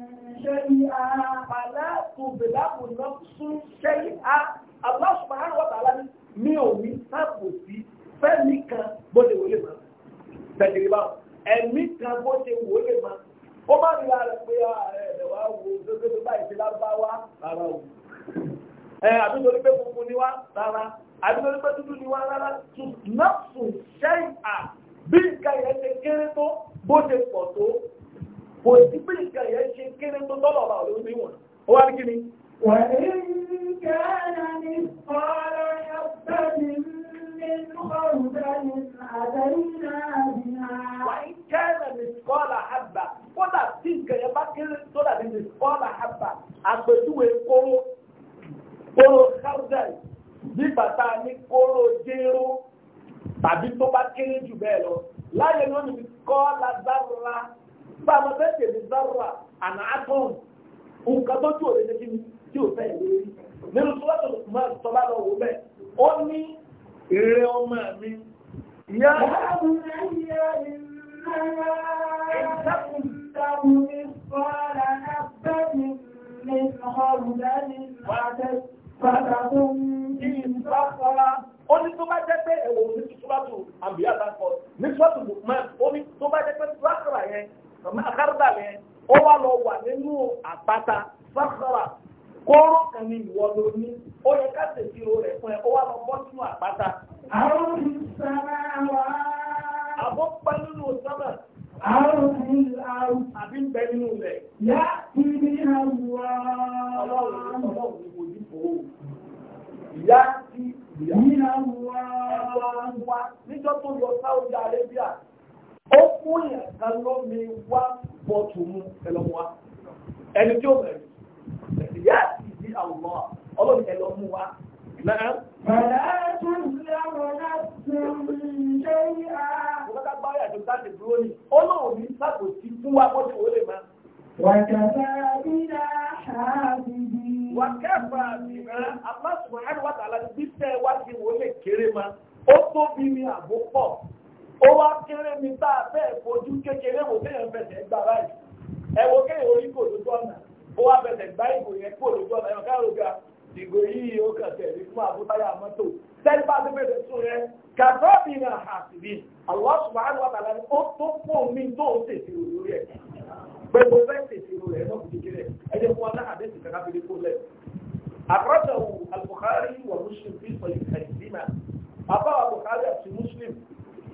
S1: ṣẹ́yà aláàbòbèláàbò náà sún ṣẹ́yà Allah subhanahu wa ta'ala ní mi ò ní sáàbò sí fẹ́mi kan bó ṣe wọlé mọ́ tẹ̀lé bá ẹ̀mí kan bó ṣe wọlé mọ́ ó má rí ara pé ah, ẹ̀ wá wo gbogbo báyìí ti lábáwá rárá o ẹ̀ àbí torí pé funfun ni wá rárá àbí torí pé dúdú ni wá rárá tún náà sùn ṣẹ́yà bí nǹkan yẹn ṣe kéré tó bó ṣe pọ̀ tó kò sí pé nǹkan yẹn ṣe kéré tó tọ́lọ̀ ọ̀la ọ̀lọ́ ní wọn ó wá ní kí ni. wà á ní kẹ́rẹ́ ní ọ̀rọ̀ ẹgbẹ́ mi nínú ọ̀rùn Kọ́lá tí nǹkan yẹn bá kóró kóró káúdẹ̀lì nígbà ní kóró jéró tàbí tó bá kéré jù bẹ́ẹ̀ lọ. Láyé lónìí kọ́lá dára bá a lọ fẹ́ tèmi zárà àná àtọ́n nǹkan tó tí ò lè débi tí ò fẹ́ ìwé nínú tó lọ́tọ̀ máa ń lọ wò bẹ́ẹ̀ ó ní ìrẹ́ ọmọ mi. ìyá àwọn ẹyẹ
S2: ìrìnà ìtàkùn táwọn ní sọ́ọ̀lá abẹ́mi ní ọ̀rùnlẹ́ni
S1: àtẹ pàtàkì ní ìfọ́kọ́lá. ó ní tó bá jẹ́ pé ẹ̀wọ̀n ní tó bá tù àbíyá bá kọ ní tó bá tù lùkman ó ní tó bá jẹ́ pé tó bá kọ̀ ọmọ akárúdà yẹn ó wá lọ wà nínú àpáta sàkárà kóró kan ní ìwọ ló ó yẹ ká tètè o rẹ̀ fún ẹ ó wá lọ bọ́ sínú àpáta. àwọn ìsàmà wà. àbó pa nínú sábà. àwọn ìlàrú. àbí ń bẹ nínú rẹ̀. yá ibi àwọ̀. ọlọ́run ọlọ́run ni ní fòó. ìyá ti ìyá. ìyá ẹ̀rọ wa níjọ́ tó lọ Saudi Arabia. ó mú ìyàtà lómi wá bọ́tù mú ẹlọ́mú wa ẹni tí ó bẹ̀rẹ̀ ìyá àti ìdí àwòrán ọlọ́run ẹlọ́mú wa. Bàdá
S2: tún lọ́wọ́ ọrụ
S1: ṣe ìhà. Mo kọ́kọ́ gbá ọ̀yà tó dúró Ọlọ́run ní sàkóso fún wa bọ́tù bí wá sí wọlé kéré ma. Ó tóbi ní ó wá kéré ní bá bẹ́ẹ̀ fojú kékeré wò téèyàn fẹsẹ̀ gbà báyìí ẹ wo kéèyàn orí kò lójú ọ̀nà ó wá fẹsẹ̀ gbá ìgò yẹn kó lójú ọ̀nà ẹ̀rọ káàró ga ìgò yìí ó kàn tẹ̀lé fún àbútáyà mọ́tò sẹ́ni bá tó fẹsẹ̀ sún yẹn kàtọ́ bí na àṣìbí Allah subhanahu wa ta'ala ni ó tó fún mi tó ń tètè rò lórí gbogbo fẹ́ tètè rò ẹ̀ náà kò kékeré ẹ jẹ́ fún wa náà àdéhùn fi lè kó lẹ̀ àkọ́jọ́ Al-Bukhari wà Muslim fi sọ ìkàyè sí mà àti Muslim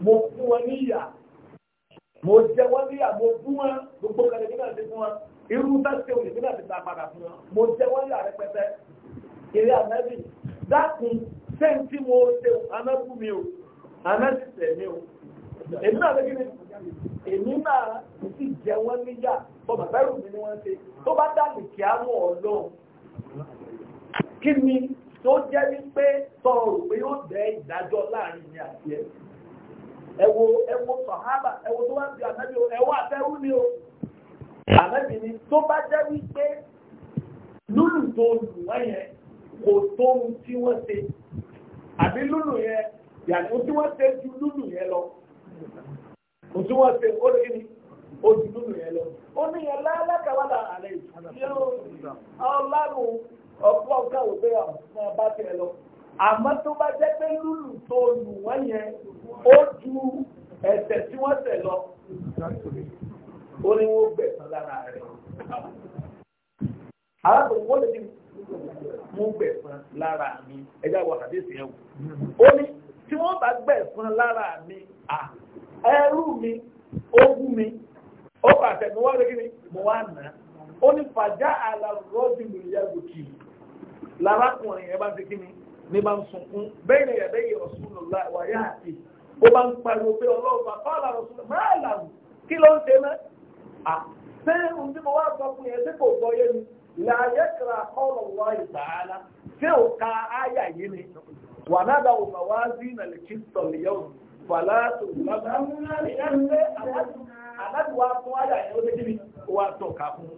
S1: mo fún wọn níyà mo jẹ wọn níyà mo fún wọn gbogbo kan èmi náà ti fún wọn irú bẹ́sẹ̀ òní èmi náà ti ta padà fún wọn mo jẹ wọn níyà rẹpẹtẹ eré ànábì dákun sẹ́ǹtì mo ṣe anábù mi o anábì tẹ̀ mi o èmi náà lè kí ni èmi náà sì jẹ wọn níyà tó bàbá ìrù mi ni wọ́n ṣe tó bá dàbí kí á mú ọ lọ́hùn kí ni tó jẹ́ wípé tọrọ pé yóò jẹ́ ìdájọ́ láàrin ní àti ẹ̀ ẹwo ẹwo sọ̀hábà ẹwo tó wá bí ànábì o ẹwo àtẹ́rú ni o hmm. ànábì ni tó bá jẹ́ wípé lúlù tó lù wọ́n yẹn kò tó ohun tí wọ́n ṣe àbí lúlù yẹn yàtọ̀ tí wọ́n ṣe ju lúlù yẹn lọ kò tí wọ́n ṣe ó lè ní ó ju lúlù yẹn lọ ó ní yẹn lálákàwádà àlẹ́ yìí ọlọ́run ọ̀pọ̀ ọ̀gá òfin àwọn ọmọ bá tẹ̀ lọ àmọ́ tó bá jẹ́ pé lúlù tó lù wọ́n yẹn ó ju ẹ̀ṣẹ̀ tí wọ́n ṣẹ̀ lọ ó ní wọ́n gbẹ̀san lára rẹ̀ arákùnrin wọ́n lè ní mú gbẹ̀san lára mi ẹjá wọ àdéhùn yẹn wò ó ní tí wọ́n bá gbẹ̀san lára mi ẹrú mi ogún mi ó pàṣẹ mo wá lókè ni mo wá nà ó ní fàjá àlàrọ́ọ̀dì lórí yàgò kì í lárákùnrin yẹn bá ti kí ni ní bá ń sunkún bẹ́ẹ̀ ni ẹ̀bẹ́ yìí Rasulullah wáyé àti ó bá ń pariwo pé ọlọ́run bá fáwọn Rasulullah máa là wù kí ló ń ṣe mẹ́. ṣé ohun tí mo wá sọ fún yẹn tí kò gbọ́ yé mi làyé kìlà kọ́lọ̀ wá ìgbàlá ṣé ò ka áyà yìí ni wà nádà ò bá wá sí ìnàlẹ̀ kí sọ̀lẹ̀ yẹ̀ wò fàlà tó lọ́dà. àlàdùn wa fún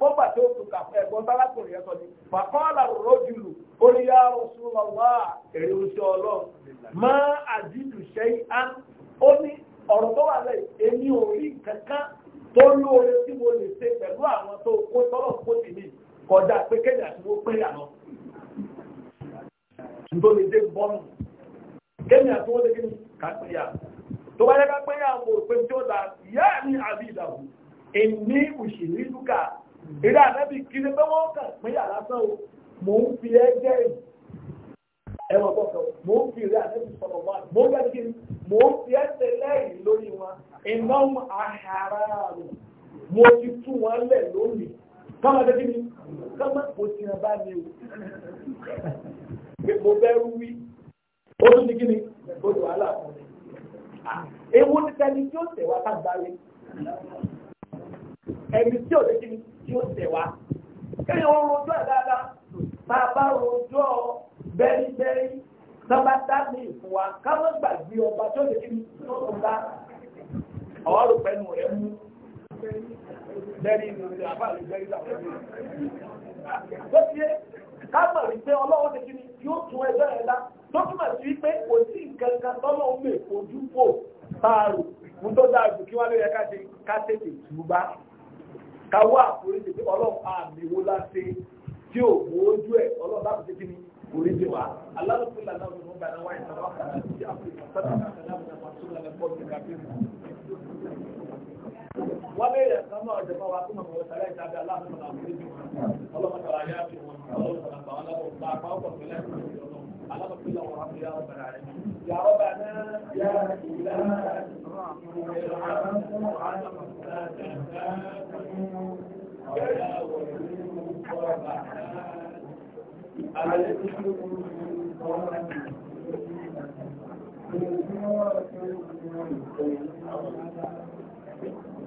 S1: bọ́mbà tó kù kàfẹ́ ẹ̀gbọ́n sálákùnrin yẹn sọ ni fàkọ́ọ̀là rọ́jùlù oríyá rọ́ṣùlọ́wà èrè oṣù ọlọ́run má àdìlù ṣe á ó ní ọ̀rọ̀ tó wà lẹ́yìn èmi ò rí kankan tó lóore tí mo lè ṣe pẹ̀lú àwọn tó kó tọ́lọ̀ kó tì mí kọjá pé kéde àti wọ́n pé àná nítorí dé bọ́ọ̀nù kéde àti wọ́n lè kí ni kà pé yà tó bá yẹ ká mo pé tí ó da yá mi àbí ìdàgbò èmi òṣèré lúkà eré ànábì kiri pé wọ́n kàn pé yàrá sán o mò ń fi ẹ jẹ́ èyí ẹ̀wọ̀n gbọ́dọ̀ mò ń fi eré ànábì sọ̀rọ̀ wá mò ń bẹ́ kiri mò ń fi ẹ tẹ̀lé yìí lórí wọn iná àhàrà rẹ̀ mo ti tú wọn lẹ̀ lónìí kọ́mọ tẹ́ kí ni kọ́mọ kò sí ẹ bá mi o mo bẹ́ẹ̀ wí ó tún ti kí ni gbọ́dọ̀ wàhálà fún mi. ewu ni sẹ́ni tí ó tẹ̀ wá ká gbálẹ̀ ẹni tí ò létí tí ó tẹ̀ wá. kéèyàn ó rojọ́ ẹ̀ dáadáa tá a bá rojọ́ bẹ́rìbẹ́rì sábà dá ní ìfún wa ká má gbàgbé ọba tí ó létí tí ó tún dá ọ̀rọ̀ pẹ̀lú rẹ̀ mú bẹ́rì ìrìnàjò àbáàlú bẹ́rì làwọn ẹ̀mí. ó ká mọ̀ wípé ọlọ́wọ́ létí ni yóò tún ẹjọ́ ẹ̀ dá tó túmọ̀ sí wípé kò sí nǹkan kan tọ́lọ́ ń lè fojú fò táàrò fún tó dáa jù kí wọ́n lè yẹ ká ṣe ká tètè tù káwọ́ àforíjì pé ọlọ́run àmì wo láti tí ò mú ojú ẹ̀ ọlọ́run láti ṣe kí ni oríjì wa aláàbùkún làná ọdún fún bàbá wa ìtàn wákà sí àfihàn sábà kàdá àbùkà pàṣẹ lànà bọ́ọ̀lù kàbí. wọ́n lè yẹ kán náà jẹ́ báwa kó màmá wọ́tàlá ìtàgé aláàbùkún àforíjì wọn ọlọ́run kàrà yá fi wọn ọlọ́run kàrà bàwọn lábọ̀ على مكتب ورحمة يا رب العالمين يا ربنا يا إله الرحمن وعلى
S3: ولا
S2: وليد ولا الذي هو